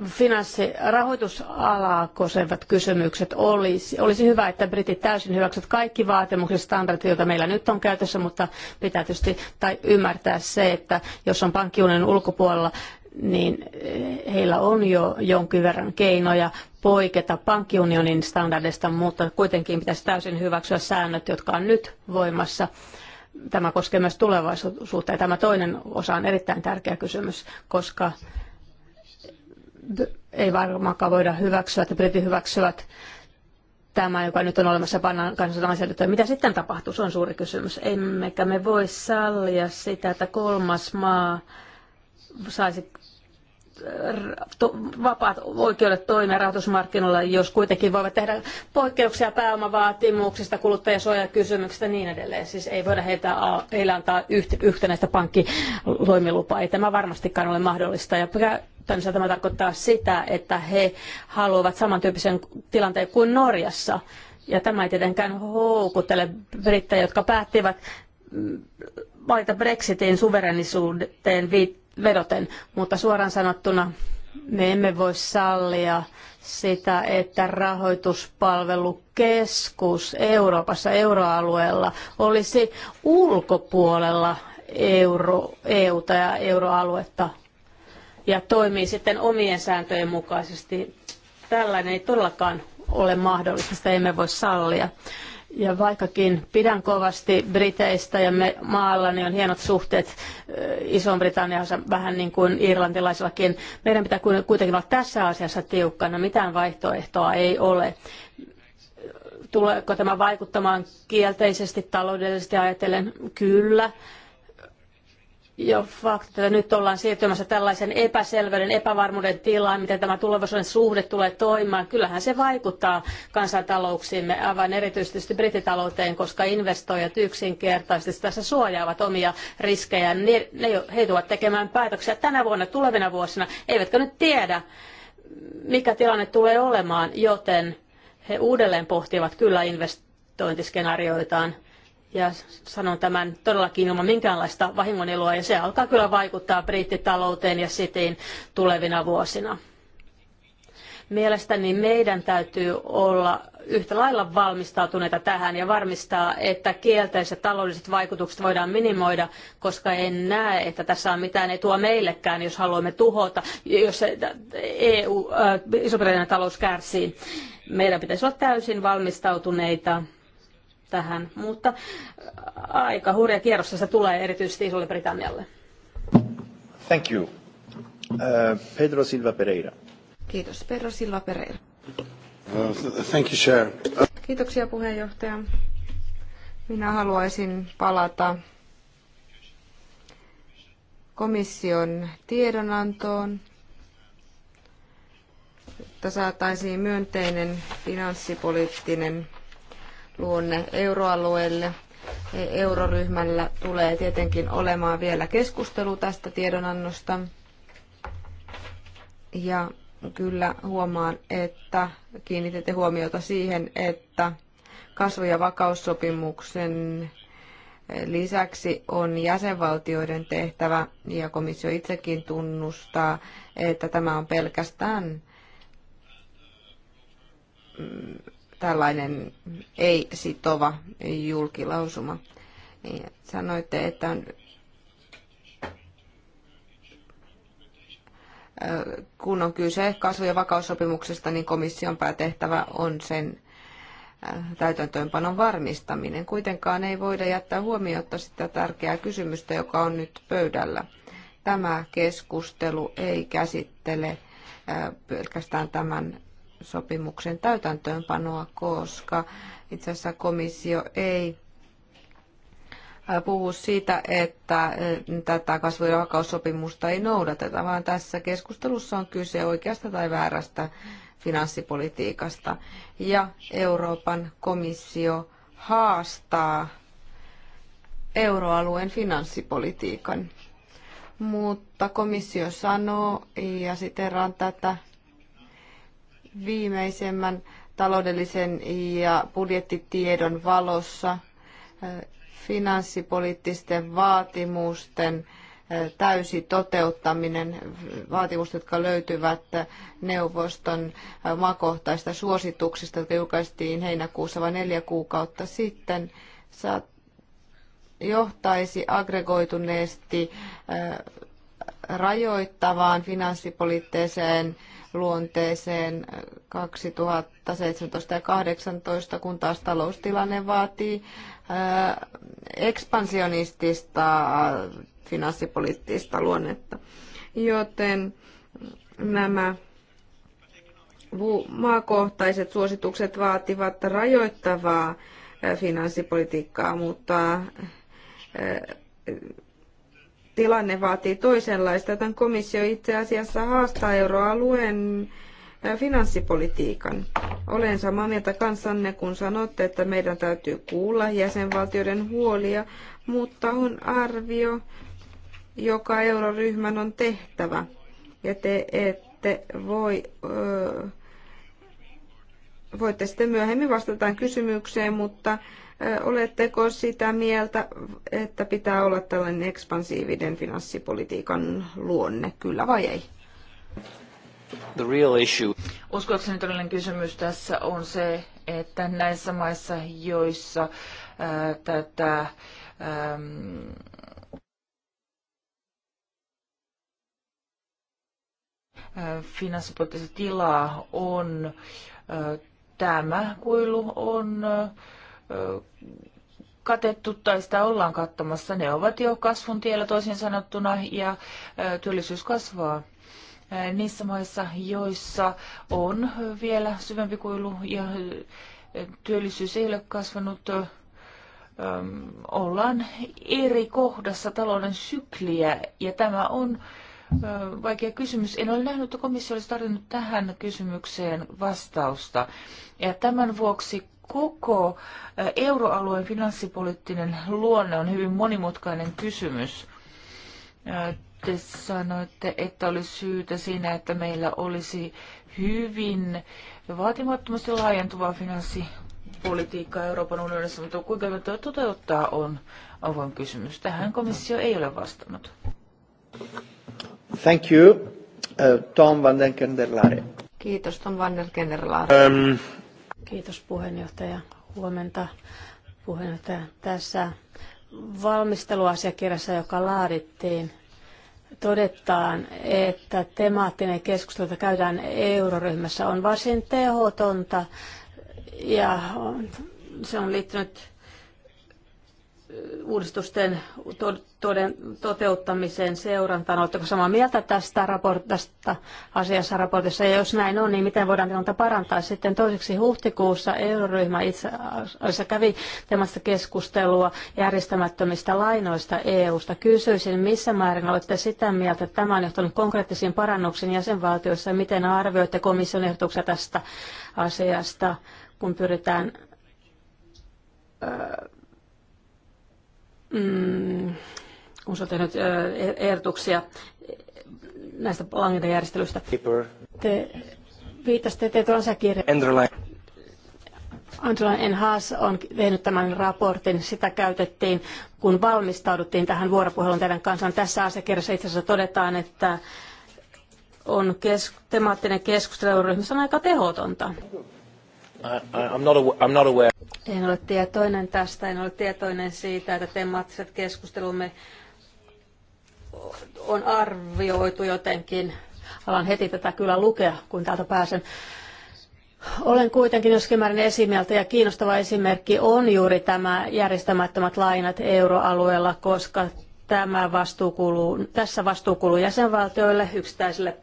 finanssirahoitusalaa koskevat kysymykset olisi. Olisi hyvä, että britit täysin hyväksyvät kaikki vaatimukset standardit, joita meillä nyt on käytössä, mutta pitää tietysti tai ymmärtää se, että jos on pankkiunen ulkopuolella, niin eh, heillä on jo jonkin verran keinoja poiketa pankkiunionin standardista, mutta kuitenkin pitäisi täysin hyväksyä säännöt, jotka on nyt voimassa Tämä koskee myös tulevaisuutta ja tämä toinen osa on erittäin tärkeä kysymys, koska ei varmaankaan voida hyväksyä, että britit hyväksyvät tämä, joka nyt on olemassa pannaan kansalainsäädäntöön. Mitä sitten tapahtuu, se on suuri kysymys. Emmekä me voi sallia sitä, että kolmas maa saisi to, vapaat oikeudet toimia rahoitusmarkkinoilla, jos kuitenkin voivat tehdä poikkeuksia pääomavaatimuksista, kuluttajasuojakysymyksistä ja niin edelleen. Siis ei voida heitä, heillä antaa yhtä, yhtenäistä pankkiloimilupaa. Ei tämä varmastikaan ole mahdollista. Ja käytännössä tämä tarkoittaa sitä, että he haluavat samantyyppisen tilanteen kuin Norjassa. Ja tämä ei tietenkään houkuttele brittejä, jotka päättivät valita Brexitin suverenisuuteen vedoten, mutta suoraan sanottuna me emme voi sallia sitä, että rahoituspalvelukeskus Euroopassa, euroalueella olisi ulkopuolella euro, EUta ja euroaluetta ja toimii sitten omien sääntöjen mukaisesti. Tällainen ei todellakaan ole mahdollista, sitä emme voi sallia. Ja vaikkakin pidän kovasti Briteistä ja me maalla, niin on hienot suhteet Iso-Britanniassa vähän niin kuin irlantilaisillakin. Meidän pitää kuitenkin olla tässä asiassa tiukkana. Mitään vaihtoehtoa ei ole. Tuleeko tämä vaikuttamaan kielteisesti taloudellisesti ajatellen? Kyllä jo faktoilla. Nyt ollaan siirtymässä tällaisen epäselvyyden, epävarmuuden tilaan, miten tämä tulevaisuuden suhde tulee toimimaan. Kyllähän se vaikuttaa kansantalouksiimme, aivan erityisesti brittitalouteen, koska investoijat yksinkertaisesti tässä suojaavat omia riskejä. Ne, ne tekemään päätöksiä tänä vuonna, tulevina vuosina, eivätkä nyt tiedä, mikä tilanne tulee olemaan, joten he uudelleen pohtivat kyllä investointiskenaarioitaan ja sanon tämän todellakin ilman minkäänlaista vahingonilua, ja se alkaa kyllä vaikuttaa brittitalouteen ja sitiin tulevina vuosina. Mielestäni meidän täytyy olla yhtä lailla valmistautuneita tähän ja varmistaa, että kielteiset taloudelliset vaikutukset voidaan minimoida, koska en näe, että tässä on mitään etua meillekään, jos haluamme tuhota, jos EU, äh, e äh, Iso-Britannian talous kärsii. Meidän pitäisi olla täysin valmistautuneita tähän, mutta äh, aika hurja kierros se tulee erityisesti Isolle Britannialle. Thank you. Uh, Pedro Silva Pereira. Kiitos. Pedro Silva Pereira. Uh, thank you, Chair. Kiitoksia puheenjohtaja. Minä haluaisin palata komission tiedonantoon, että saataisiin myönteinen finanssipoliittinen luonne euroalueelle. Euroryhmällä tulee tietenkin olemaan vielä keskustelu tästä tiedonannosta. Ja kyllä huomaan, että kiinnitette huomiota siihen, että kasvu- ja vakaussopimuksen lisäksi on jäsenvaltioiden tehtävä, ja komissio itsekin tunnustaa, että tämä on pelkästään mm, tällainen ei-sitova julkilausuma. Sanoitte, että on äh, kun on kyse kasvu- ja vakaussopimuksesta, niin komission päätehtävä on sen äh, täytäntöönpanon varmistaminen. Kuitenkaan ei voida jättää huomiota sitä tärkeää kysymystä, joka on nyt pöydällä. Tämä keskustelu ei käsittele äh, pelkästään tämän sopimuksen täytäntöönpanoa, koska itse asiassa komissio ei puhu siitä, että tätä kasvu- ja vakaussopimusta ei noudateta, vaan tässä keskustelussa on kyse oikeasta tai väärästä finanssipolitiikasta. Ja Euroopan komissio haastaa euroalueen finanssipolitiikan. Mutta komissio sanoo ja siteraan tätä viimeisemmän taloudellisen ja budjettitiedon valossa finanssipoliittisten vaatimusten täysi toteuttaminen, vaatimukset, jotka löytyvät neuvoston maakohtaista suosituksista, jotka julkaistiin heinäkuussa vain neljä kuukautta sitten, johtaisi aggregoituneesti rajoittavaan finanssipoliittiseen luonteeseen 2017 ja 2018, kun taas taloustilanne vaatii ekspansionistista finanssipoliittista luonnetta. Joten nämä maakohtaiset suositukset vaativat rajoittavaa finanssipolitiikkaa, mutta tilanne vaatii toisenlaista, joten komissio itse asiassa haastaa euroalueen finanssipolitiikan. Olen samaa mieltä kanssanne, kun sanotte, että meidän täytyy kuulla jäsenvaltioiden huolia, mutta on arvio, joka euroryhmän on tehtävä. Ja te ette voi, ö, voitte sitten myöhemmin vastata kysymykseen, mutta Oletteko sitä mieltä, että pitää olla tällainen ekspansiivinen finanssipolitiikan luonne, kyllä vai ei? The real issue. Uskoakseni todellinen kysymys tässä on se, että näissä maissa, joissa ää, tätä finanssipoliittista tilaa on, ää, tämä kuilu on ää, katettu tai sitä ollaan kattamassa. Ne ovat jo kasvun tiellä toisin sanottuna ja työllisyys kasvaa niissä maissa, joissa on vielä syvempi kuilu ja työllisyys ei ole kasvanut, ollaan eri kohdassa talouden sykliä ja tämä on vaikea kysymys. En ole nähnyt, että komissio olisi tarjonnut tähän kysymykseen vastausta. Ja tämän vuoksi koko eh, euroalueen finanssipoliittinen luonne on hyvin monimutkainen kysymys. Eh, te sanoitte, että olisi syytä siinä, että meillä olisi hyvin vaatimattomasti laajentuvaa finanssipolitiikkaa Euroopan unionissa, mutta kuinka me toteuttaa on avoin kysymys. Tähän komissio ei ole vastannut. Thank you. Uh, Tom van den Kiitos, Tom van den Um, Kiitos puheenjohtaja. Huomenta puheenjohtaja. Tässä valmisteluasiakirjassa, joka laadittiin, todetaan, että temaattinen keskustelu, jota käydään euroryhmässä, on varsin tehotonta ja se on liittynyt uudistusten toden, toteuttamisen seurantaan. Oletteko samaa mieltä tästä, raport, tästä asiassa raportissa? Ja jos näin on, niin miten voidaan tilannetta parantaa? Sitten toiseksi huhtikuussa euroryhmä itse asiassa kävi temasta keskustelua järjestämättömistä lainoista EU-sta. Kysyisin, missä määrin olette sitä mieltä, että tämä on johtanut konkreettisiin parannuksiin jäsenvaltioissa. Miten arvioitte komission ehdotuksia tästä asiasta, kun pyritään öö, mm, kun sä tehnyt e-, ehdotuksia näistä langintajärjestelyistä. Te viittasitte tietyn asiakirjan. Angela Enhaas on tehnyt tämän raportin. Sitä käytettiin, kun valmistauduttiin tähän vuoropuheluun teidän kansan Tässä asiakirjassa itse asiassa todetaan, että on kesk- temaattinen keskusteluryhmä on aika tehotonta. I'm not I'm not aware. En ole tietoinen tästä, en ole tietoinen siitä, että temaattiset keskustelumme on arvioitu jotenkin. Alan heti tätä kyllä lukea, kun täältä pääsen. Olen kuitenkin joskin määrin esimieltä ja kiinnostava esimerkki on juuri tämä järjestämättömät lainat euroalueella, koska tämä vastuu kuuluu, tässä vastuu kuuluu jäsenvaltioille, yksittäisille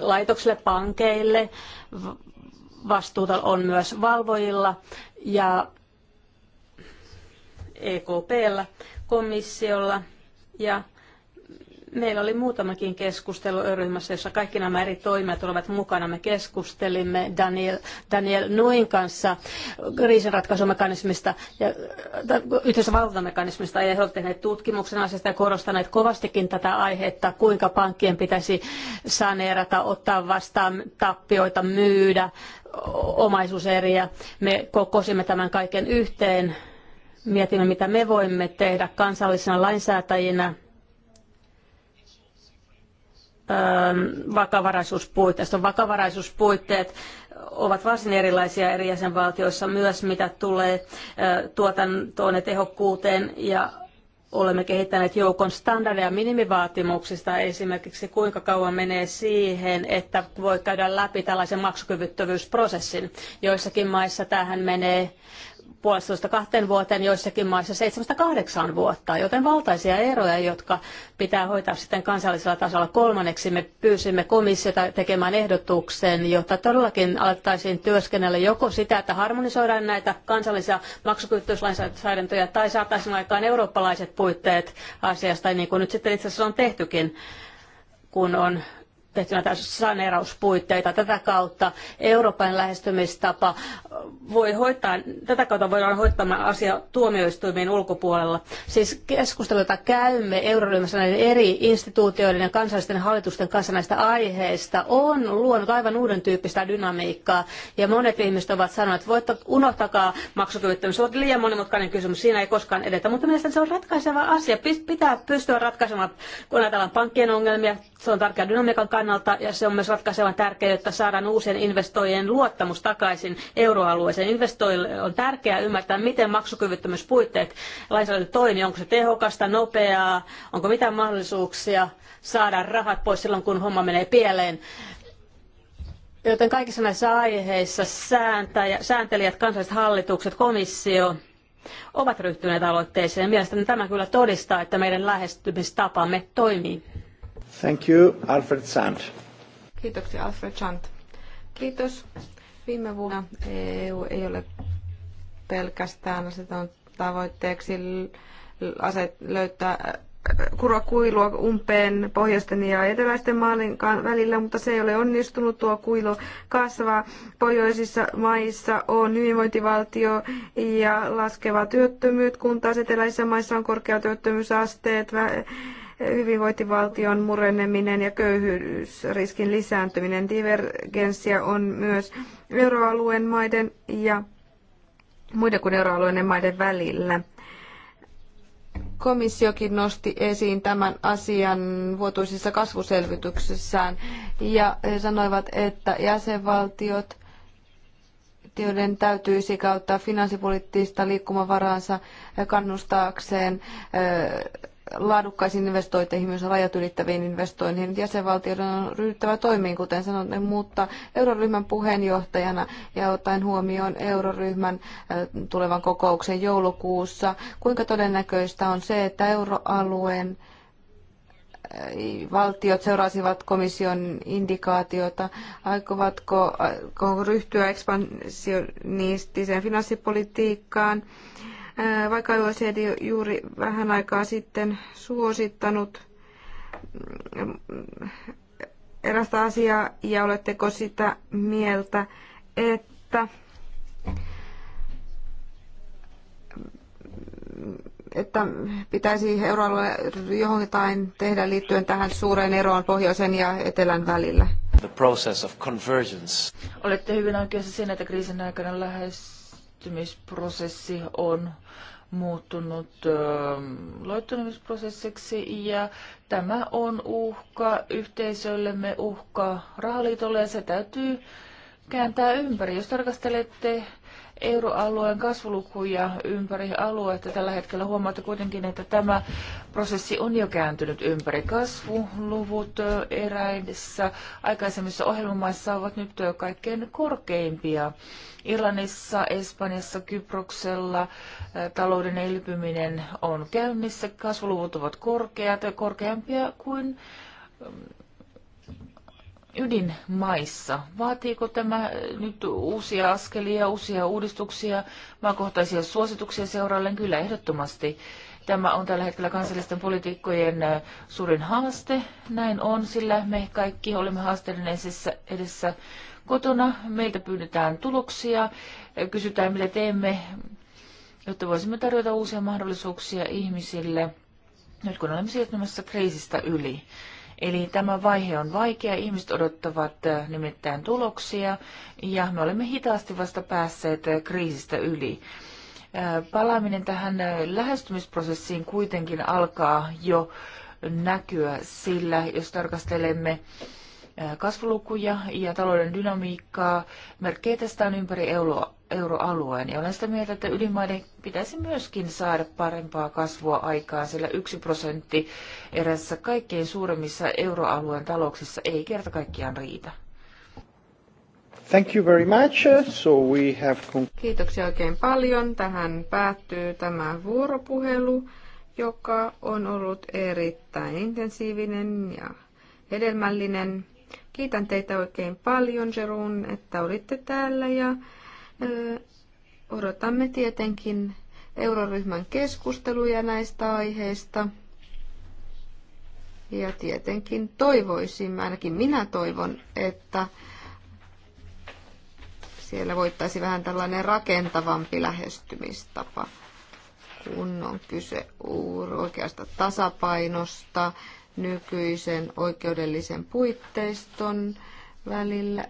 laitoksille, pankeille, vastuuta on myös valvojilla ja EKPllä, komissiolla ja Meillä oli muutamakin keskustelu ryhmässä, jossa kaikki nämä eri toimijat olivat mukana. Me keskustelimme Daniel, Daniel Nuin kanssa kriisinratkaisumekanismista ja äh, yhteisestä valvontamekanismista. Ja he ovat tehneet tutkimuksen asiasta ja korostaneet kovastikin tätä aihetta, kuinka pankkien pitäisi saneerata, ottaa vastaan tappioita, myydä omaisuuseriä. Me kokosimme tämän kaiken yhteen mietimme, mitä me voimme tehdä kansallisena lainsäätäjinä Ähm, vakavaraisuuspuitteista. Vakavaraisuuspuitteet ovat varsin erilaisia eri jäsenvaltioissa myös, mitä tulee äh, tuotantoon ja tehokkuuteen ja olemme kehittäneet joukon standardeja minimivaatimuksista, esimerkiksi kuinka kauan menee siihen, että voi käydä läpi tällaisen maksukyvyttövyysprosessin. Joissakin maissa tähän menee puolestoista kahteen vuoteen, joissakin maissa seitsemästä kahdeksaan vuotta, joten valtaisia eroja, jotka pitää hoitaa sitten kansallisella tasolla. Kolmanneksi me pyysimme komissiota tekemään ehdotuksen, jotta todellakin alettaisiin työskennellä joko sitä, että harmonisoidaan näitä kansallisia maksukyvyttömyyslainsäädäntöjä tai saataisiin aikaan eurooppalaiset puitteet asiasta, niin kuin nyt sitten itse asiassa on tehtykin kun on tehtynä saneerauspuitteita. Tätä kautta Euroopan lähestymistapa voi hoitaa, tätä kautta voidaan hoitaa asia tuomioistuimien ulkopuolella. Siis keskustelu, jota käymme euroryhmässä näiden eri instituutioiden ja kansallisten hallitusten kanssa näistä aiheista, on luonut aivan uuden tyyppistä dynamiikkaa. Ja monet ihmiset ovat sanoneet, että voitte unohtakaa maksukyvyttömyys. Se on liian monimutkainen kysymys, siinä ei koskaan edetä. Mutta mielestäni se on ratkaiseva asia. Pitää pystyä ratkaisemaan, kun ajatellaan pankkien ongelmia, se on tärkeä dynamiikan kannalta ja se on myös ratkaisevan tärkeää, jotta saadaan uusien investoijien luottamus takaisin euroalueeseen. Investoijille on tärkeää ymmärtää, miten maksukyvyttömyyspuitteet lainsäädäntö toimii, onko se tehokasta, nopeaa, onko mitään mahdollisuuksia saada rahat pois silloin, kun homma menee pieleen. Joten kaikissa näissä aiheissa sääntäjä, sääntelijät, kansalliset hallitukset, komissio ovat ryhtyneet aloitteeseen. Mielestäni tämä kyllä todistaa, että meidän lähestymistapamme toimii. Thank you, Alfred Sand. Kiitoksia, Alfred Kiitos. Viime vuonna EU ei ole pelkästään asettanut tavoitteeksi löytää äh, kuroa kuilua umpeen pohjoisten ja eteläisten maiden välillä, mutta se ei ole onnistunut. Tuo kuilu kasvaa. Pohjoisissa maissa on hyvinvointivaltio ja laskeva työttömyys, kun taas eteläisissä maissa on korkea työttömyysasteet, hyvinvointivaltion mureneminen ja köyhyysriskin lisääntyminen. Divergenssiä on myös euroalueen maiden ja muiden kuin euroalueen maiden välillä. Komissiokin nosti esiin tämän asian vuotuisissa kasvuselvityksissään ja he sanoivat, että jäsenvaltiot, joiden täytyisi käyttää finanssipoliittista liikkumavaraansa kannustaakseen ö, laadukkaisiin investointeihin, myös rajat ylittäviin investointeihin. Jäsenvaltioiden on ryhdyttävä toimiin, kuten sanoin, mutta euroryhmän puheenjohtajana ja ottaen huomioon euroryhmän äh, tulevan kokouksen joulukuussa, kuinka todennäköistä on se, että euroalueen äh, valtiot seurasivat komission indikaatiota? Aikovatko äh, ryhtyä ekspansionistiseen finanssipolitiikkaan? vaikka OECD juuri vähän aikaa sitten suosittanut mm, erästä asiaa, ja oletteko sitä mieltä, että että pitäisi euroalueelle johonkin tehdä liittyen tähän suureen eroon pohjoisen ja etelän välillä? Olette hyvin oikeassa siinä, että kriisin aikana lähes liittymisprosessi on muuttunut loittonemisprosessiksi ja tämä on uhka yhteisöllemme, uhka rahaliitolle ja se täytyy kääntää ympäri. Jos tarkastelette euroalueen kasvulukuja ympäri aluetta tällä hetkellä, huomaatte kuitenkin, että tämä prosessi on jo kääntynyt ympäri. Kasvuluvut eräissä aikaisemmissa ohjelmamaissa ovat nyt kaikkein korkeimpia. Irlannissa, Espanjassa, Kyproksella talouden elpyminen on käynnissä. Kasvuluvut ovat korkeat, korkeampia kuin ydinmaissa. Vaatiiko tämä nyt uusia askelia, uusia uudistuksia, maakohtaisia suosituksia seuraalleen? Kyllä ehdottomasti. Tämä on tällä hetkellä kansallisten poliitikkojen suurin haaste. Näin on, sillä me kaikki olemme haasteiden edessä kotona. Meiltä pyydetään tuloksia, kysytään mitä teemme, jotta voisimme tarjota uusia mahdollisuuksia ihmisille, nyt kun olemme siirtymässä kriisistä yli. Eli tämä vaihe on vaikea, ihmiset odottavat äh, nimittäin tuloksia ja me olemme hitaasti vasta päässeet äh, kriisistä yli. Äh, palaaminen tähän lähestymisprosessiin kuitenkin alkaa jo näkyä, sillä jos tarkastelemme kasvulukuja ja talouden dynamiikkaa, merkkejä tästä on ympäri euroalueen. Ja olen sitä mieltä, että ylimaiden pitäisi myöskin saada parempaa kasvua aikaan, sillä yksi prosentti erässä kaikkein suuremmissa euroalueen talouksissa ei kerta kaikkiaan riitä. Thank you very much. So we have... Kiitoksia oikein paljon. Tähän päättyy tämä vuoropuhelu, joka on ollut erittäin intensiivinen ja hedelmällinen. Kiitän teitä oikein paljon, Jerun, että olitte täällä ja Odotamme tietenkin euroryhmän keskusteluja näistä aiheista. Ja tietenkin toivoisin, ainakin minä toivon, että siellä voittaisi vähän tällainen rakentavampi lähestymistapa, kun on kyse oikeasta tasapainosta nykyisen oikeudellisen puitteiston välillä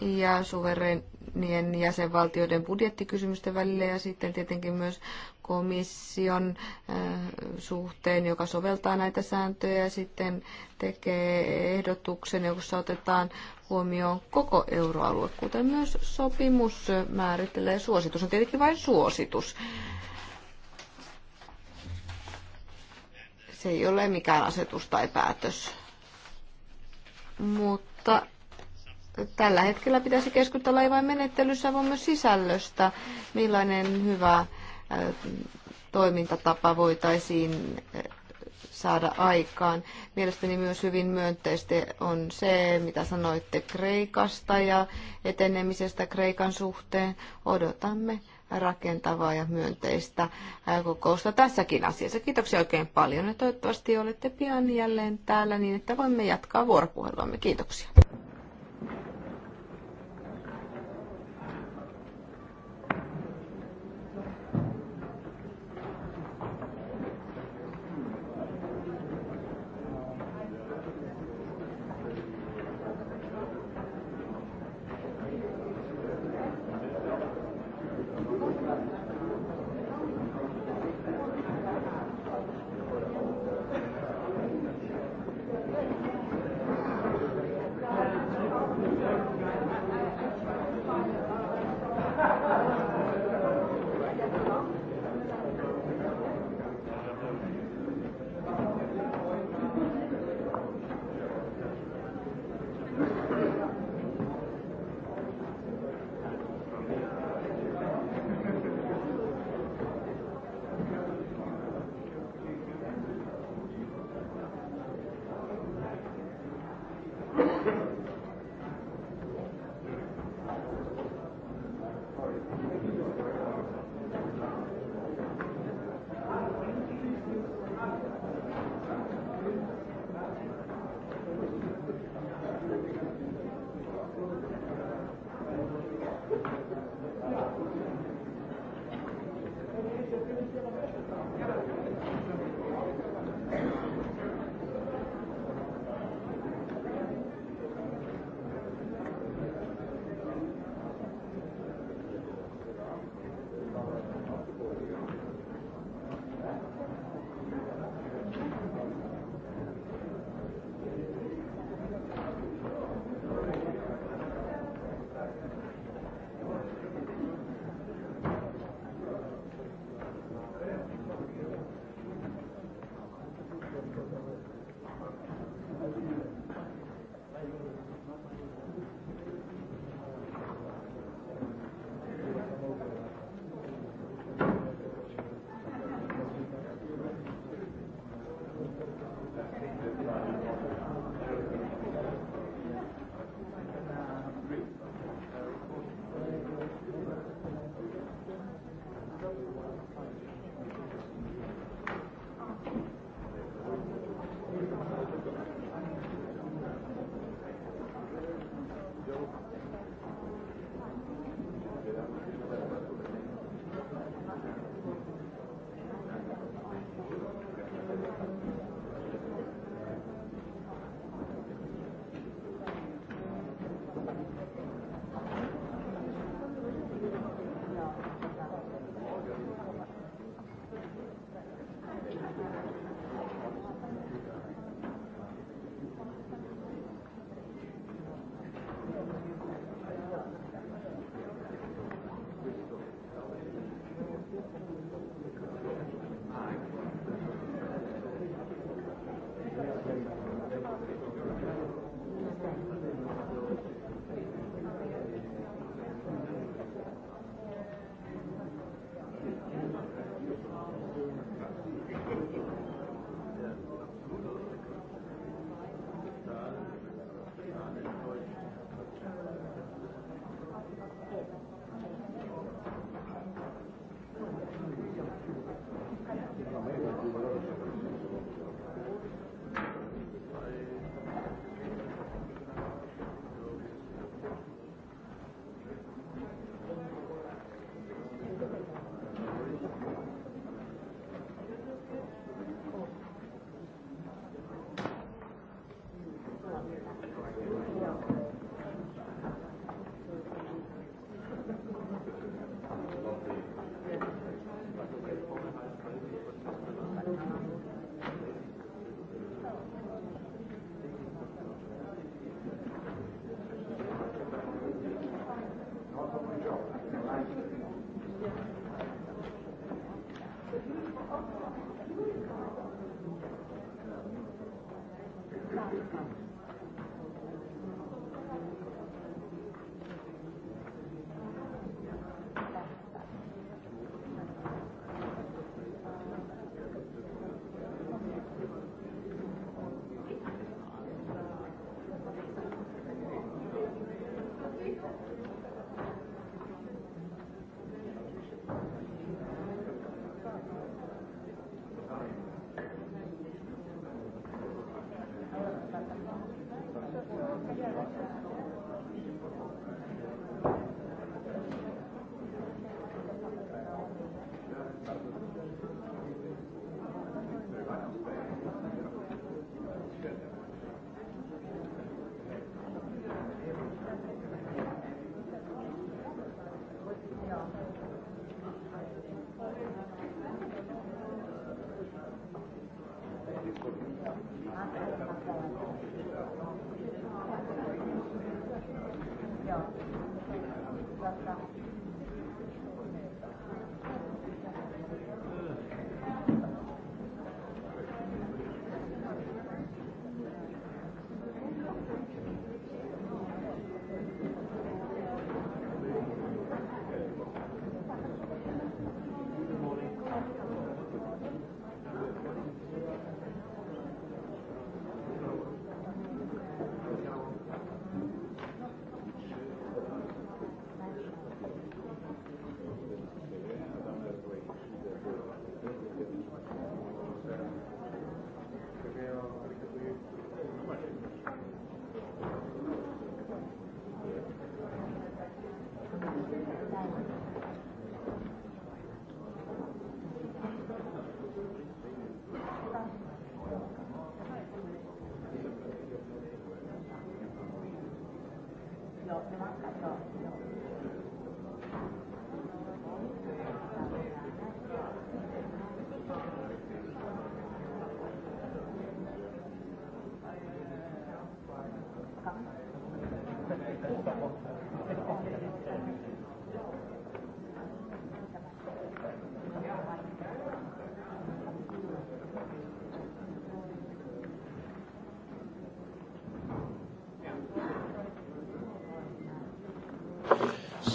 ja suveren unionien jäsenvaltioiden budjettikysymysten välillä ja sitten tietenkin myös komission suhteen, joka soveltaa näitä sääntöjä ja sitten tekee ehdotuksen, jossa otetaan huomioon koko euroalue, kuten myös sopimus määrittelee suositus. On tietenkin vain suositus. Se ei ole mikään asetus tai päätös. Mutta tällä hetkellä pitäisi keskustella ei vain menettelyssä, vaan myös sisällöstä, millainen hyvä toimintatapa voitaisiin saada aikaan. Mielestäni myös hyvin myönteistä on se, mitä sanoitte Kreikasta ja etenemisestä Kreikan suhteen. Odotamme rakentavaa ja myönteistä kokousta tässäkin asiassa. Kiitoksia oikein paljon ja toivottavasti olette pian jälleen täällä niin, että voimme jatkaa vuoropuheluamme. Kiitoksia.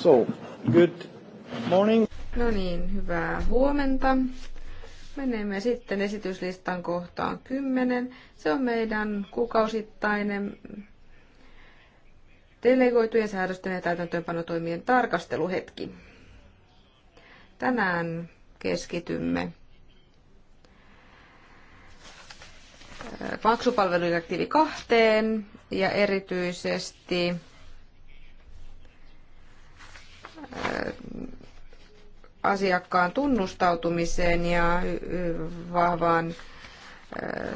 So, good morning. No niin, hyvää huomenta. Menemme sitten esityslistan kohtaan 10. Se on meidän kuukausittainen delegoitujen säädösten ja täytäntöönpanotoimien tarkasteluhetki. Tänään keskitymme maksupalveludirektiivi kahteen ja erityisesti asiakkaan tunnustautumiseen ja vahvaan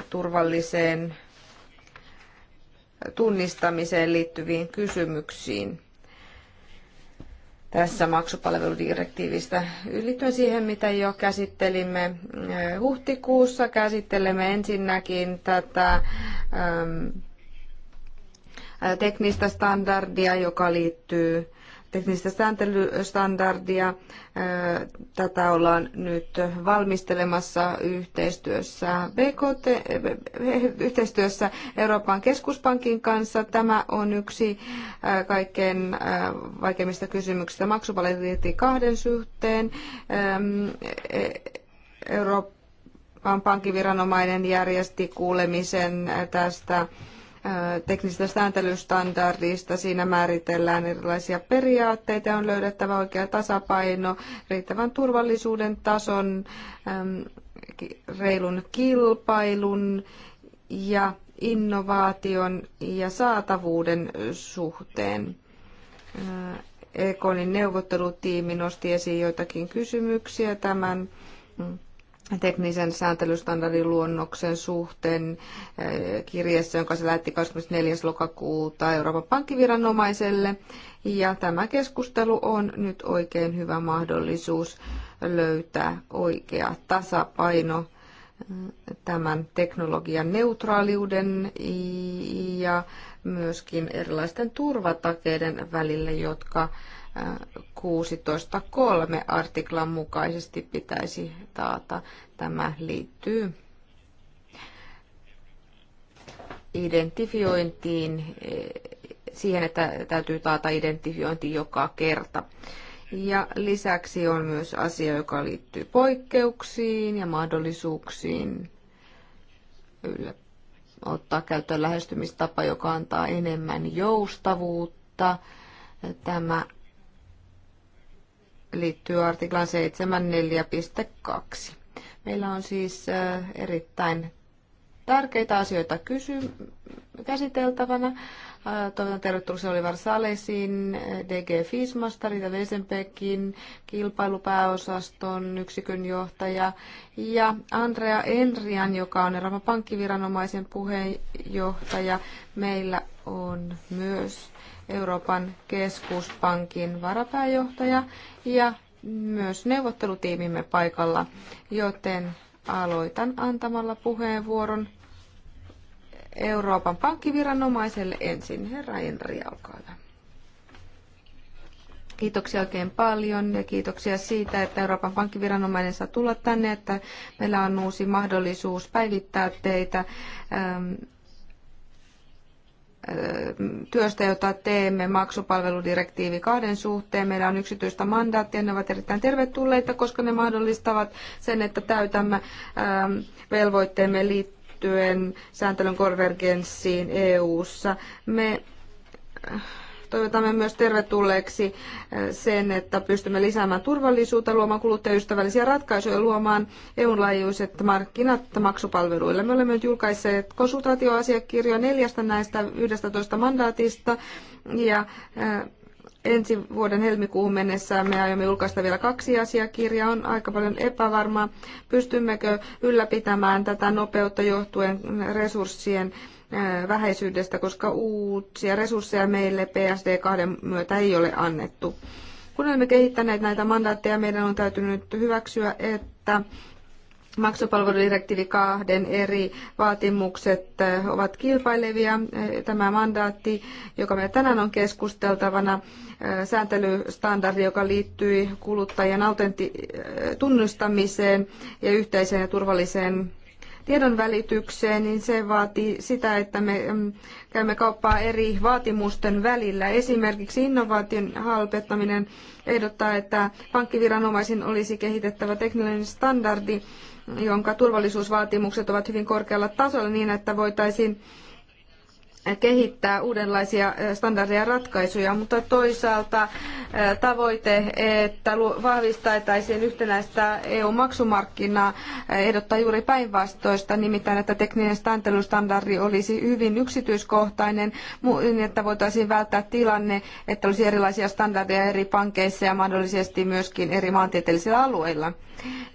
turvalliseen tunnistamiseen liittyviin kysymyksiin tässä maksupalveludirektiivistä. Liittyen siihen, mitä jo käsittelimme huhtikuussa, käsittelemme ensinnäkin tätä teknistä standardia, joka liittyy teknistä sääntelystandardia. Tätä ollaan nyt valmistelemassa yhteistyössä, BKT, eh, yhteistyössä Euroopan keskuspankin kanssa. Tämä on yksi kaikkein vaikeimmista kysymyksistä maksupalettiin kahden suhteen. E, Euroopan pankkiviranomainen järjesti kuulemisen tästä teknisestä sääntelystandardista. Siinä määritellään erilaisia periaatteita ja on löydettävä oikea tasapaino riittävän turvallisuuden tason, reilun kilpailun ja innovaation ja saatavuuden suhteen. Ekonin neuvottelutiimi nosti esiin joitakin kysymyksiä tämän mm, teknisen sääntelystandardin luonnoksen suhteen eh, kirjeessä, jonka se lähetti 24. lokakuuta Euroopan pankkiviranomaiselle. Ja tämä keskustelu on nyt oikein hyvä mahdollisuus löytää oikea tasapaino eh, tämän teknologian neutraaliuden ja myöskin erilaisten turvatakeiden välille, jotka 16.3 artiklan mukaisesti pitäisi taata. Tämä liittyy identifiointiin, siihen, että täytyy taata identifiointi joka kerta. Ja lisäksi on myös asia, joka liittyy poikkeuksiin ja mahdollisuuksiin yllä, ottaa käyttöön lähestymistapa, joka antaa enemmän joustavuutta. Tämä liittyy artiklan 7.4.2. Meillä on siis äh, erittäin tärkeitä asioita kysy- käsiteltävänä. Äh, toivotan tervetuloa Oliver Salesin, äh, DG Fismasta, Rita Vesenbekin, kilpailupääosaston yksikön johtaja ja Andrea Enrian, joka on Euroopan pankkiviranomaisen puheenjohtaja. Meillä on myös Euroopan keskuspankin varapääjohtaja ja myös neuvottelutiimimme paikalla, joten aloitan antamalla puheenvuoron Euroopan pankkiviranomaiselle ensin. Herra Enri, olkaa hyvä. Kiitoksia oikein paljon ja kiitoksia siitä, että Euroopan pankkiviranomainen saa tulla tänne, että meillä on uusi mahdollisuus päivittää teitä ähm, työstä, jota teemme maksupalveludirektiivi kahden suhteen. Meillä on yksityistä mandaattia, ne ovat erittäin tervetulleita, koska ne mahdollistavat sen, että täytämme ähm, velvoitteemme liittyen sääntelyn konvergenssiin EU-ssa. Me äh, Toivotamme myös tervetulleeksi äh, sen, että pystymme lisäämään turvallisuutta, luomaan kuluttajaystävällisiä ratkaisuja ja luomaan EUn laajuiset markkinat maksupalveluille. Me olemme nyt julkaisseet konsultaatioasiakirjoja neljästä näistä 11 mandaatista ja äh, ensi vuoden helmikuuhun mennessä me aiomme julkaista vielä kaksi asiakirjaa. On aika paljon epävarmaa, pystymmekö ylläpitämään tätä nopeutta johtuen resurssien vähäisyydestä, koska uusia resursseja meille PSD2 myötä ei ole annettu. Kun olemme kehittäneet näitä mandaatteja, meidän on täytynyt hyväksyä, että maksupalveludirektiivi kahden eri vaatimukset ovat kilpailevia. Tämä mandaatti, joka meillä tänään on keskusteltavana, sääntelystandardi, joka liittyy kuluttajien autentti- tunnustamiseen ja yhteiseen ja turvalliseen tiedon välitykseen, niin se vaatii sitä, että me mm, käymme kauppaa eri vaatimusten välillä. Esimerkiksi innovaation halpettaminen ehdottaa, että pankkiviranomaisin olisi kehitettävä tekninen standardi, jonka turvallisuusvaatimukset ovat hyvin korkealla tasolla niin, että voitaisiin kehittää uudenlaisia standardeja ratkaisuja, mutta toisaalta tavoite, että vahvistettaisiin yhtenäistä EU-maksumarkkinaa, ehdottaa juuri päinvastoista, nimittäin että tekninen standardi olisi hyvin yksityiskohtainen, niin että voitaisiin välttää tilanne, että olisi erilaisia standardeja eri pankeissa ja mahdollisesti myöskin eri maantieteellisillä alueilla.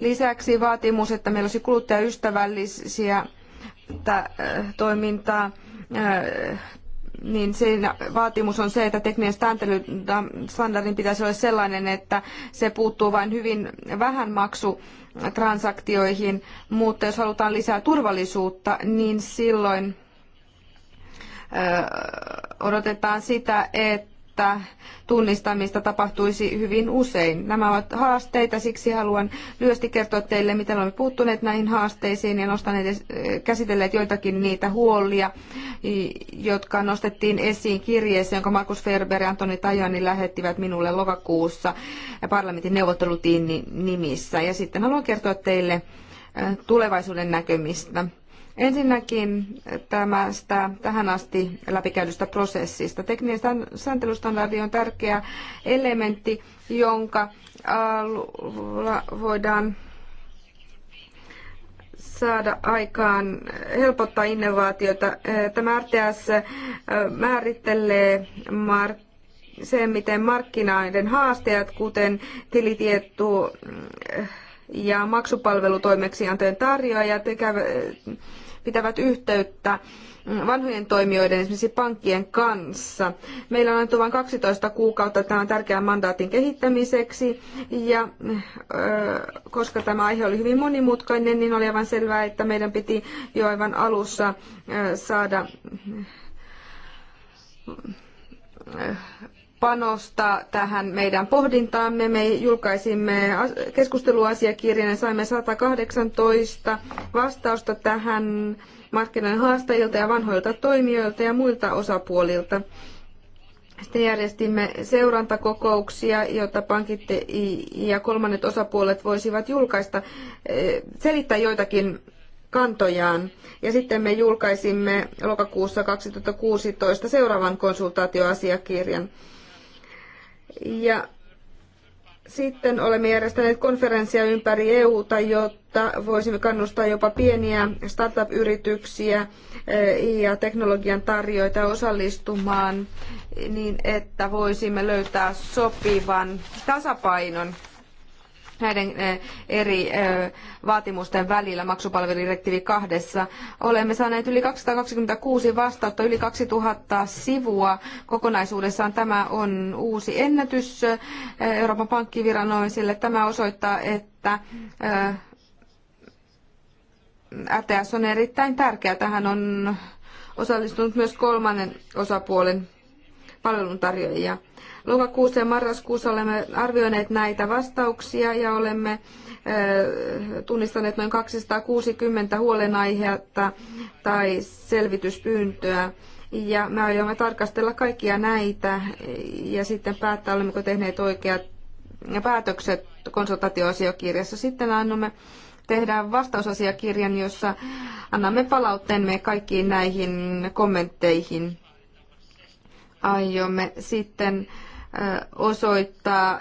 Lisäksi vaatimus, että meillä olisi kuluttajaystävällisiä toimintaa, Äh, niin siinä vaatimus on se, että tekninen standardin pitäisi olla sellainen, että se puuttuu vain hyvin vähän maksutransaktioihin, mutta jos halutaan lisää turvallisuutta, niin silloin äh, odotetaan sitä, että että tunnistamista tapahtuisi hyvin usein. Nämä ovat haasteita, siksi haluan lyhyesti kertoa teille, miten olemme puuttuneet näihin haasteisiin ja nostaneet, käsitelleet joitakin niitä huolia, jotka nostettiin esiin kirjeessä, jonka Markus Ferber ja Antoni Tajani lähettivät minulle lokakuussa parlamentin neuvottelutiin nimissä. Ja sitten haluan kertoa teille äh, tulevaisuuden näkymistä. Ensinnäkin tämästä tähän asti läpikäydystä prosessista. Tekninen sääntelystandardi on tärkeä elementti, jonka alulla voidaan saada aikaan, helpottaa innovaatiota. Tämä RTS määrittelee mark- sen, miten markkinaiden haasteet, kuten tilitiettu ja maksupalvelutoimeksiantojen tarjoajat, pitävät yhteyttä vanhojen toimijoiden, esimerkiksi pankkien kanssa. Meillä on annettu vain 12 kuukautta tämän tärkeän mandaatin kehittämiseksi, ja koska tämä aihe oli hyvin monimutkainen, niin oli aivan selvää, että meidän piti jo aivan alussa saada panosta tähän meidän pohdintaamme. Me julkaisimme keskusteluasiakirjan ja saimme 118 vastausta tähän markkinoiden haastajilta ja vanhoilta toimijoilta ja muilta osapuolilta. Sitten järjestimme seurantakokouksia, jotta pankit ja kolmannet osapuolet voisivat julkaista, eh, selittää joitakin kantojaan. Ja sitten me julkaisimme lokakuussa 2016 seuraavan konsultaatioasiakirjan. Ja sitten olemme järjestäneet konferenssia ympäri EUta, jotta voisimme kannustaa jopa pieniä startup-yrityksiä ja eh, teknologian tarjoita osallistumaan niin, että voisimme löytää sopivan tasapainon näiden eh, eri eh, vaatimusten välillä maksupalveludirektiivi kahdessa. Olemme saaneet yli 226 vastausta, yli 2000 sivua. Kokonaisuudessaan tämä on uusi ennätys eh, Euroopan pankkiviranomaisille. Tämä osoittaa, että ATS on erittäin tärkeä. Tähän on osallistunut myös kolmannen osapuolen palveluntarjoajia. Lokakuussa ja marraskuussa olemme arvioineet näitä vastauksia ja olemme eh, tunnistaneet noin 260 huolenaihetta tai selvityspyyntöä. Ja me aiomme tarkastella kaikkia näitä ja sitten päättää, olemmeko tehneet oikeat päätökset konsultaatioasiakirjassa. Sitten annamme tehdään vastausasiakirjan, jossa annamme palautteemme kaikkiin näihin kommentteihin. Aiomme sitten osoittaa,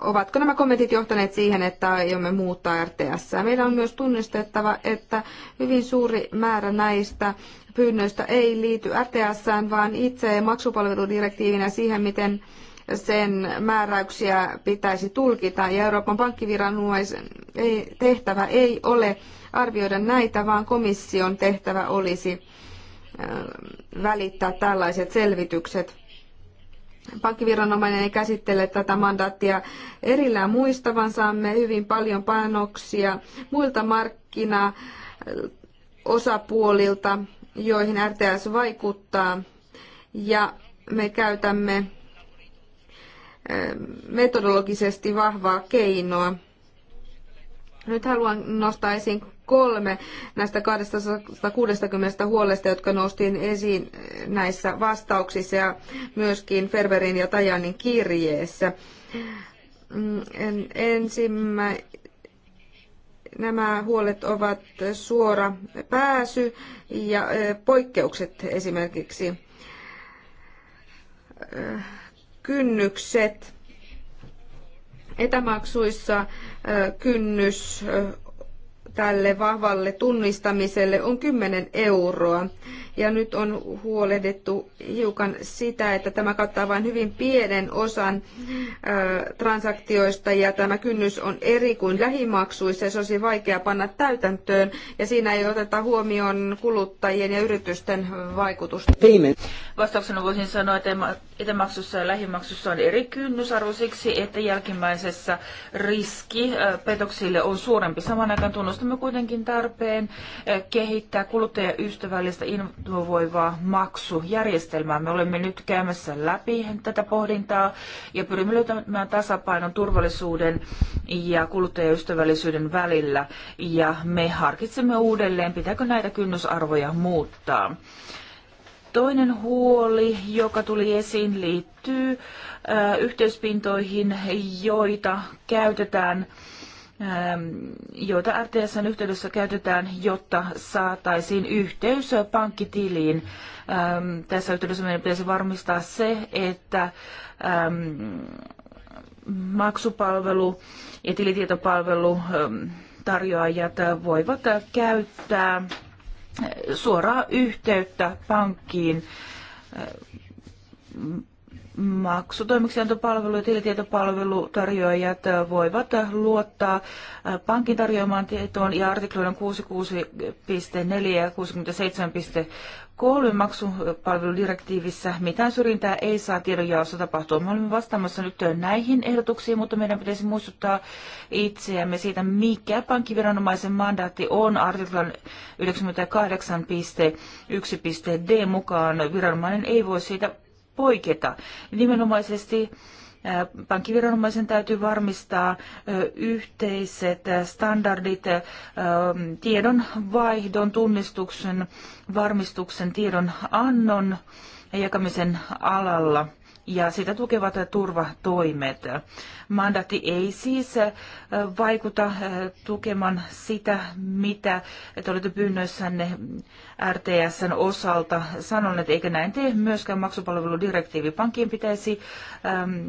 ovatko nämä kommentit johtaneet siihen, että aiomme muuttaa RTS. Meillä on myös tunnistettava, että hyvin suuri määrä näistä pyynnöistä ei liity RTS, vaan itse maksupalveludirektiivinä siihen, miten sen määräyksiä pitäisi tulkita. Ja Euroopan pankkiviranomaisen tehtävä ei ole arvioida näitä, vaan komission tehtävä olisi välittää tällaiset selvitykset pankkiviranomainen ei käsittele tätä mandaattia erillään vaan Saamme hyvin paljon panoksia muilta markkinaosapuolilta, joihin RTS vaikuttaa. Ja me käytämme eh, metodologisesti vahvaa keinoa. Nyt haluan nostaa esiin kolme näistä 260 huolesta, jotka noustiin esiin näissä vastauksissa ja myöskin Ferberin ja Tajanin kirjeessä. Mm, ensimmä, nämä huolet ovat suora pääsy ja poikkeukset esimerkiksi kynnykset etämaksuissa kynnys tälle vahvalle tunnistamiselle on 10 euroa. Ja nyt on huolehdittu hiukan sitä, että tämä kattaa vain hyvin pienen osan transaktioista ja tämä kynnys on eri kuin lähimaksuissa ja se olisi vaikea panna täytäntöön ja siinä ei oteta huomioon kuluttajien ja yritysten vaikutusta. Vastauksena voisin sanoa, että etämaksussa ja lähimaksussa on eri kynnysarvo siksi, että jälkimmäisessä riski petoksille on suurempi. Samaan aikaan tunnustamme kuitenkin tarpeen kehittää kuluttajaystävällistä innovaatiota motivoivaa maksujärjestelmää. Me olemme nyt käymässä läpi tätä pohdintaa ja pyrimme löytämään tasapainon turvallisuuden ja kuluttajaystävällisyyden välillä. Ja me harkitsemme uudelleen, pitääkö näitä kynnysarvoja muuttaa. Toinen huoli, joka tuli esiin, liittyy yhteyspintoihin, joita käytetään äh, Ähm, joita RTSn yhteydessä käytetään, jotta saataisiin yhteys pankkitiliin. Ähm, tässä yhteydessä meidän pitäisi varmistaa se, että ähm, maksupalvelu ja tilitietopalvelu tarjoajat voivat käyttää suoraa yhteyttä pankkiin maksutoimeksiantopalvelu ja tilitietopalvelutarjoajat voivat luottaa äh, pankin tarjoamaan tietoon ja artikloiden 66.4 ja 67.3 maksupalveludirektiivissä mitään syrjintää ei saa tiedonjaossa tapahtua. Me olemme vastaamassa nyt näihin ehdotuksiin, mutta meidän pitäisi muistuttaa itseämme siitä, mikä pankkiviranomaisen mandaatti on artiklan 98.1.d mukaan. Viranomainen ei voi siitä poiketa. Nimenomaisesti äh, pankkiviranomaisen täytyy varmistaa äh, yhteiset äh, standardit tiedon vaihdon, tunnistuksen, varmistuksen, tiedon annon ja jakamisen alalla ja sitä tukevat turvatoimet. Mandaatti ei siis vaikuta tukemaan sitä, mitä te olette pyynnöissänne RTSn osalta sanoneet, eikä näin tee myöskään maksupalveludirektiivi. Pankkien pitäisi äm,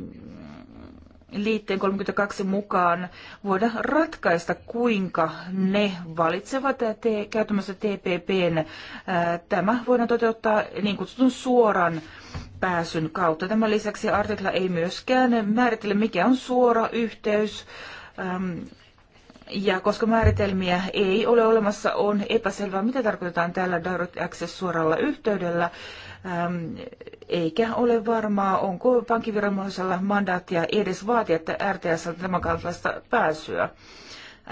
liitteen 32 mukaan voida ratkaista, kuinka ne valitsevat te- käytämässä TPPn. Ää, äh, tämä voidaan toteuttaa niin kutsutun suoran pääsyn kautta. Tämän lisäksi artikla ei myöskään määrittele, mikä on suora yhteys ähm, ja koska määritelmiä ei ole olemassa, on epäselvää, mitä tarkoitetaan tällä Direct Access-suoralla yhteydellä, eikä ole varmaa, onko pankkiviranomaisella mandaattia edes vaatia, että RTS on tämän kaltaista pääsyä.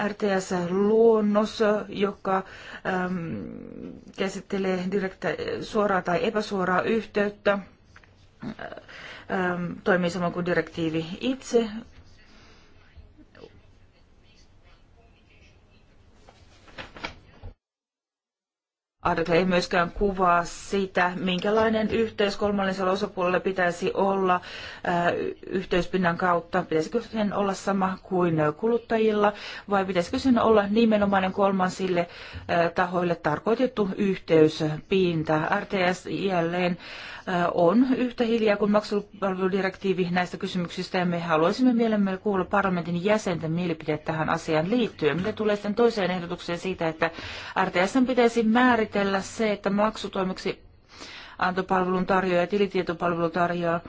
RTS-luonnos, joka äm, käsittelee direktä- suoraa tai epäsuoraa yhteyttä, äm, toimii samoin kuin direktiivi itse Artikla ei myöskään kuvaa sitä, minkälainen yhteys kolmannella osapuolella pitäisi olla yhteyspinnan kautta. Pitäisikö sen olla sama kuin kuluttajilla vai pitäisikö sen olla nimenomainen kolmansille tahoille tarkoitettu yhteyspinta? RTS jälleen on yhtä hiljaa kuin maksupalveludirektiivi näistä kysymyksistä ja me haluaisimme mielemme kuulla parlamentin jäsenten mielipiteet tähän asiaan liittyen. Mitä tulee sitten toiseen ehdotukseen siitä, että RTS pitäisi määritellä se, että maksutoimeksi antopalvelun tarjoaja, tilitietopalvelun tarjoaja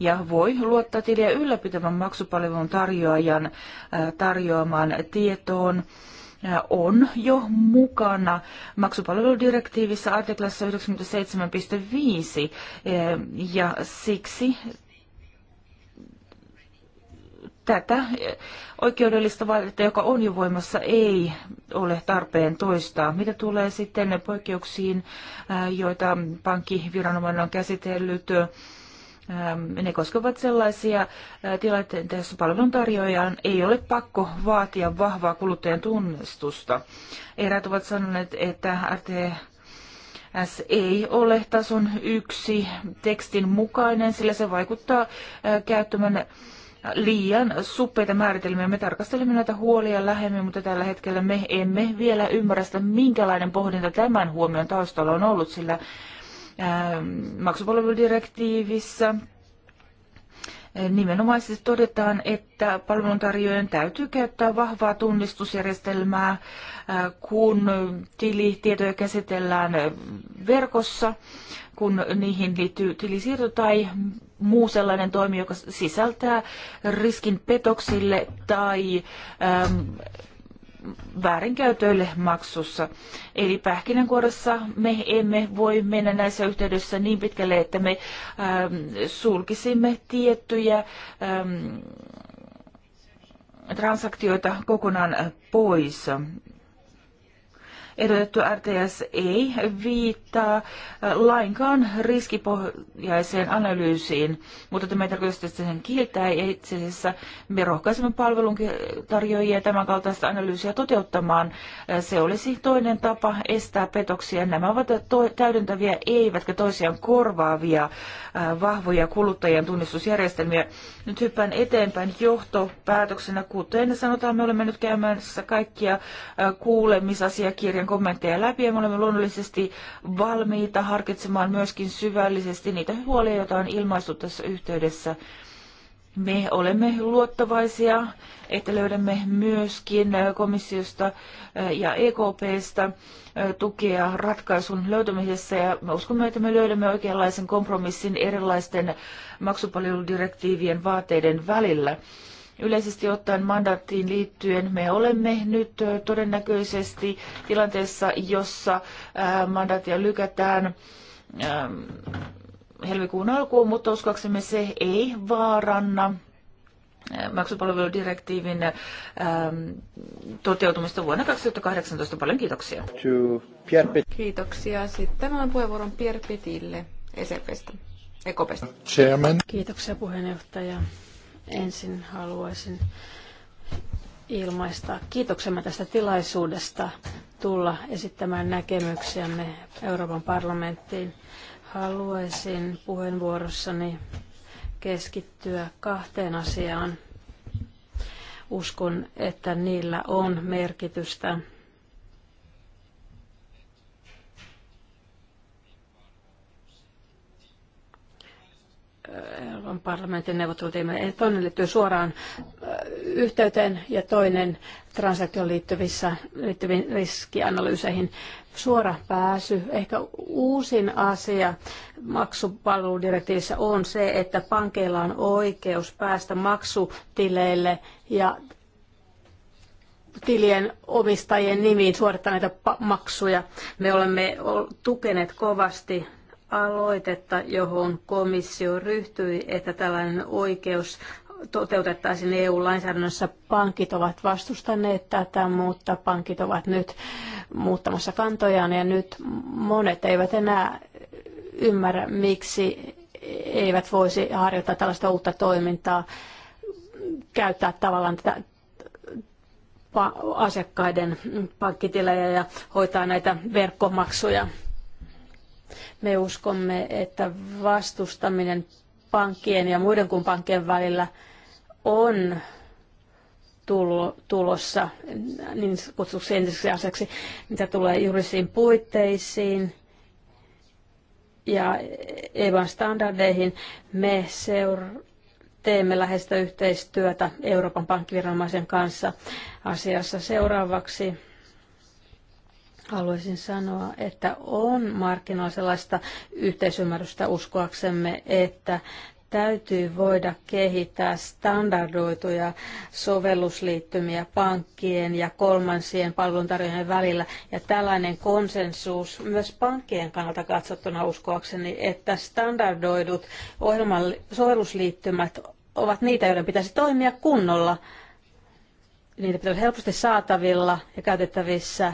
ja voi luottaa tiliä ylläpitävän maksupalvelun tarjoajan tarjoamaan tietoon on jo mukana maksupalveludirektiivissä artiklassa 97.5 ja siksi tätä oikeudellista vaadetta, joka on jo voimassa, ei ole tarpeen toistaa. Mitä tulee sitten poikkeuksiin, joita pankkiviranomainen on käsitellyt, Ähm, ne koskevat sellaisia äh, tilanteita, joissa palveluntarjoajan ei ole pakko vaatia vahvaa kuluttajan tunnistusta. Eräät ovat sanoneet, että RT S ei ole tason yksi tekstin mukainen, sillä se vaikuttaa äh, käyttämään liian suppeita määritelmiä. Me tarkastelemme näitä huolia lähemmin, mutta tällä hetkellä me emme vielä ymmärrä sitä, minkälainen pohdinta tämän huomion taustalla on ollut, sillä Ähm, maksupalveludirektiivissä äh, nimenomaisesti todetaan, että palveluntarjoajien täytyy käyttää vahvaa tunnistusjärjestelmää, äh, kun tilitietoja käsitellään verkossa, kun niihin liittyy tilisiirto tai muu sellainen toimi, joka sisältää riskin petoksille tai ähm, väärinkäytöille maksussa. Eli pähkinänkuoressa me emme voi mennä näissä yhteydessä niin pitkälle, että me ähm, sulkisimme tiettyjä ähm, transaktioita kokonaan pois ehdotettu RTS ei viittaa äh, lainkaan riskipohjaiseen analyysiin, mutta tämä ei tarkoita sitä, että sen kieltää. Ja itse asiassa me rohkaisemme palvelun tarjoajia tämän kaltaista analyysiä toteuttamaan. Äh, se olisi toinen tapa estää petoksia. Nämä ovat täydentäviä, eivätkä toisiaan korvaavia äh, vahvoja kuluttajien tunnistusjärjestelmiä. Nyt hyppään eteenpäin johtopäätöksenä, kuten sanotaan, me olemme nyt käymässä kaikkia kuulemisasiakirjoja esittelijän kommentteja läpi ja me olemme luonnollisesti valmiita harkitsemaan myöskin syvällisesti niitä huolia, joita on ilmaistu tässä yhteydessä. Me olemme luottavaisia, että löydämme myöskin komissiosta ja EKPstä tukea ratkaisun löytämisessä ja me uskomme, että me löydämme oikeanlaisen kompromissin erilaisten maksupalveludirektiivien vaateiden välillä. Yleisesti ottaen mandaattiin liittyen me olemme nyt todennäköisesti tilanteessa, jossa mandaattia lykätään helmikuun alkuun, mutta uskoaksemme se ei vaaranna maksupalveludirektiivin toteutumista vuonna 2018. Paljon kiitoksia. Kiitoksia. Sitten on puheenvuoron Pierre Petille ECPstä. Ekopesta. Chairman. Kiitoksia puheenjohtaja. Ensin haluaisin ilmaista kiitoksemme tästä tilaisuudesta tulla esittämään näkemyksiämme Euroopan parlamenttiin. Haluaisin puheenvuorossani keskittyä kahteen asiaan. Uskon, että niillä on merkitystä Euroopan parlamentin neuvottelutiimille. Eh, toinen liittyy suoraan eh, yhteyteen ja toinen transaktioon liittyvissä, liittyviin riskianalyyseihin. Suora pääsy, ehkä uusin asia maksupalveludirektiivissä on se, että pankeilla on oikeus päästä maksutileille ja tilien omistajien nimiin suorittaa näitä maksuja. Me olemme tukeneet kovasti aloitetta, johon komissio ryhtyi, että tällainen oikeus toteutettaisiin EU-lainsäädännössä. Pankit ovat vastustaneet tätä, mutta pankit ovat nyt muuttamassa kantojaan ja nyt monet eivät enää ymmärrä, miksi eivät voisi harjoittaa tällaista uutta toimintaa, käyttää tavallaan tätä asiakkaiden pankkitilejä ja hoitaa näitä verkkomaksuja me uskomme, että vastustaminen pankkien ja muiden kuin pankkien välillä on tulossa niin kutsuksi entiseksi asiaksi, mitä tulee juridisiin puitteisiin ja EVAn standardeihin. Me seur- teemme läheistä yhteistyötä Euroopan pankkiviranomaisen kanssa asiassa seuraavaksi Haluaisin sanoa, että on markkinoilla sellaista yhteisymmärrystä uskoaksemme, että täytyy voida kehittää standardoituja sovellusliittymiä pankkien ja kolmansien palveluntarjoajien välillä. Ja tällainen konsensus myös pankkien kannalta katsottuna uskoakseni, että standardoidut ohjelman sovellusliittymät ovat niitä, joiden pitäisi toimia kunnolla. Niitä pitäisi helposti saatavilla ja käytettävissä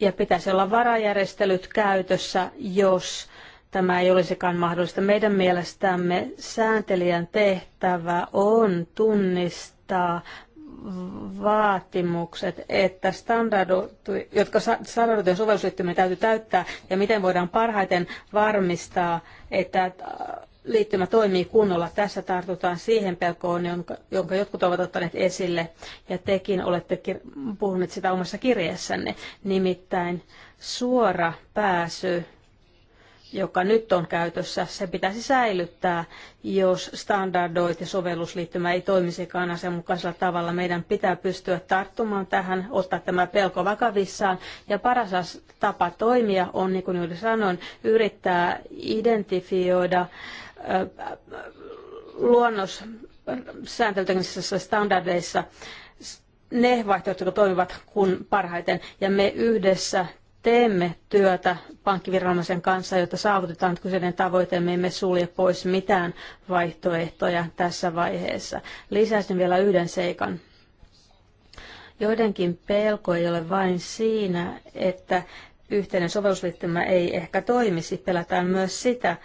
ja pitäisi olla varajärjestelyt käytössä, jos tämä ei olisikaan mahdollista. Meidän mielestämme sääntelijän tehtävä on tunnistaa vaatimukset, että jotka ja sovellusliittymien täytyy täyttää, ja miten voidaan parhaiten varmistaa, että liittymä toimii kunnolla. Tässä tartutaan siihen pelkoon, jonka, jonka jotkut ovat ottaneet esille, ja tekin olette kir- puhuneet sitä omassa kirjeessänne, nimittäin suora pääsy joka nyt on käytössä, se pitäisi säilyttää, jos standardoit ja sovellusliittymä ei toimisikaan asianmukaisella tavalla. Meidän pitää pystyä tarttumaan tähän, ottaa tämä pelko vakavissaan. Ja paras tapa toimia on, niin kuin juuri sanoin, yrittää identifioida äh, luonnos sääntelykisissä standardeissa ne vaihtoehdot, jotka toimivat kun parhaiten. Ja me yhdessä teemme työtä pankkiviranomaisen kanssa, jotta saavutetaan kyseinen tavoite. Me emme sulje pois mitään vaihtoehtoja tässä vaiheessa. Lisäisin vielä yhden seikan. Joidenkin pelko ei ole vain siinä, että yhteinen sovellusliittymä ei ehkä toimisi. Pelätään myös sitä,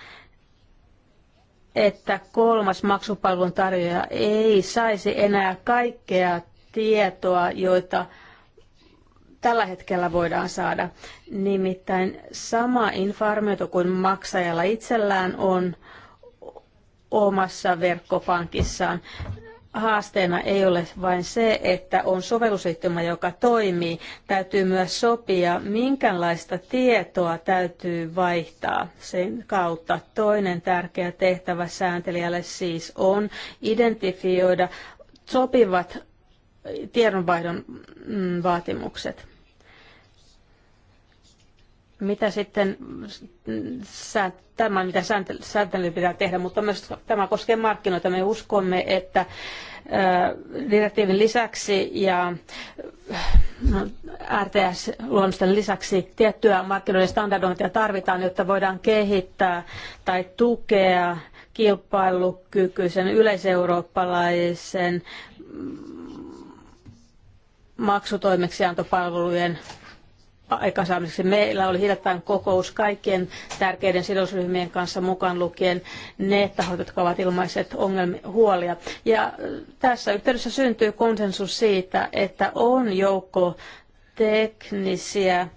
että kolmas maksupalvelun tarjoaja ei saisi enää kaikkea tietoa, joita tällä hetkellä voidaan saada. Nimittäin sama informaatio kuin maksajalla itsellään on omassa verkkopankissaan haasteena ei ole vain se, että on sovellusyhtymä, joka toimii. Täytyy myös sopia, minkälaista tietoa täytyy vaihtaa sen kautta. Toinen tärkeä tehtävä sääntelijälle siis on identifioida sopivat tiedonvaihdon mm, vaatimukset. Mitä sitten tämä, mitä sääntely pitää tehdä, mutta myös tämä koskee markkinoita. Me uskomme, että direktiivin lisäksi ja RTS-luonnosten lisäksi tiettyä markkinoiden standardointia tarvitaan, jotta voidaan kehittää tai tukea kilpailukykyisen yleiseurooppalaisen mm, maksutoimeksiantopalvelujen aikaansaamiseksi. Meillä oli hiljattain kokous kaikkien tärkeiden sidosryhmien kanssa mukaan lukien ne tahot, jotka ovat ilmaiset ongelmia, huolia. Ja äh, tässä yhteydessä syntyy konsensus siitä, että on joukko teknisiä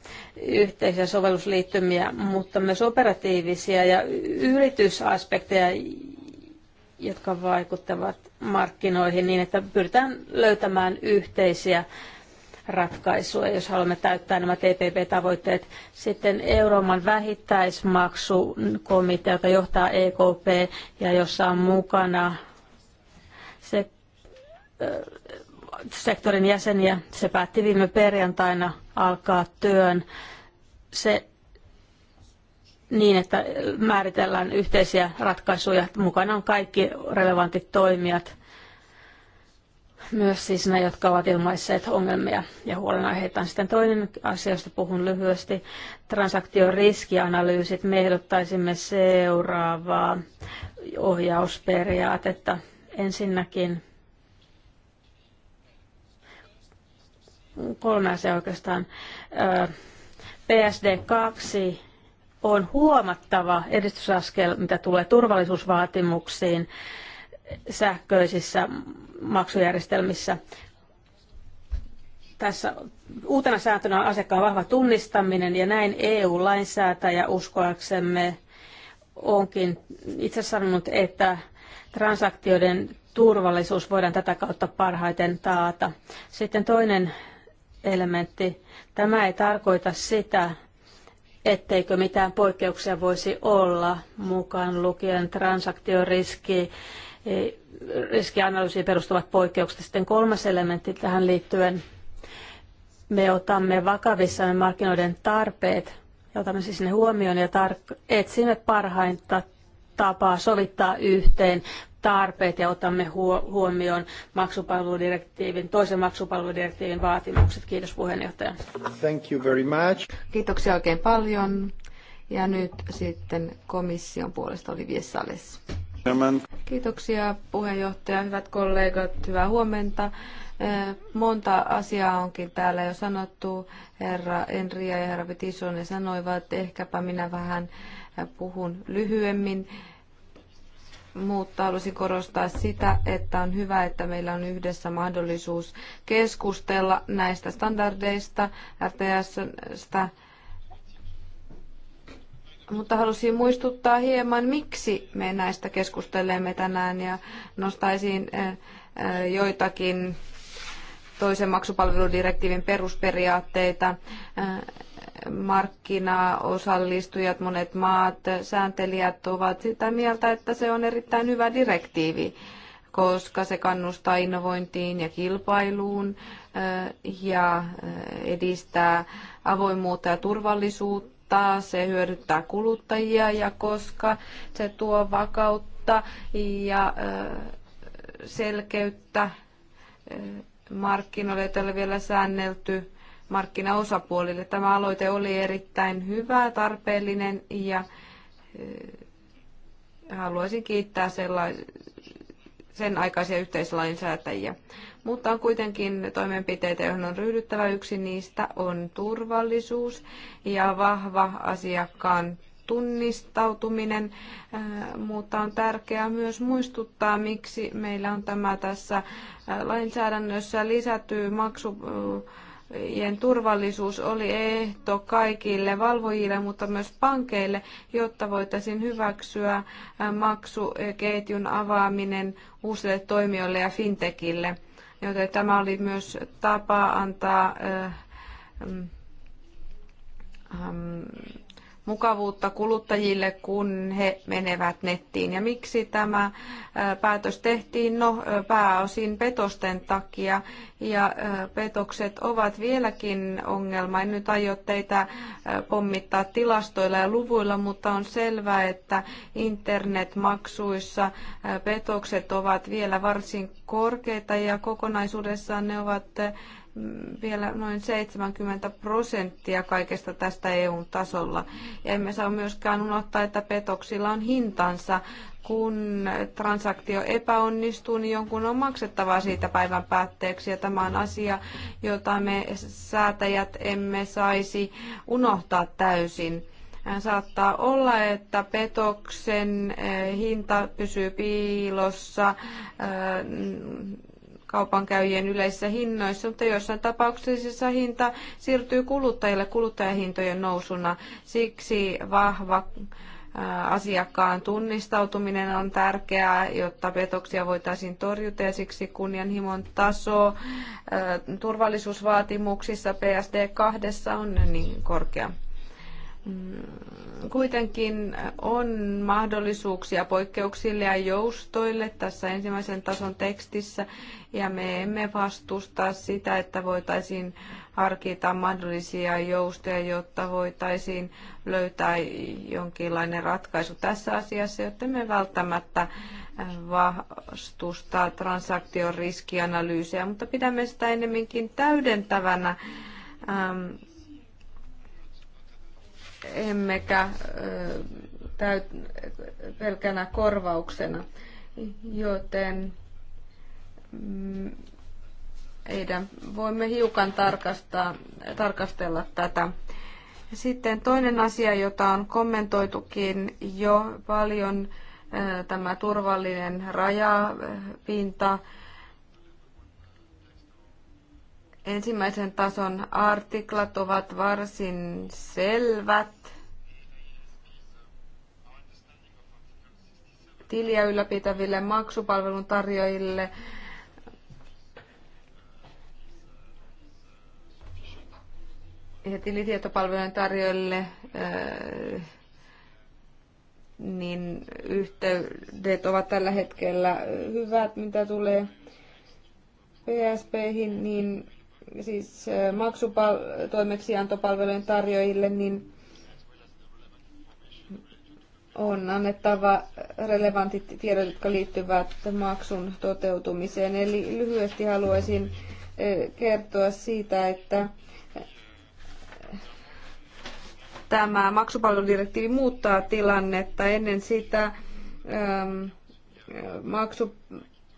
yhteisiä sovellusliittymiä, mutta myös operatiivisia ja yritysaspekteja, jotka vaikuttavat markkinoihin niin, että pyritään löytämään yhteisiä ratkaisua, jos haluamme täyttää nämä TPP-tavoitteet. Sitten Euroopan vähittäismaksukomitea, jota johtaa EKP ja jossa on mukana se, äh, sektorin jäseniä. Se päätti viime perjantaina alkaa työn. Se niin, että määritellään yhteisiä ratkaisuja. Mukana on kaikki relevantit toimijat myös siis ne, jotka ovat ilmaisseet ongelmia ja huolenaiheita. Sitten toinen asia, josta puhun lyhyesti, transaktioriskianalyysit. Me ehdottaisimme seuraavaa ohjausperiaatetta. Ensinnäkin kolme asiaa oikeastaan. PSD2 on huomattava edistysaskel, mitä tulee turvallisuusvaatimuksiin sähköisissä maksujärjestelmissä. Tässä uutena sääntönä on asiakkaan vahva tunnistaminen ja näin EU-lainsäätäjä uskoaksemme onkin itse sanonut, että transaktioiden turvallisuus voidaan tätä kautta parhaiten taata. Sitten toinen elementti. Tämä ei tarkoita sitä, etteikö mitään poikkeuksia voisi olla, mukaan lukien transaktioriski, riskianalyysiin perustuvat poikkeukset. Sitten kolmas elementti tähän liittyen. Me otamme vakavissa markkinoiden tarpeet ja otamme siis ne huomioon ja tar- etsimme parhainta tapaa sovittaa yhteen tarpeet ja otamme huomioon maksupalveludirektiivin, toisen maksupalveludirektiivin vaatimukset. Kiitos puheenjohtaja. Thank you very much. Kiitoksia oikein paljon. Ja nyt sitten komission puolesta oli Viesales. Kiitoksia puheenjohtaja, hyvät kollegat, hyvää huomenta. Eh, monta asiaa onkin täällä jo sanottu. Herra Enria ja herra Petison sanoivat, että ehkäpä minä vähän puhun lyhyemmin mutta haluaisin korostaa sitä, että on hyvä, että meillä on yhdessä mahdollisuus keskustella näistä standardeista, RTS-stä, mutta halusin muistuttaa hieman, miksi me näistä keskustelemme tänään ja nostaisin eh, eh, joitakin toisen maksupalveludirektiivin perusperiaatteita. Eh, markkinaosallistujat, monet maat, sääntelijät ovat sitä mieltä, että se on erittäin hyvä direktiivi, koska se kannustaa innovointiin ja kilpailuun ja edistää avoimuutta ja turvallisuutta tuottaa, se hyödyttää kuluttajia ja koska se tuo vakautta ja selkeyttä markkinoille, joita ei ole vielä säännelty markkinaosapuolille. Tämä aloite oli erittäin hyvä, tarpeellinen ja haluaisin kiittää sellaisia sen aikaisia yhteislainsäätäjiä. Mutta on kuitenkin toimenpiteitä, joihin on ryhdyttävä. Yksi niistä on turvallisuus ja vahva asiakkaan tunnistautuminen, äh, mutta on tärkeää myös muistuttaa, miksi meillä on tämä tässä äh, lainsäädännössä lisätty maksu äh, turvallisuus oli ehto kaikille valvojille, mutta myös pankeille, jotta voitaisiin hyväksyä äh, maksuketjun avaaminen uusille toimijoille ja fintekille. Joten tämä oli myös tapa antaa äh, mm, ähm, mukavuutta kuluttajille, kun he menevät nettiin. Ja miksi tämä päätös tehtiin? No pääosin petosten takia ja petokset ovat vieläkin ongelma. En nyt aio teitä pommittaa tilastoilla ja luvuilla, mutta on selvää, että internetmaksuissa petokset ovat vielä varsin korkeita ja kokonaisuudessaan ne ovat vielä noin 70 prosenttia kaikesta tästä eu tasolla. Ja emme saa myöskään unohtaa, että petoksilla on hintansa. Kun transaktio epäonnistuu, niin jonkun on maksettava siitä päivän päätteeksi. Ja tämä on asia, jota me säätäjät emme saisi unohtaa täysin. Saattaa olla, että petoksen eh, hinta pysyy piilossa eh, kaupankäyjien yleisissä hinnoissa, mutta joissain tapauksissa hinta siirtyy kuluttajille kuluttajahintojen nousuna. Siksi vahva asiakkaan tunnistautuminen on tärkeää, jotta petoksia voitaisiin torjuta ja siksi kunnianhimon taso turvallisuusvaatimuksissa PSD2 on niin korkea. Mm, kuitenkin on mahdollisuuksia poikkeuksille ja joustoille tässä ensimmäisen tason tekstissä, ja me emme vastusta sitä, että voitaisiin harkita mahdollisia joustoja, jotta voitaisiin löytää jonkinlainen ratkaisu tässä asiassa, jotta me välttämättä vastusta transaktion riskianalyysiä, mutta pidämme sitä enemminkin täydentävänä ähm, emmekä täyt pelkänä korvauksena. Joten mm, meidän voimme hiukan tarkastaa, tarkastella tätä. Sitten toinen asia, jota on kommentoitukin jo paljon, tämä turvallinen rajapinta, Ensimmäisen tason artiklat ovat varsin selvät. Tiliä ylläpitäville maksupalvelun tarjoajille ja tilitietopalvelujen tarjoajille äh, niin yhteydet ovat tällä hetkellä hyvät, mitä tulee PSP-hin, niin siis maksutoimeksiantopalvelujen tarjoajille, niin on annettava relevantit tiedot, jotka liittyvät maksun toteutumiseen. Eli lyhyesti haluaisin kertoa siitä, että tämä maksupalveludirektiivi muuttaa tilannetta. Ennen sitä ähm, maksu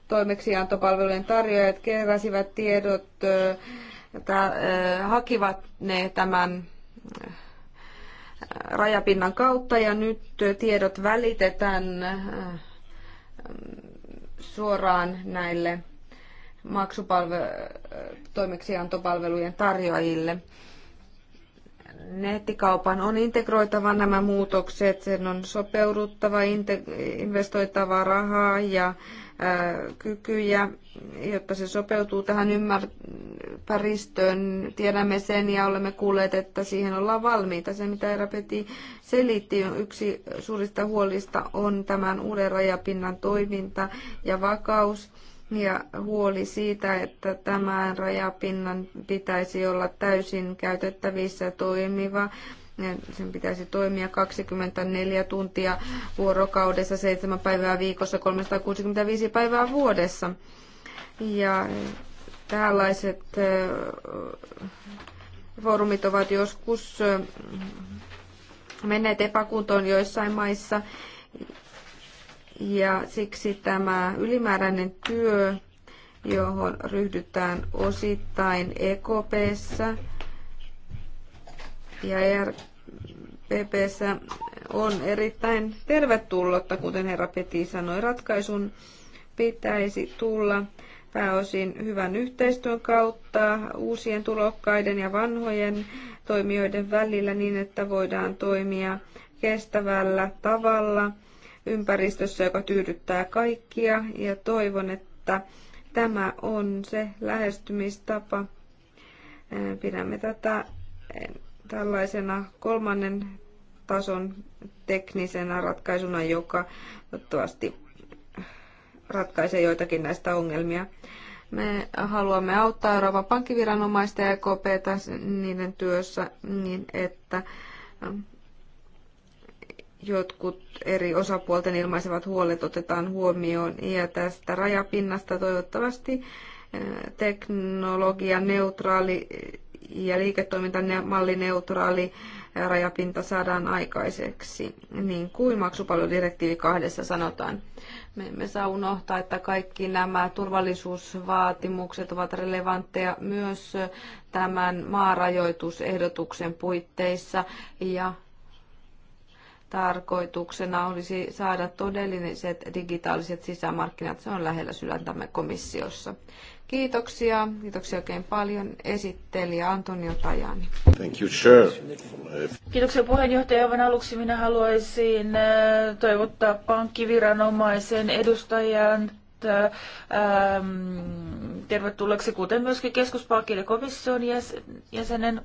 toimeksiantopalvelujen tarjoajat keräsivät tiedot, hakivat ne tämän rajapinnan kautta ja nyt tiedot välitetään suoraan näille maksupalve- tarjoajille. Nettikaupan on integroitava nämä muutokset, sen on sopeuduttava, investoitava rahaa ja kykyjä, jotta se sopeutuu tähän ympäristöön. Tiedämme sen ja olemme kuulleet, että siihen ollaan valmiita. Se, mitä Erapeti selitti, on yksi suurista huolista on tämän uuden rajapinnan toiminta ja vakaus ja huoli siitä, että tämän rajapinnan pitäisi olla täysin käytettävissä toimiva sen pitäisi toimia 24 tuntia vuorokaudessa, 7 päivää viikossa, 365 päivää vuodessa. Ja tällaiset foorumit ovat joskus menneet epäkuntoon joissain maissa ja siksi tämä ylimääräinen työ, johon ryhdytään osittain EKPssä, ja ERPPssä on erittäin tervetullutta, kuten herra Peti sanoi, ratkaisun pitäisi tulla pääosin hyvän yhteistyön kautta uusien tulokkaiden ja vanhojen toimijoiden välillä niin, että voidaan toimia kestävällä tavalla ympäristössä, joka tyydyttää kaikkia. Ja toivon, että tämä on se lähestymistapa. Pidämme tätä tällaisena kolmannen tason teknisenä ratkaisuna, joka toivottavasti ratkaisee joitakin näistä ongelmia. Me haluamme auttaa Euroopan pankkiviranomaista ja EKP niiden työssä niin, että jotkut eri osapuolten ilmaisevat huolet otetaan huomioon ja tästä rajapinnasta toivottavasti eh, teknologia neutraali ja mallineutraali rajapinta saadaan aikaiseksi, niin kuin maksupalveludirektiivi kahdessa sanotaan. Me emme saa unohtaa, että kaikki nämä turvallisuusvaatimukset ovat relevantteja myös tämän maarajoitusehdotuksen puitteissa ja tarkoituksena olisi saada todelliset digitaaliset sisämarkkinat. Se on lähellä sydäntämme komissiossa. Kiitoksia. Kiitoksia oikein paljon esittelijä Antonio Tajani. Thank you, sure. Kiitoksia puheenjohtaja. Aivan aluksi minä haluaisin äh, toivottaa pankkiviranomaisen edustajan ähm, tervetulleeksi, kuten myöskin keskuspankille komission jäsenen.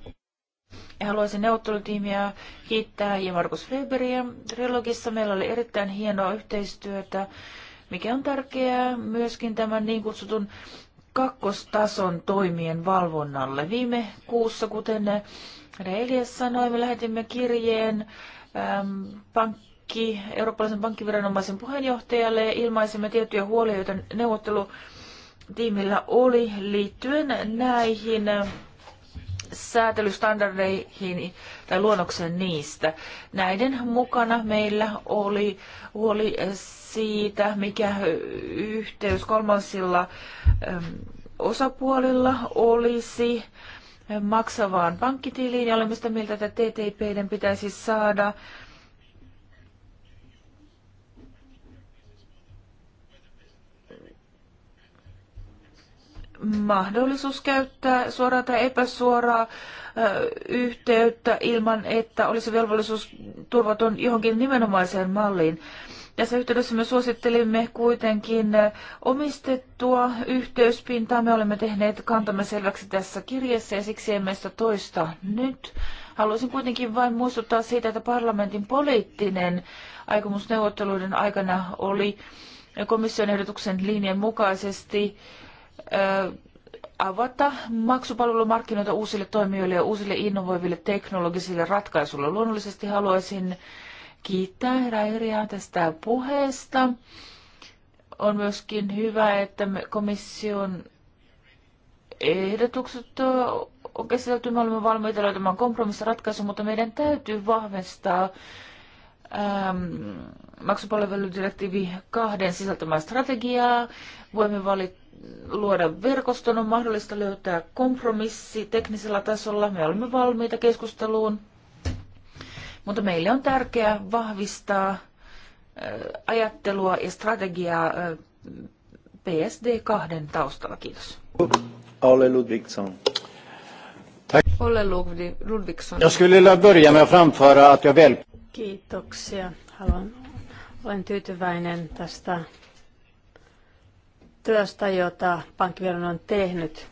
Ja haluaisin neuvottelutiimiä kiittää ja Markus Weberia. Trilogissa meillä oli erittäin hienoa yhteistyötä, mikä on tärkeää myöskin tämän niin kutsutun kakkostason toimien valvonnalle. Viime kuussa, kuten Elias sanoi, me lähetimme kirjeen äm, pankki, eurooppalaisen pankkiviranomaisen puheenjohtajalle ja ilmaisimme tiettyjä huolia, joita neuvottelutiimillä oli liittyen näihin säätelystandardeihin tai luonnoksen niistä. Näiden mukana meillä oli huoli siitä, mikä yhteys kolmansilla ähm, osapuolilla olisi maksavaan pankkitiliin ja olemme sitä mieltä, että TTIPiden pitäisi saada mahdollisuus käyttää suoraa tai epäsuoraa yhteyttä ilman, että olisi velvollisuus turvaton johonkin nimenomaiseen malliin. Tässä yhteydessä me suosittelimme kuitenkin omistettua yhteyspintaa. Me olemme tehneet kantamme selväksi tässä kirjassa ja siksi emme sitä toista nyt. Haluaisin kuitenkin vain muistuttaa siitä, että parlamentin poliittinen aikomusneuvotteluiden aikana oli komission ehdotuksen linjan mukaisesti avata maksupalvelumarkkinoita uusille toimijoille ja uusille innovoiville teknologisille ratkaisuille. Luonnollisesti haluaisin kiittää Rairia tästä puheesta. On myöskin hyvä, että komission ehdotukset on käsitelty. Me olemme valmiita löytämään kompromissiratkaisu, mutta meidän täytyy vahvistaa ähm, maksupalveludirektiivi kahden sisältämää strategiaa. Voimme valit, luoda verkoston, on mahdollista löytää kompromissi teknisellä tasolla. Me olemme valmiita keskusteluun, mutta meille on tärkeää vahvistaa äh, ajattelua ja strategiaa äh, PSD2 taustalla. Kiitos. Ole Ludvigsson. Olle Ludvigsson. Jag skulle vilja börja med att framföra att jag välkomnar Kiitoksia. Haluan, olen tyytyväinen tästä työstä, jota pankkiviranomainen on tehnyt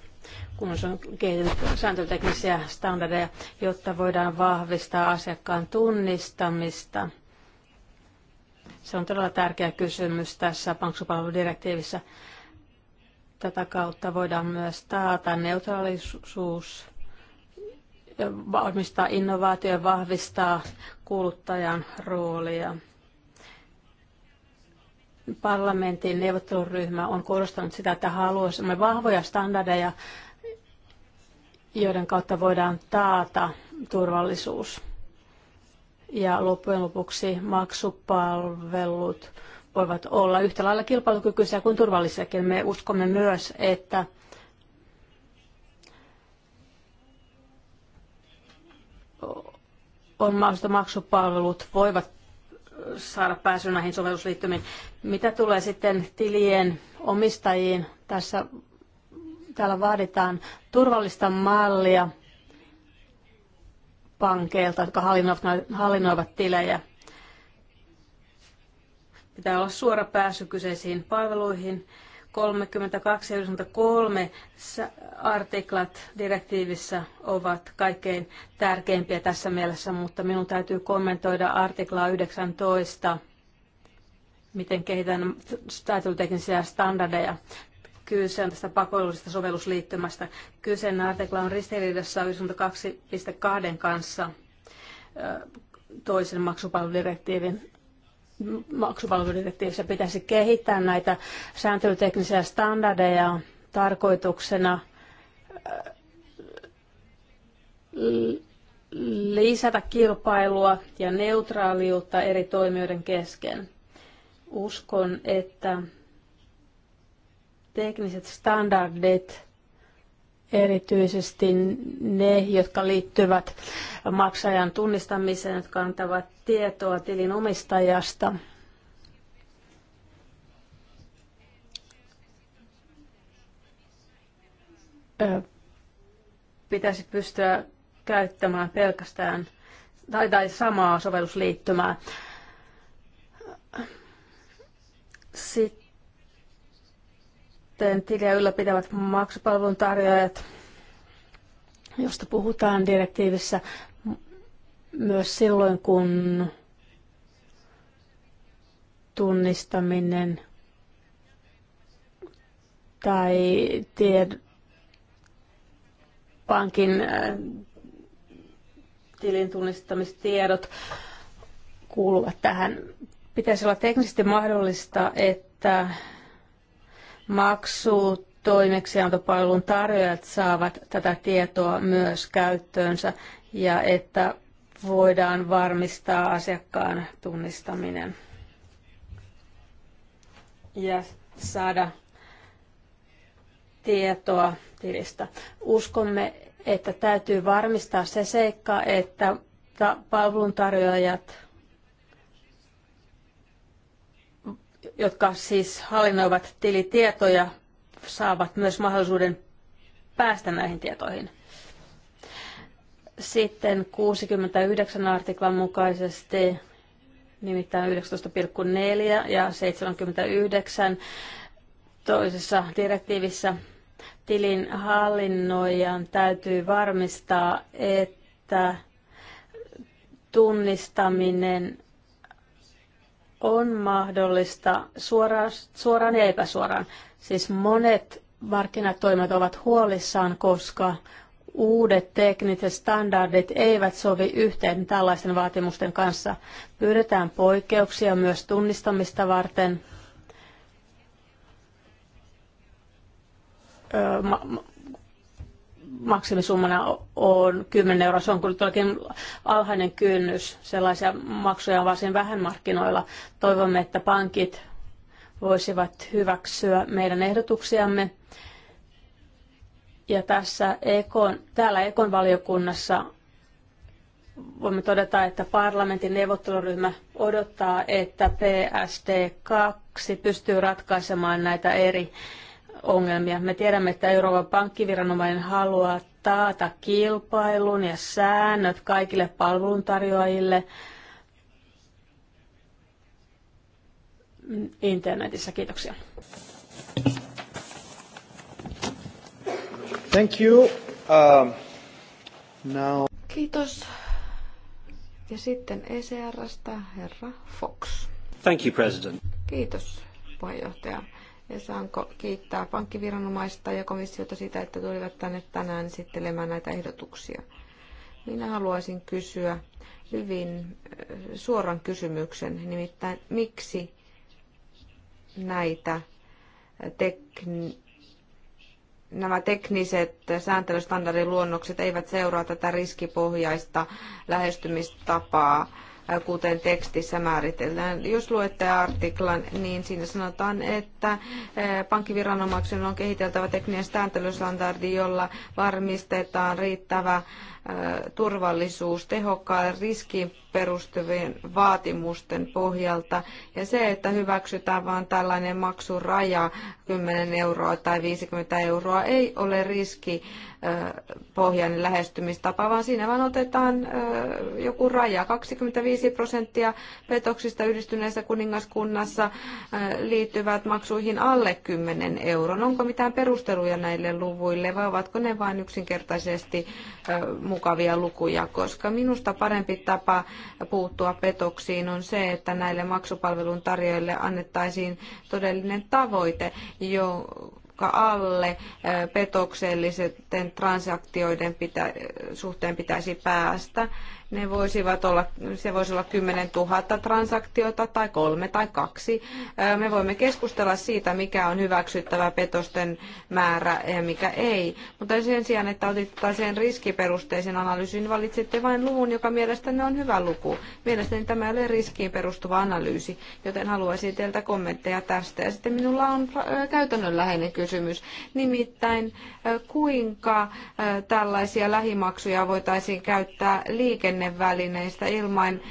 kun se on kehitetty sääntöteknisiä standardeja, jotta voidaan vahvistaa asiakkaan tunnistamista. Se on todella tärkeä kysymys tässä pankkipalveludirektiivissä. Tätä kautta voidaan myös taata neutraalisuus varmistaa innovaatio ja vahvistaa kuluttajan roolia. Parlamentin neuvotteluryhmä on korostanut sitä, että haluaisimme vahvoja standardeja, joiden kautta voidaan taata turvallisuus. Ja loppujen lopuksi maksupalvelut voivat olla yhtä lailla kilpailukykyisiä kuin turvallisiakin. Me uskomme myös, että on mahdollista, maksupalvelut voivat saada pääsyä näihin sovellusliittymiin. Mitä tulee sitten tilien omistajiin, tässä täällä vaaditaan turvallista mallia pankeilta, jotka hallinnoivat tilejä. Pitää olla suora pääsy kyseisiin palveluihin 323 ja artiklat direktiivissä ovat kaikkein tärkeimpiä tässä mielessä, mutta minun täytyy kommentoida artiklaa 19, miten kehitän säätelyteknisiä standardeja. Kyse on tästä pakollisesta sovellusliittymästä. Kyseinen artikla on ristiriidassa 92.2 kanssa toisen maksupalveludirektiivin maksupalveludirektiivissä pitäisi kehittää näitä sääntelyteknisiä standardeja tarkoituksena äh, lisätä kilpailua ja neutraaliutta eri toimijoiden kesken. Uskon, että tekniset standardit erityisesti ne, jotka liittyvät maksajan tunnistamiseen, jotka antavat tietoa tilin omistajasta. Pitäisi pystyä käyttämään pelkästään tai, tai samaa sovellusliittymää. Sitten kuten tiliä ylläpitävät maksupalvelun tarjoajat, josta puhutaan direktiivissä myös silloin, kun tunnistaminen tai tied, pankin äh, tilin tunnistamistiedot kuuluvat tähän. Pitäisi olla teknisesti mahdollista, että maksu toimeksiantopalvelun tarjoajat saavat tätä tietoa myös käyttöönsä ja että voidaan varmistaa asiakkaan tunnistaminen ja saada tietoa tilistä. Uskomme, että täytyy varmistaa se seikka, että palveluntarjoajat jotka siis hallinnoivat tilitietoja, saavat myös mahdollisuuden päästä näihin tietoihin. Sitten 69 artiklan mukaisesti nimittäin 19,4 ja 79 toisessa direktiivissä tilin hallinnoijan täytyy varmistaa, että tunnistaminen on mahdollista suoraan, suoraan ja epäsuoraan. Siis monet markkinatoimet ovat huolissaan, koska uudet tekniset standardit eivät sovi yhteen tällaisten vaatimusten kanssa. Pyydetään poikkeuksia myös tunnistamista varten maksimisummana on 10 euroa. Se on kuitenkin alhainen kynnys. Sellaisia maksuja on varsin vähän markkinoilla. Toivomme, että pankit voisivat hyväksyä meidän ehdotuksiamme. Ja tässä Ekon, täällä Ekon valiokunnassa voimme todeta, että parlamentin neuvotteluryhmä odottaa, että PSD2 pystyy ratkaisemaan näitä eri ongelmia. Me tiedämme, että Euroopan pankkiviranomainen haluaa taata kilpailun ja säännöt kaikille palveluntarjoajille internetissä. Kiitoksia. Thank you. Uh, now. Kiitos. Ja sitten ECRstä herra Fox. Thank you, President. Kiitos, puheenjohtaja. Ja saanko kiittää pankkiviranomaista ja komissiota siitä, että tulivat tänne tänään esittelemään näitä ehdotuksia. Minä haluaisin kysyä hyvin suoran kysymyksen, nimittäin miksi näitä tekn... nämä tekniset sääntelystandardiluonnokset eivät seuraa tätä riskipohjaista lähestymistapaa kuten tekstissä määritellään. Jos luette artiklan, niin siinä sanotaan, että pankkiviranomaisen on kehiteltävä tekninen sääntelystandardi, jolla varmistetaan riittävä turvallisuus tehokkaan riskiin perustuvien vaatimusten pohjalta. Ja se, että hyväksytään vain tällainen maksuraja 10 euroa tai 50 euroa, ei ole riski pohjan lähestymistapa, vaan siinä vaan otetaan joku raja. 25 prosenttia petoksista yhdistyneessä kuningaskunnassa liittyvät maksuihin alle 10 euron. Onko mitään perusteluja näille luvuille vai ovatko ne vain yksinkertaisesti mukavia lukuja, koska minusta parempi tapa puuttua petoksiin on se, että näille maksupalvelun tarjoajille annettaisiin todellinen tavoite, jonka alle eh, petoksellisten transaktioiden pitä, suhteen pitäisi päästä. Ne voisivat olla, se voisi olla 10 000 transaktiota tai kolme tai kaksi. Me voimme keskustella siitä, mikä on hyväksyttävä petosten määrä ja mikä ei. Mutta sen sijaan, että otettaisiin riskiperusteisen analyysin, valitsitte vain luvun, joka mielestäni on hyvä luku. Mielestäni tämä ei ole riskiin perustuva analyysi, joten haluaisin teiltä kommentteja tästä. Ja sitten minulla on käytännönläheinen kysymys, nimittäin kuinka tällaisia lähimaksuja voitaisiin käyttää liikenne liikennevälineistä ilman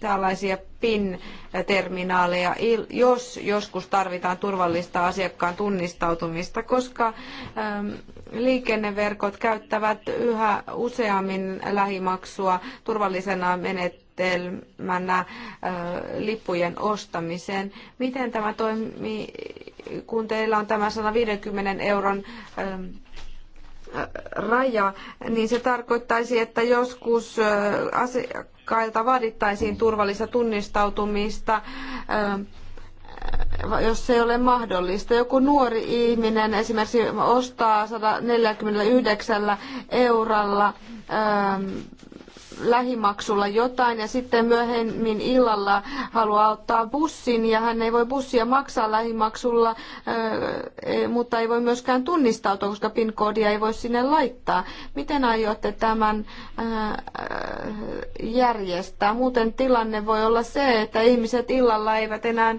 tällaisia PIN-terminaaleja, jos joskus tarvitaan turvallista asiakkaan tunnistautumista, koska liikenneverkot käyttävät yhä useammin lähimaksua turvallisena menettelmänä lippujen ostamiseen. Miten tämä toimii, kun teillä on tämä 150 euron raja, niin se tarkoittaisi, että joskus asiakkailta vaadittaisiin turvallista tunnistautumista, jos se ei ole mahdollista. Joku nuori ihminen esimerkiksi ostaa 149 eurolla lähimaksulla jotain ja sitten myöhemmin illalla haluaa ottaa bussin ja hän ei voi bussia maksaa lähimaksulla, e, mutta ei voi myöskään tunnistautua, koska PIN-koodia ei voi sinne laittaa. Miten aiotte tämän järjestää? Muuten tilanne voi olla se, että ihmiset illalla eivät enää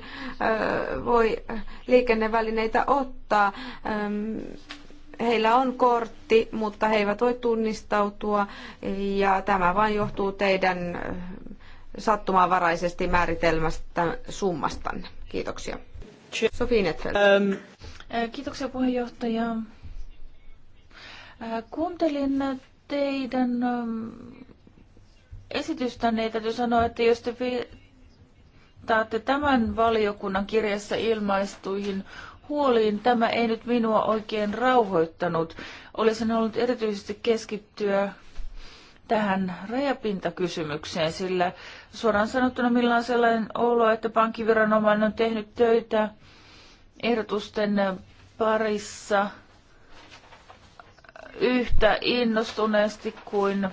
voi liikennevälineitä ottaa heillä on kortti, mutta he eivät voi tunnistautua ja tämä vain johtuu teidän eh, sattumanvaraisesti määritelmästä summastanne. Kiitoksia. Sofi Ähm. Äh, kiitoksia puheenjohtaja. Äh, kuuntelin teidän ähm, esitystänne että täytyy sanoa, että jos te viittaatte tämän valiokunnan kirjassa ilmaistuihin huoliin tämä ei nyt minua oikein rauhoittanut. Olisin ollut erityisesti keskittyä tähän rajapintakysymykseen, sillä suoraan sanottuna millä on sellainen olo, että pankkiviranomainen on tehnyt töitä ehdotusten parissa yhtä innostuneesti kuin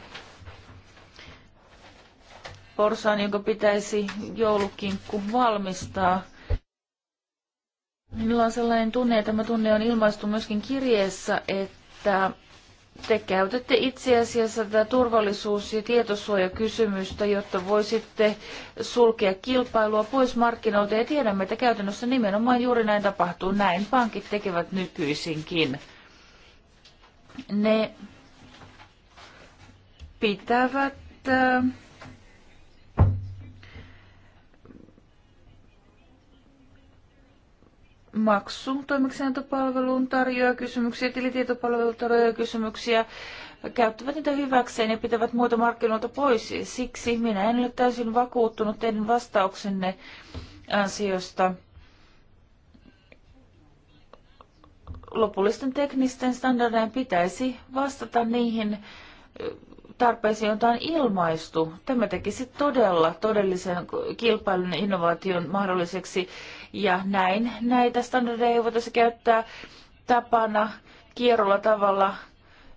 porsaan, jonka pitäisi joulukinkku valmistaa – Minulla on sellainen tunne, ja tämä tunne on ilmaistu myöskin kirjeessä, että te käytätte itse asiassa tätä turvallisuus- ja tietosuojakysymystä, jotta voisitte sulkea kilpailua pois markkinoilta. Ja tiedämme, että käytännössä nimenomaan juuri näin tapahtuu. Näin pankit tekevät nykyisinkin. Ne pitävät... Äh, maksu toimeksiantopalvelun tarjoaa kysymyksiä, tilitietopalvelun tarjoaa kysymyksiä, käyttävät niitä hyväkseen ja pitävät muita markkinoilta pois. Siksi minä en ole täysin vakuuttunut teidän vastauksenne ansiosta. Lopullisten teknisten standardien pitäisi vastata niihin tarpeisiin, joita on ilmaistu. Tämä tekisi todella todellisen kilpailun ja innovaation mahdolliseksi ja näin näitä standardeja ei voitaisiin käyttää tapana kierrolla tavalla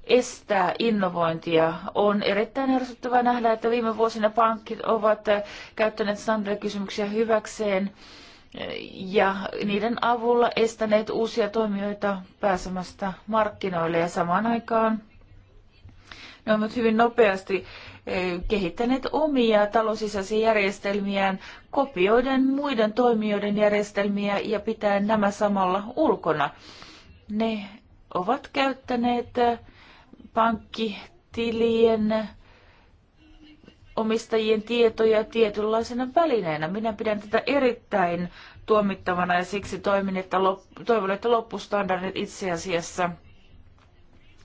estää innovointia. On erittäin ärsyttävää nähdä, että viime vuosina pankit ovat käyttäneet standardikysymyksiä hyväkseen ja niiden avulla estäneet uusia toimijoita pääsemästä markkinoille ja samaan aikaan ne ovat hyvin nopeasti kehittäneet omia talousisäisiä järjestelmiään, kopioiden muiden toimijoiden järjestelmiä ja pitäen nämä samalla ulkona. Ne ovat käyttäneet pankkitilien omistajien tietoja tietynlaisena välineenä. Minä pidän tätä erittäin tuomittavana ja siksi toimin, että lop- toivon, että loppustandardit itse asiassa –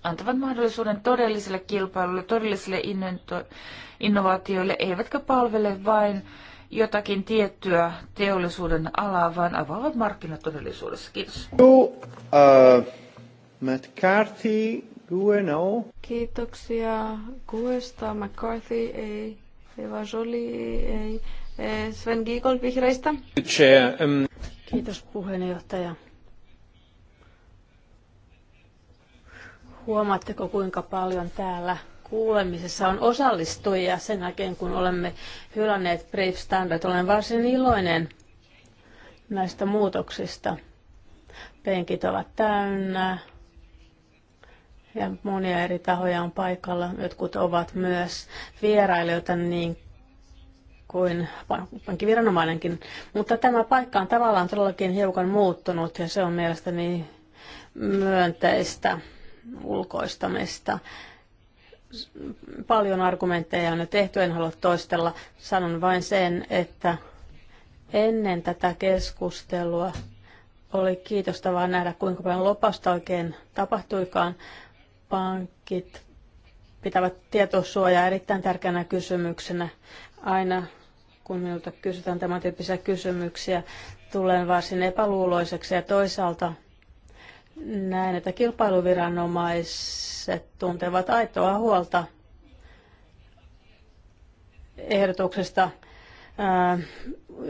antavat mahdollisuuden todelliselle kilpailulle, todellisille innovaatioille, eivätkä palvele vain jotakin tiettyä teollisuuden alaa, vaan avaavat markkinat todellisuudessa. Kiitos. Uh, äh, McCarthy, Gueno. Kiitoksia Kuesta, McCarthy, ei, Eva Jolie, ei, Sven Giegold vihreistä. Um, Kiitos puheenjohtaja Huomaatteko, kuinka paljon täällä kuulemisessa on osallistujia sen jälkeen, kun olemme hylänneet Brave Standard. Olen varsin iloinen näistä muutoksista. Penkit ovat täynnä ja monia eri tahoja on paikalla. Jotkut ovat myös vierailijoita niin kuin pankkiviranomainenkin. Mutta tämä paikka on tavallaan todellakin hiukan muuttunut ja se on mielestäni myönteistä ulkoistamista. Paljon argumentteja on jo tehty, en halua toistella. Sanon vain sen, että ennen tätä keskustelua oli kiitostavaa nähdä, kuinka paljon lopasta oikein tapahtuikaan. Pankit pitävät tietosuojaa erittäin tärkeänä kysymyksenä. Aina kun minulta kysytään tämän tyyppisiä kysymyksiä, tulen varsin epäluuloiseksi ja toisaalta Näen, että kilpailuviranomaiset tuntevat aitoa huolta ehdotuksesta äh,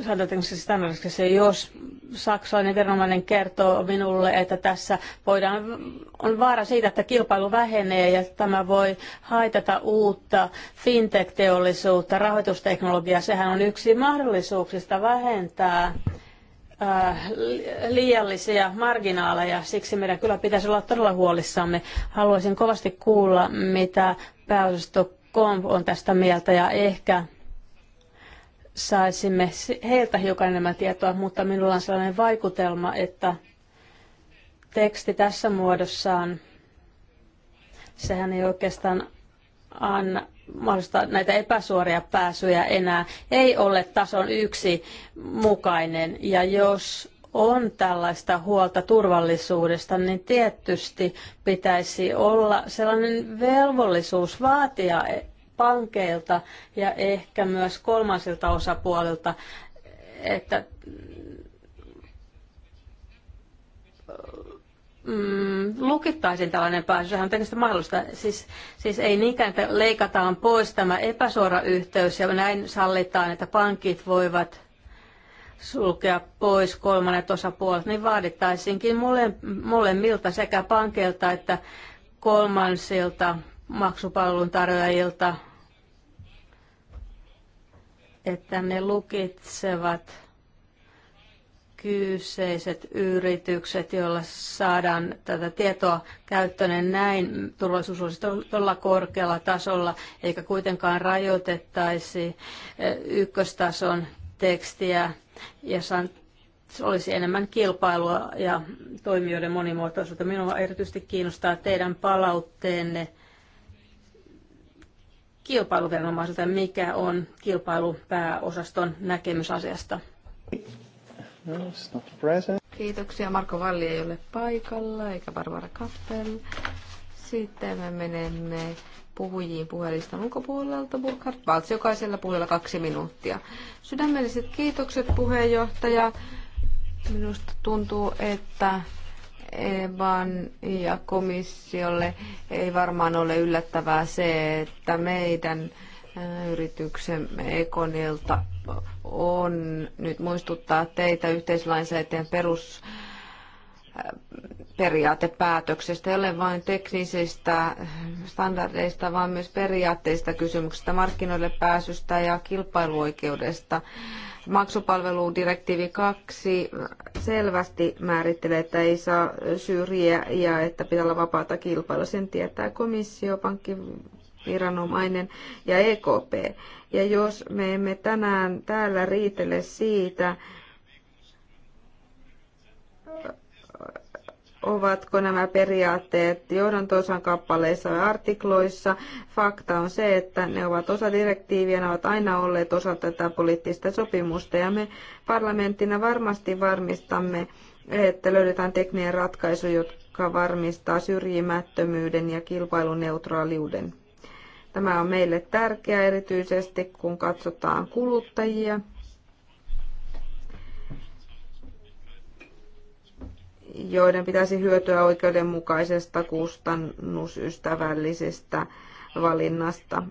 säädöteknisessä jos saksalainen viranomainen kertoo minulle, että tässä voidaan, on vaara siitä, että kilpailu vähenee ja tämä voi haitata uutta fintech-teollisuutta, rahoitusteknologiaa. Sehän on yksi mahdollisuuksista vähentää Äh, liiallisia marginaaleja, siksi meidän kyllä pitäisi olla todella huolissamme. Haluaisin kovasti kuulla, mitä pääosasto Komp on tästä mieltä ja ehkä saisimme heiltä hiukan enemmän tietoa, mutta minulla on sellainen vaikutelma, että teksti tässä muodossaan, sehän ei oikeastaan anna mahdollista näitä epäsuoria pääsyjä enää ei ole tason yksi mukainen. Ja jos on tällaista huolta turvallisuudesta, niin tietysti pitäisi olla sellainen velvollisuus vaatia pankeilta ja ehkä myös kolmansilta osapuolilta, että mm, lukittaisiin tällainen pääsy, sehän on tietysti mahdollista. Siis, siis ei niinkään, että leikataan pois tämä epäsuora yhteys ja näin sallitaan, että pankit voivat sulkea pois kolmannet osapuolet, niin vaadittaisinkin molemmilta sekä pankilta että kolmansilta maksupalvelun tarjoajilta, että ne lukitsevat kyseiset yritykset, joilla saadaan tätä tietoa käyttöön, näin turvallisuus olisi todella korkealla tasolla, eikä kuitenkaan rajoitettaisi eh, ykköstason tekstiä ja olisi enemmän kilpailua ja toimijoiden monimuotoisuutta. Minua erityisesti kiinnostaa teidän palautteenne kilpailuviranomaiselta, mikä on kilpailupääosaston näkemys asiasta. No, not present. Kiitoksia. Marko Valli ei ole paikalla, eikä Barbara Kappel. Sitten me menemme puhujiin puhelistan ulkopuolelta Burkhard Valts, jokaisella puhujalla kaksi minuuttia. Sydämelliset kiitokset puheenjohtaja. Minusta tuntuu, että EBAN ja komissiolle ei varmaan ole yllättävää se, että meidän yrityksemme Ekonilta on nyt muistuttaa teitä yhteislainsäätäjän perusperiaatepäätöksestä, äh, periaatepäätöksestä, ei ole vain teknisistä standardeista, vaan myös periaatteista kysymyksistä, markkinoille pääsystä ja kilpailuoikeudesta. Maksupalveludirektiivi 2 selvästi määrittelee, että ei saa syrjiä ja että pitää olla vapaata kilpailua. Sen tietää komissio, pankkiviranomainen ja EKP. Ja jos me emme tänään täällä riitele siitä, ovatko nämä periaatteet johdantoisan kappaleissa vai artikloissa. Fakta on se, että ne ovat osa direktiiviä, ne ovat aina olleet osa tätä poliittista sopimusta ja me parlamenttina varmasti varmistamme, että löydetään tekninen ratkaisu, joka varmistaa syrjimättömyyden ja kilpailuneutraaliuden. Tämä on meille tärkeää erityisesti, kun katsotaan kuluttajia. joiden pitäisi hyötyä oikeudenmukaisesta kustannusystävällisestä valinnasta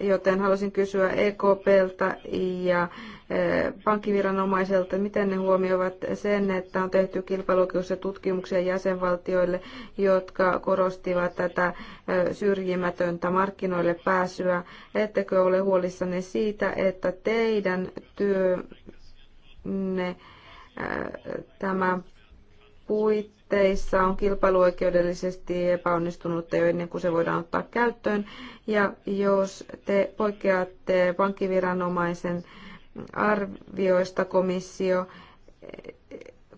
joten haluaisin kysyä EKPltä ja e, pankkiviranomaiselta, miten ne huomioivat sen, että on tehty kilpailuoikeudessa tutkimuksia jäsenvaltioille, jotka korostivat tätä e, syrjimätöntä markkinoille pääsyä. Ettekö ole huolissanne siitä, että teidän työnne e, tämä puit tuotteissa on kilpailuoikeudellisesti epäonnistunutta jo ennen kuin se voidaan ottaa käyttöön. Ja jos te poikkeatte pankkiviranomaisen arvioista komissio,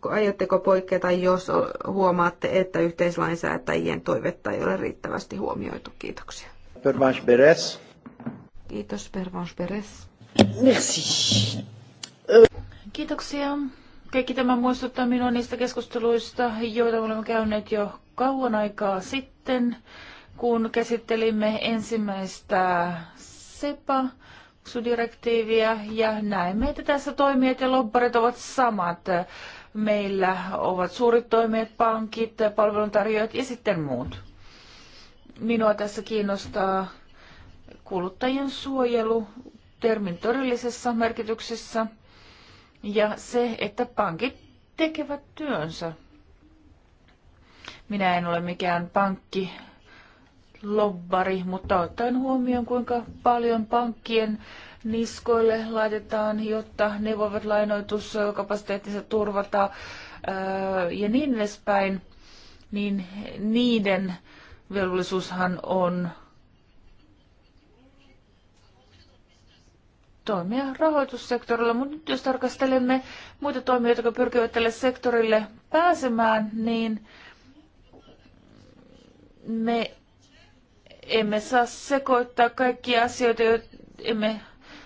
aiotteko poikkeata, jos huomaatte, että yhteislainsäätäjien toivetta ei ole riittävästi huomioitu? Kiitoksia. Kiitos, Pervanche Beres. Merci. Kiitoksia. Kaikki tämä muistuttaa minua niistä keskusteluista, joita olemme käyneet jo kauan aikaa sitten, kun käsittelimme ensimmäistä SEPA, direktiiviä ja näemme, että tässä toimijat ja lobbarit ovat samat. Meillä ovat suurit toimijat, pankit, palveluntarjoajat ja sitten muut. Minua tässä kiinnostaa kuluttajien suojelu termin todellisessa merkityksessä – ja se, että pankit tekevät työnsä. Minä en ole mikään pankki lobbari, mutta ottaen huomioon, kuinka paljon pankkien niskoille laitetaan, jotta ne voivat lainoituskapasiteettinsa turvata äh, ja niin edespäin, niin niiden velvollisuushan on toimia rahoitussektorilla, mutta nyt jos tarkastelemme muita toimijoita, jotka pyrkivät tälle sektorille pääsemään, niin me emme saa sekoittaa kaikkia asioita, emme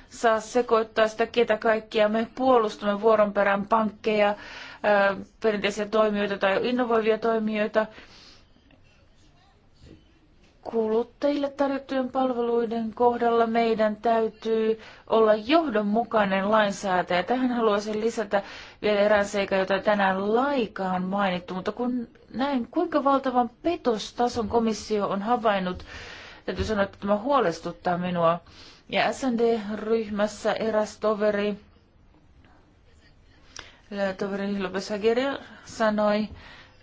saa sekoittaa sitä, ketä kaikkia me puolustamme vuoron perään pankkeja, perinteisiä toimijoita tai innovoivia toimijoita kuluttajille tarjottujen palveluiden kohdalla meidän täytyy olla johdonmukainen lainsäätäjä. Tähän haluaisin lisätä vielä erään seikan, jota tänään laikaan mainittu, mutta kun näin, kuinka valtavan petostason komissio on havainnut, täytyy sanoa, että tämä huolestuttaa minua. Ja SND-ryhmässä eräs toveri, toveri Lopes sanoi,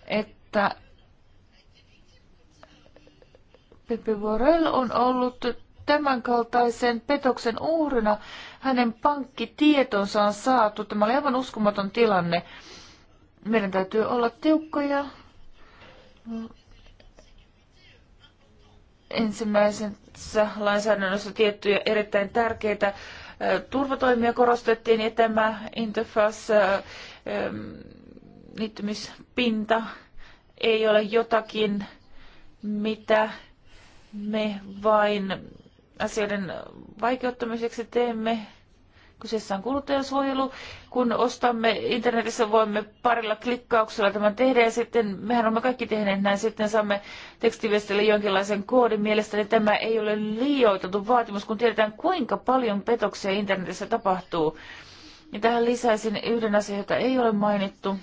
että Pepe Borrell on ollut tämänkaltaisen petoksen uhrina. Hänen pankkitietonsa on saatu. Tämä oli aivan uskomaton tilanne. Meidän täytyy olla tiukkoja. Ensimmäisessä lainsäädännössä tiettyjä erittäin tärkeitä turvatoimia korostettiin ja tämä interface liittymispinta ei ole jotakin, mitä me vain asioiden vaikeuttamiseksi teemme. Kyseessä on kuluttajansuojelu. Kun ostamme internetissä, voimme parilla klikkauksella tämän tehdä ja sitten mehän olemme kaikki tehneet näin. Sitten saamme tekstiviestille jonkinlaisen koodin. Mielestäni tämä ei ole liioiteltu vaatimus, kun tiedetään kuinka paljon petoksia internetissä tapahtuu. Ja tähän lisäisin yhden asian, jota ei ole mainittu.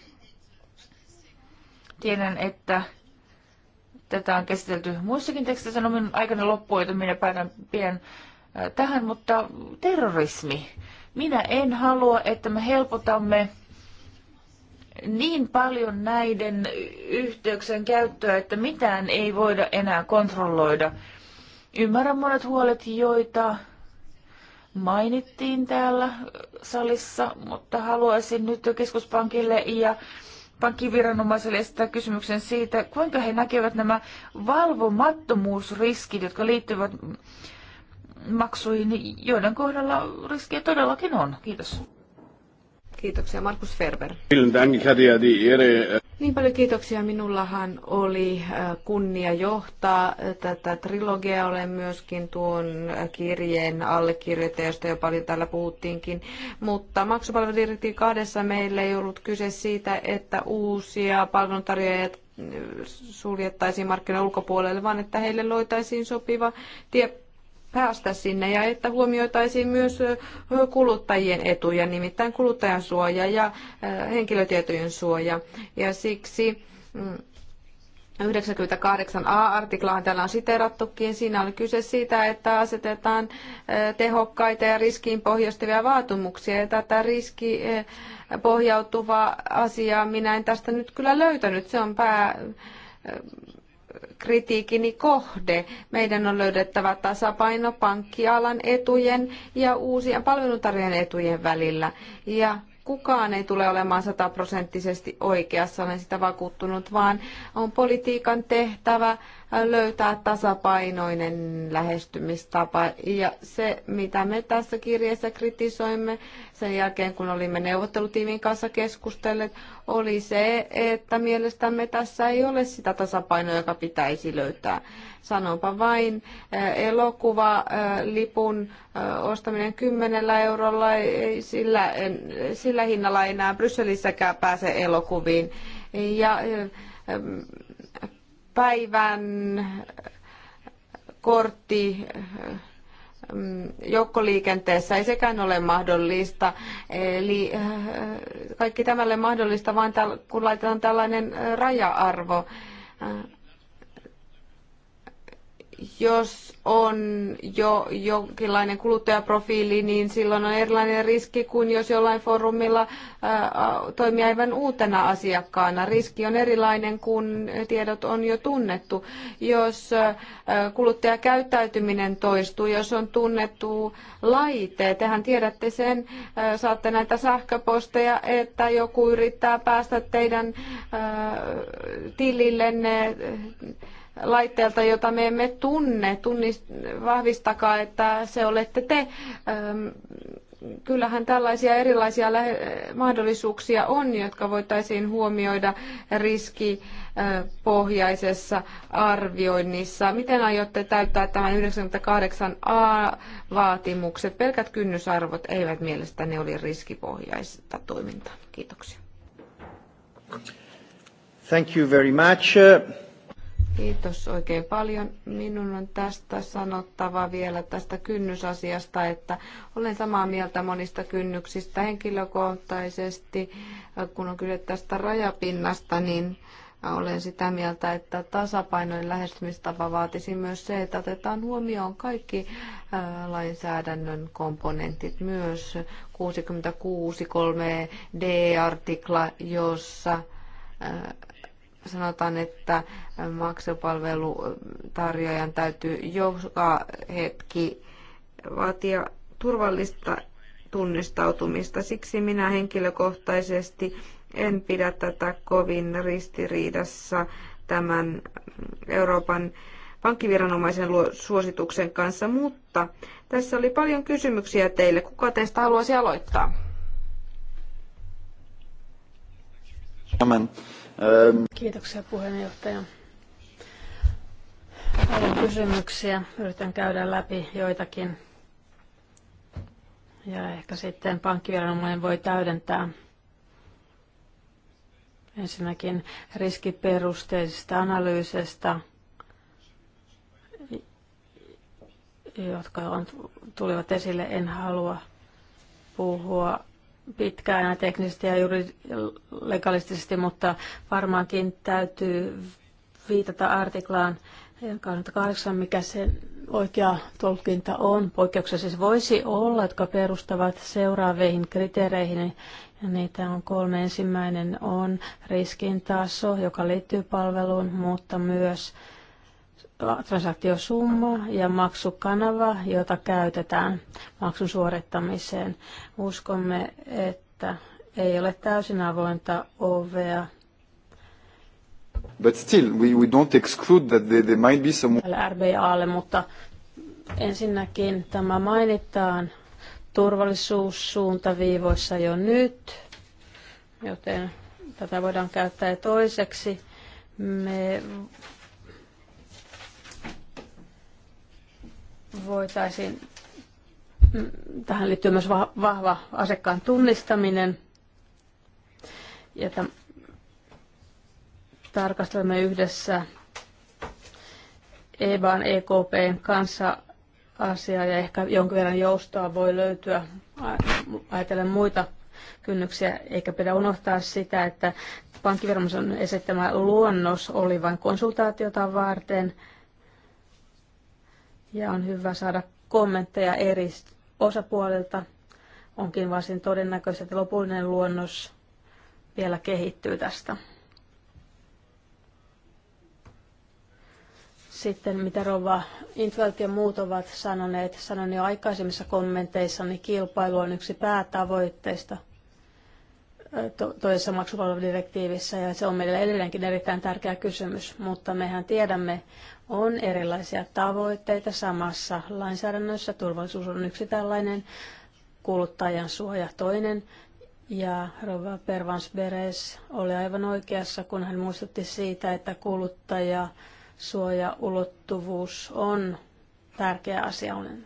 Tiedän, että Tätä on käsitelty muissakin teksteissä, no minun aikana loppuu, joten minä päätän pian äh, tähän, mutta terrorismi. Minä en halua, että me helpotamme niin paljon näiden yhteyksien käyttöä, että mitään ei voida enää kontrolloida. Ymmärrän monet huolet, joita mainittiin täällä salissa, mutta haluaisin nyt keskuspankille ja pankkiviranomaiselle esittää kysymyksen siitä, kuinka he näkevät nämä valvomattomuusriskit, jotka liittyvät maksuihin, joiden kohdalla riskejä todellakin on. Kiitos. Kiitoksia, Markus Ferber. Äh, niin paljon kiitoksia. Minullahan oli äh, kunnia johtaa äh, tätä trilogiaa. Olen myöskin tuon kirjeen josta jo paljon täällä puhuttiinkin. Mutta maksupalveludirektiivi kahdessa meillä ei ollut kyse siitä, että uusia palveluntarjoajia suljettaisiin markkinoiden ulkopuolelle, vaan että heille loitaisiin sopiva tie päästä sinne ja että huomioitaisiin myös kuluttajien etuja, nimittäin kuluttajan suoja ja henkilötietojen suoja. Ja siksi 98a-artiklaahan mm, täällä on siteerattukin. Siinä oli kyse siitä, että asetetaan tehokkaita ja riskiin pohjastavia vaatimuksia. Ja tätä riski pohjautuvaa asiaa minä en tästä nyt kyllä löytänyt. Se on pää kritiikini kohde. Meidän on löydettävä tasapaino pankkialan etujen ja uusien palveluntarjoajien etujen välillä. Ja kukaan ei tule olemaan sataprosenttisesti oikeassa, olen sitä vakuuttunut, vaan on politiikan tehtävä löytää tasapainoinen lähestymistapa. Ja se, mitä me tässä kirjassa kritisoimme sen jälkeen, kun olimme neuvottelutiimin kanssa keskustelleet, oli se, että mielestämme tässä ei ole sitä tasapainoa, joka pitäisi löytää. Sanonpa vain, eh, elokuva, eh, lipun eh, ostaminen kymmenellä eurolla, sillä, sillä hinnalla ei enää Brysselissäkään pääse elokuviin. Ja päivän kortti mm, joukkoliikenteessä ei sekään ole mahdollista. Eli eh, kaikki tämälle mahdollista vain kun laitetaan tällainen eh, raja-arvo. Eh, jos on jo jonkinlainen kuluttajaprofiili, niin silloin on erilainen riski kuin jos jollain foorumilla toimii aivan uutena asiakkaana. Riski on erilainen, kun tiedot on jo tunnettu. Jos kuluttajakäyttäytyminen toistuu, jos on tunnettu laite, tehän tiedätte sen, saatte näitä sähköposteja, että joku yrittää päästä teidän tilillenne laitteelta, jota me emme tunne. Tunnist, vahvistakaa, että se olette te. Kyllähän tällaisia erilaisia mahdollisuuksia on, jotka voitaisiin huomioida riskipohjaisessa arvioinnissa. Miten aiotte täyttää tämän 98a-vaatimukset? Pelkät kynnysarvot eivät mielestäni ole riskipohjaista toimintaa. Kiitoksia. Thank you very much. Kiitos oikein paljon. Minun on tästä sanottava vielä tästä kynnysasiasta, että olen samaa mieltä monista kynnyksistä henkilökohtaisesti. Kun on kyse tästä rajapinnasta, niin olen sitä mieltä, että tasapainoinen lähestymistapa vaatisi myös se, että otetaan huomioon kaikki lainsäädännön komponentit, myös 66.3d-artikla, jossa sanotaan, että maksupalvelutarjoajan täytyy joka hetki vaatia turvallista tunnistautumista. Siksi minä henkilökohtaisesti en pidä tätä kovin ristiriidassa tämän Euroopan pankkiviranomaisen suosituksen kanssa, mutta tässä oli paljon kysymyksiä teille. Kuka teistä haluaisi aloittaa? Amen. Ähm, Kiitoksia puheenjohtaja. Paljon kysymyksiä. Yritän käydä läpi joitakin. Ja ehkä sitten pankkiviranomainen voi täydentää ensinnäkin riskiperusteisista analyyseista, jotka on, tulivat esille. En halua puhua pitkään ja teknisesti ja juuri legalistisesti, mutta varmaankin täytyy viitata artiklaan 28, mikä sen oikea tulkinta on. Poikkeuksia siis voisi olla, jotka perustavat seuraaviin kriteereihin, ja niitä on kolme. Ensimmäinen on riskin taso, joka liittyy palveluun, mutta myös transaktiosumma ja maksukanava, jota käytetään maksun suorittamiseen. Uskomme, että ei ole täysin avointa ovea. But still, we, we don't exclude that there, there might be some... RBAlle, mutta ensinnäkin tämä mainitaan turvallisuussuuntaviivoissa jo nyt, joten tätä voidaan käyttää toiseksi. Me voitaisiin, mm, tähän liittyy myös vahva asekkaan tunnistaminen. Ja tämän, tarkastelemme yhdessä EBAn EKPn kanssa asiaa ja ehkä jonkin verran joustoa voi löytyä ajatellen muita kynnyksiä, eikä pidä unohtaa sitä, että pankkiviranomaisen esittämä luonnos oli vain konsultaatiota varten – ja on hyvä saada kommentteja eri osapuolilta. Onkin varsin todennäköistä, että lopullinen luonnos vielä kehittyy tästä. Sitten mitä Rova Intvelt ja muut ovat sanoneet, sanon jo aikaisemmissa kommenteissa, niin kilpailu on yksi päätavoitteista toisessa maksupalveludirektiivissä ja se on meille edelleenkin erittäin tärkeä kysymys, mutta mehän tiedämme on erilaisia tavoitteita samassa lainsäädännössä. Turvallisuus on yksi tällainen, kuluttajan suoja toinen. Ja Rova Pervans Beres oli aivan oikeassa, kun hän muistutti siitä, että kuluttaja suojaulottuvuus on tärkeä asia. Olen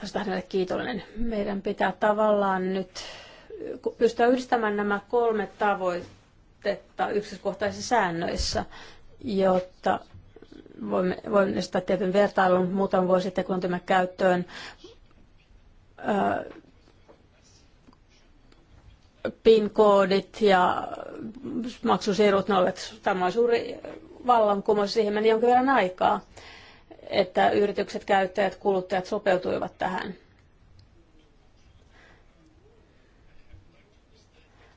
tästä hänelle kiitollinen. Meidän pitää tavallaan nyt pystyä yhdistämään nämä kolme tavoitetta yksityiskohtaisissa säännöissä jotta voimme, voimme estää tietyn vertailun muutaman vuosi sitten, kun otimme käyttöön PIN-koodit ja maksusirut, no, tämä on suuri vallankumous, siihen meni jonkin verran aikaa, että yritykset, käyttäjät, kuluttajat sopeutuivat tähän.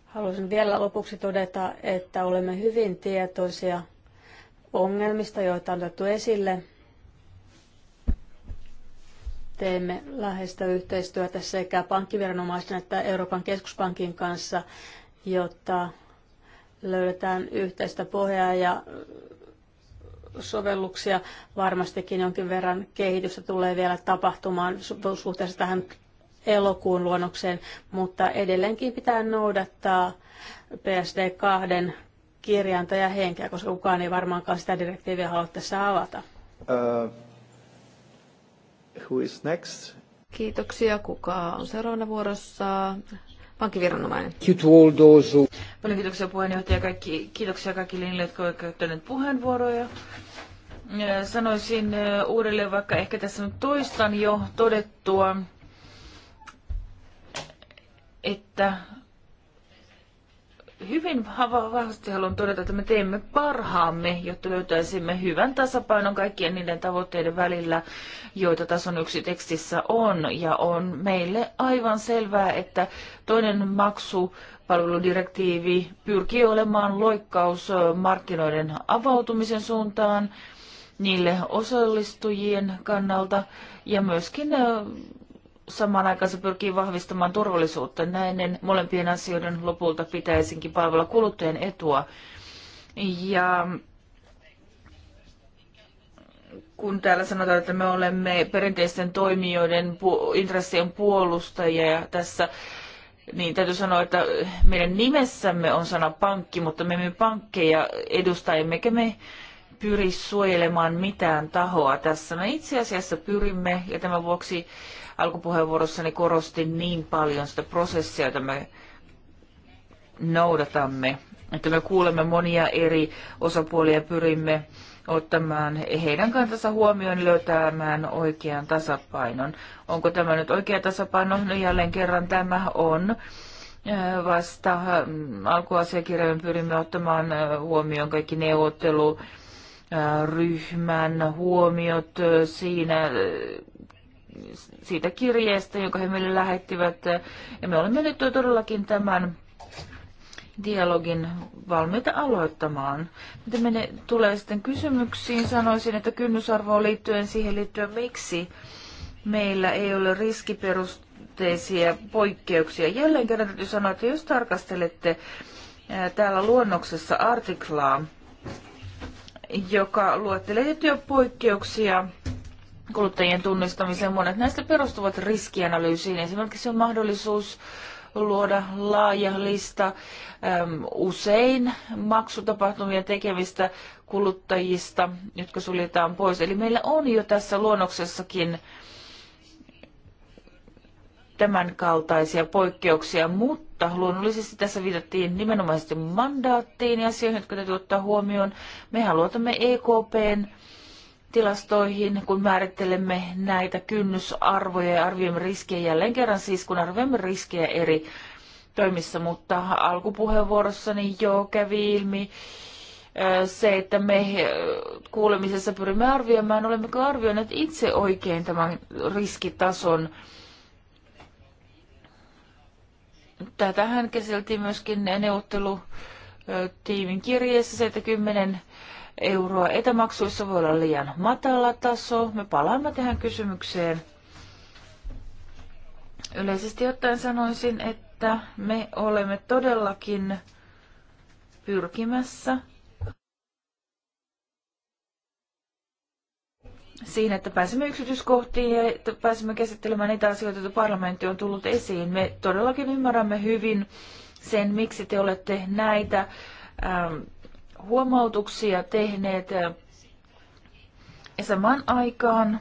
Haluaisin vielä lopuksi todeta, että olemme hyvin tietoisia – ongelmista, joita on otettu esille. Teemme läheistä yhteistyötä sekä pankkiviranomaisten että Euroopan keskuspankin kanssa, jotta löydetään yhteistä pohjaa ja sovelluksia. Varmastikin jonkin verran kehitystä tulee vielä tapahtumaan suhteessa tähän elokuun luonnokseen, mutta edelleenkin pitää noudattaa PSD2 kirjainta ja henkeä, koska kukaan ei varmaankaan sitä direktiiviä halua tässä avata. Uh, who is next? Kiitoksia. Kuka on seuraavana vuorossa? Pankkiviranomainen. Paljon kiitoksia puheenjohtaja. Kaikki, kiitoksia kaikille niille, jotka ovat käyttäneet puheenvuoroja. Sanoisin e, uudelleen, vaikka ehkä tässä nyt toistan jo todettua, että hyvin vahvasti haluan todeta, että me teemme parhaamme, jotta löytäisimme hyvän tasapainon kaikkien niiden tavoitteiden välillä, joita tason yksi tekstissä on. Ja on meille aivan selvää, että toinen maksu palveludirektiivi pyrkii olemaan loikkaus markkinoiden avautumisen suuntaan niille osallistujien kannalta ja myöskin samaan aikaan se pyrkii vahvistamaan turvallisuutta. Näiden molempien asioiden lopulta pitäisinkin palvella kuluttajan etua. Ja kun täällä sanotaan, että me olemme perinteisten toimijoiden pu- intressien puolustajia tässä, niin täytyy sanoa, että meidän nimessämme on sana pankki, mutta me emme pankkeja edusta, emmekä me pyri suojelemaan mitään tahoa tässä. Me itse asiassa pyrimme, ja tämän vuoksi alkupuheenvuorossani korostin niin paljon sitä prosessia, jota me noudatamme, että me kuulemme monia eri osapuolia ja pyrimme ottamaan heidän kantansa huomioon löytämään oikean tasapainon. Onko tämä nyt oikea tasapaino? No jälleen kerran tämä on vasta mm, alkuasiakirjojen pyrimme ottamaan huomioon kaikki neuvotteluryhmän ryhmän huomiot siinä siitä kirjeestä, jonka he meille lähettivät. Ja me olemme nyt todellakin tämän dialogin valmiita aloittamaan. Mitä menee, tulee sitten kysymyksiin, sanoisin, että kynnysarvoon liittyen siihen liittyen, miksi meillä ei ole riskiperusteisia poikkeuksia. Jälleen kerran täytyy sanoa, että jos tarkastelette täällä luonnoksessa artiklaa, joka luettelee tiettyjä poikkeuksia kuluttajien tunnistamiseen. Monet näistä perustuvat riskianalyysiin. Esimerkiksi on mahdollisuus luoda laaja lista äm, usein maksutapahtumia tekevistä kuluttajista, jotka suljetaan pois. Eli meillä on jo tässä luonnoksessakin tämän kaltaisia poikkeuksia, mutta luonnollisesti tässä viitattiin nimenomaisesti mandaattiin ja asioihin, jotka täytyy ottaa huomioon. Me luotamme EKPn tilastoihin, kun määrittelemme näitä kynnysarvoja ja arvioimme riskejä jälleen kerran siis, kun arvioimme riskejä eri toimissa, mutta alkupuheenvuorossani jo kävi ilmi se, että me kuulemisessa pyrimme arvioimaan, olemmeko arvioineet itse oikein tämän riskitason. Tätähän käsiteltiin myöskin neuvottelutiimin kirjeessä se, että kymmenen euroa etämaksuissa voi olla liian matala taso. Me palaamme tähän kysymykseen. Yleisesti ottaen sanoisin, että me olemme todellakin pyrkimässä siinä, että pääsemme yksityiskohtiin ja että pääsemme käsittelemään niitä asioita, joita parlamentti on tullut esiin. Me todellakin ymmärrämme hyvin sen, miksi te olette näitä ähm, huomautuksia tehneet. Äh, saman aikaan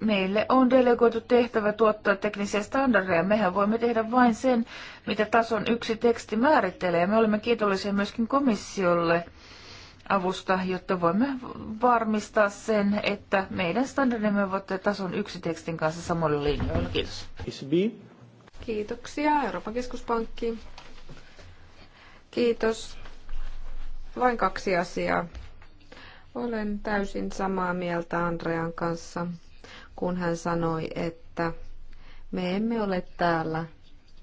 meille on delegoitu tehtävä tuottaa teknisiä standardeja. Mehän voimme tehdä vain sen, mitä tason yksi teksti määrittelee. Me olemme kiitollisia myöskin komissiolle avusta, jotta voimme varmistaa sen, että meidän standardimme ovat tason yksi tekstin kanssa samoilla linjoilla. Kiitos. Kiitoksia. Euroopan keskuspankki. Kiitos. Vain kaksi asiaa. Olen täysin samaa mieltä Andrean kanssa, kun hän sanoi, että me emme ole täällä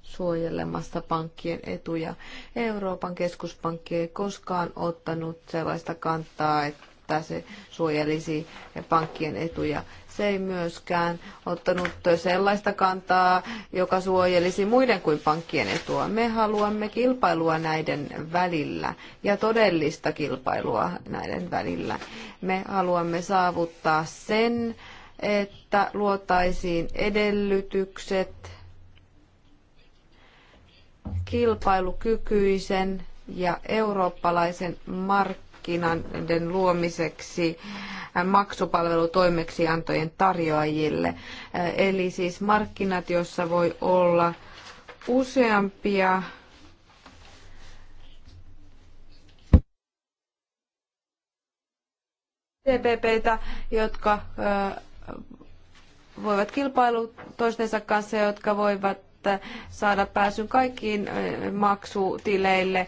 suojelemassa pankkien etuja. Euroopan keskuspankki ei koskaan ottanut sellaista kantaa, että se suojelisi pankkien etuja. Se ei myöskään ottanut sellaista kantaa, joka suojelisi muiden kuin pankkien etua. Me haluamme kilpailua näiden välillä ja todellista kilpailua näiden välillä. Me haluamme saavuttaa sen, että luotaisiin edellytykset kilpailukykyisen ja eurooppalaisen markkinoiden markkinoiden luomiseksi äh, maksupalvelutoimeksiantojen tarjoajille. Äh, eli siis markkinat, joissa voi olla useampia CPPtä, äh, jotka voivat kilpailu toistensa kanssa, jotka voivat saada pääsyn kaikkiin maksutileille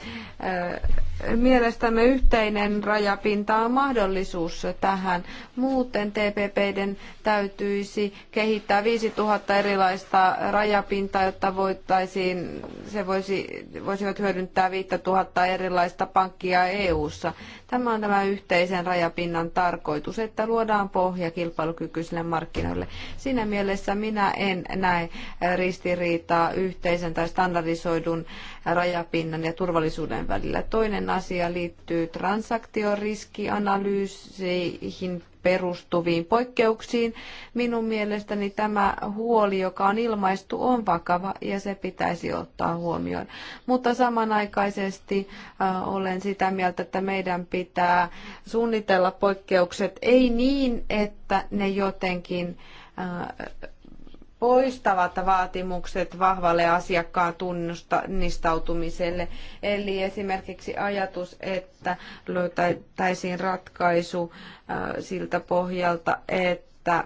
Mielestämme yhteinen rajapinta on mahdollisuus tähän. Muuten TPPiden täytyisi kehittää 5000 erilaista rajapintaa, jotta voitaisiin, se voisi, voisivat hyödyntää 5000 erilaista pankkia EU-ssa. Tämä on tämä yhteisen rajapinnan tarkoitus, että luodaan pohja kilpailukykyisille markkinoille. Siinä mielessä minä en näe ristiriitaa yhteisen tai standardisoidun rajapinnan ja turvallisuuden välillä. Toinen asia liittyy transaktioriskianalyyseihin perustuviin poikkeuksiin. Minun mielestäni tämä huoli, joka on ilmaistu, on vakava ja se pitäisi ottaa huomioon. Mutta samanaikaisesti äh, olen sitä mieltä, että meidän pitää suunnitella poikkeukset ei niin, että ne jotenkin äh, poistavat vaatimukset vahvalle asiakkaan tunnistautumiselle. Eli esimerkiksi ajatus, että löytäisiin ratkaisu äh, siltä pohjalta, että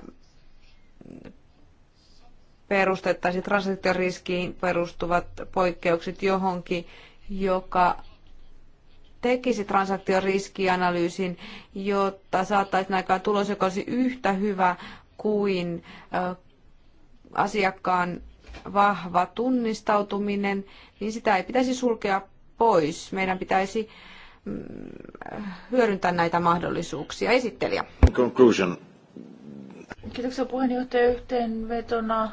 perustettaisiin transaktioriskiin perustuvat poikkeukset johonkin, joka tekisi transaktioriskianalyysin, jotta saataisiin aikaan tulos, joka olisi yhtä hyvä kuin äh, asiakkaan vahva tunnistautuminen, niin sitä ei pitäisi sulkea pois. Meidän pitäisi mm, hyödyntää näitä mahdollisuuksia. Esittelijä. Conclusion. Kiitoksia puheenjohtaja yhteenvetona.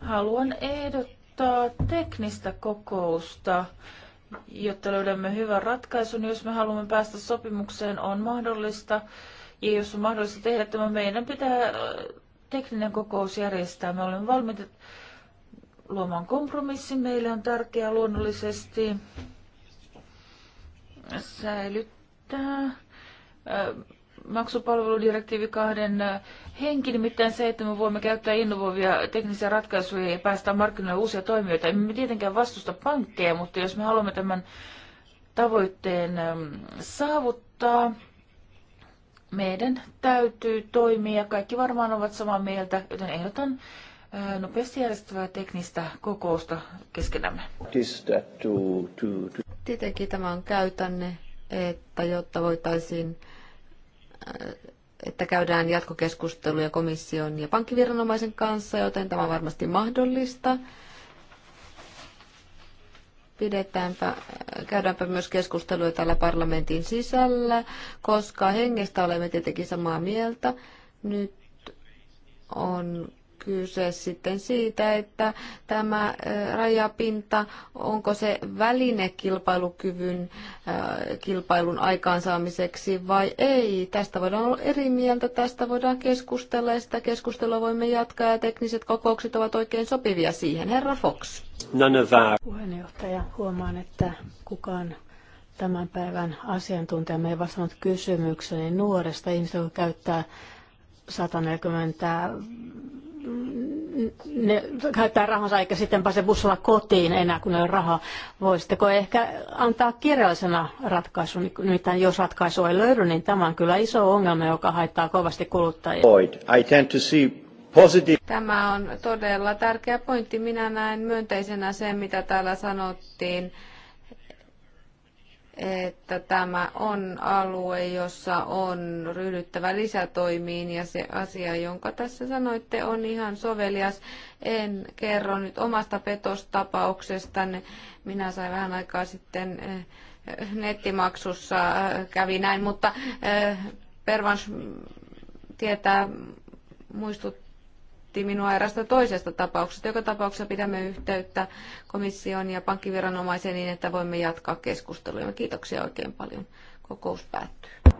Haluan ehdottaa teknistä kokousta, jotta löydämme hyvän ratkaisun. Jos me haluamme päästä sopimukseen, on mahdollista. Ja jos on mahdollista tehdä tämä, meidän pitää tekninen kokous järjestää. Me olemme valmiita luomaan kompromissi. Meille on tärkeää luonnollisesti säilyttää maksupalveludirektiivi kahden henki, nimittäin se, että me voimme käyttää innovoivia teknisiä ratkaisuja ja päästä markkinoille uusia toimijoita. Emme tietenkään vastusta pankkeja, mutta jos me haluamme tämän tavoitteen saavuttaa, meidän täytyy toimia. Kaikki varmaan ovat samaa mieltä, joten ehdotan äh, nopeasti järjestävää teknistä kokousta keskenämme. Tietenkin tämä on käytänne, että jotta voitaisiin äh, että käydään jatkokeskusteluja komission ja pankkiviranomaisen kanssa, joten tämä on varmasti mahdollista pidetäänpä, käydäänpä myös keskustelua täällä parlamentin sisällä, koska hengestä olemme tietenkin samaa mieltä. Nyt on kyse sitten siitä, että tämä rajapinta, onko se väline kilpailukyvyn kilpailun aikaansaamiseksi vai ei. Tästä voidaan olla eri mieltä, tästä voidaan keskustella ja sitä keskustelua voimme jatkaa ja tekniset kokoukset ovat oikein sopivia siihen. Herra Fox. No niin, Puheenjohtaja, huomaan, että kukaan tämän päivän asiantuntijamme ei vastannut kysymykseen nuoresta ihmistä, joka käyttää 140 ne käyttää rahansa eikä sitten pääse bussilla kotiin enää, kun ei ole rahaa. Voisitteko ehkä antaa kirjallisena ratkaisun? Nimittäin jos ratkaisu ei löydy, niin tämä on kyllä iso ongelma, joka haittaa kovasti kuluttajia. I tend to see positive. Tämä on todella tärkeä pointti. Minä näen myönteisenä sen, mitä täällä sanottiin että tämä on alue, jossa on ryhdyttävä lisätoimiin ja se asia, jonka tässä sanoitte, on ihan sovelias. En kerro nyt omasta petostapauksesta. Minä sain vähän aikaa sitten eh, nettimaksussa eh, kävi näin, mutta eh, Pervans tietää muistuttaa muistutti minua erästä toisesta tapauksesta. Joka tapauksessa pidämme yhteyttä komission ja pankkiviranomaisen niin, että voimme jatkaa keskustelua. Kiitoksia oikein paljon. Kokous päättyy.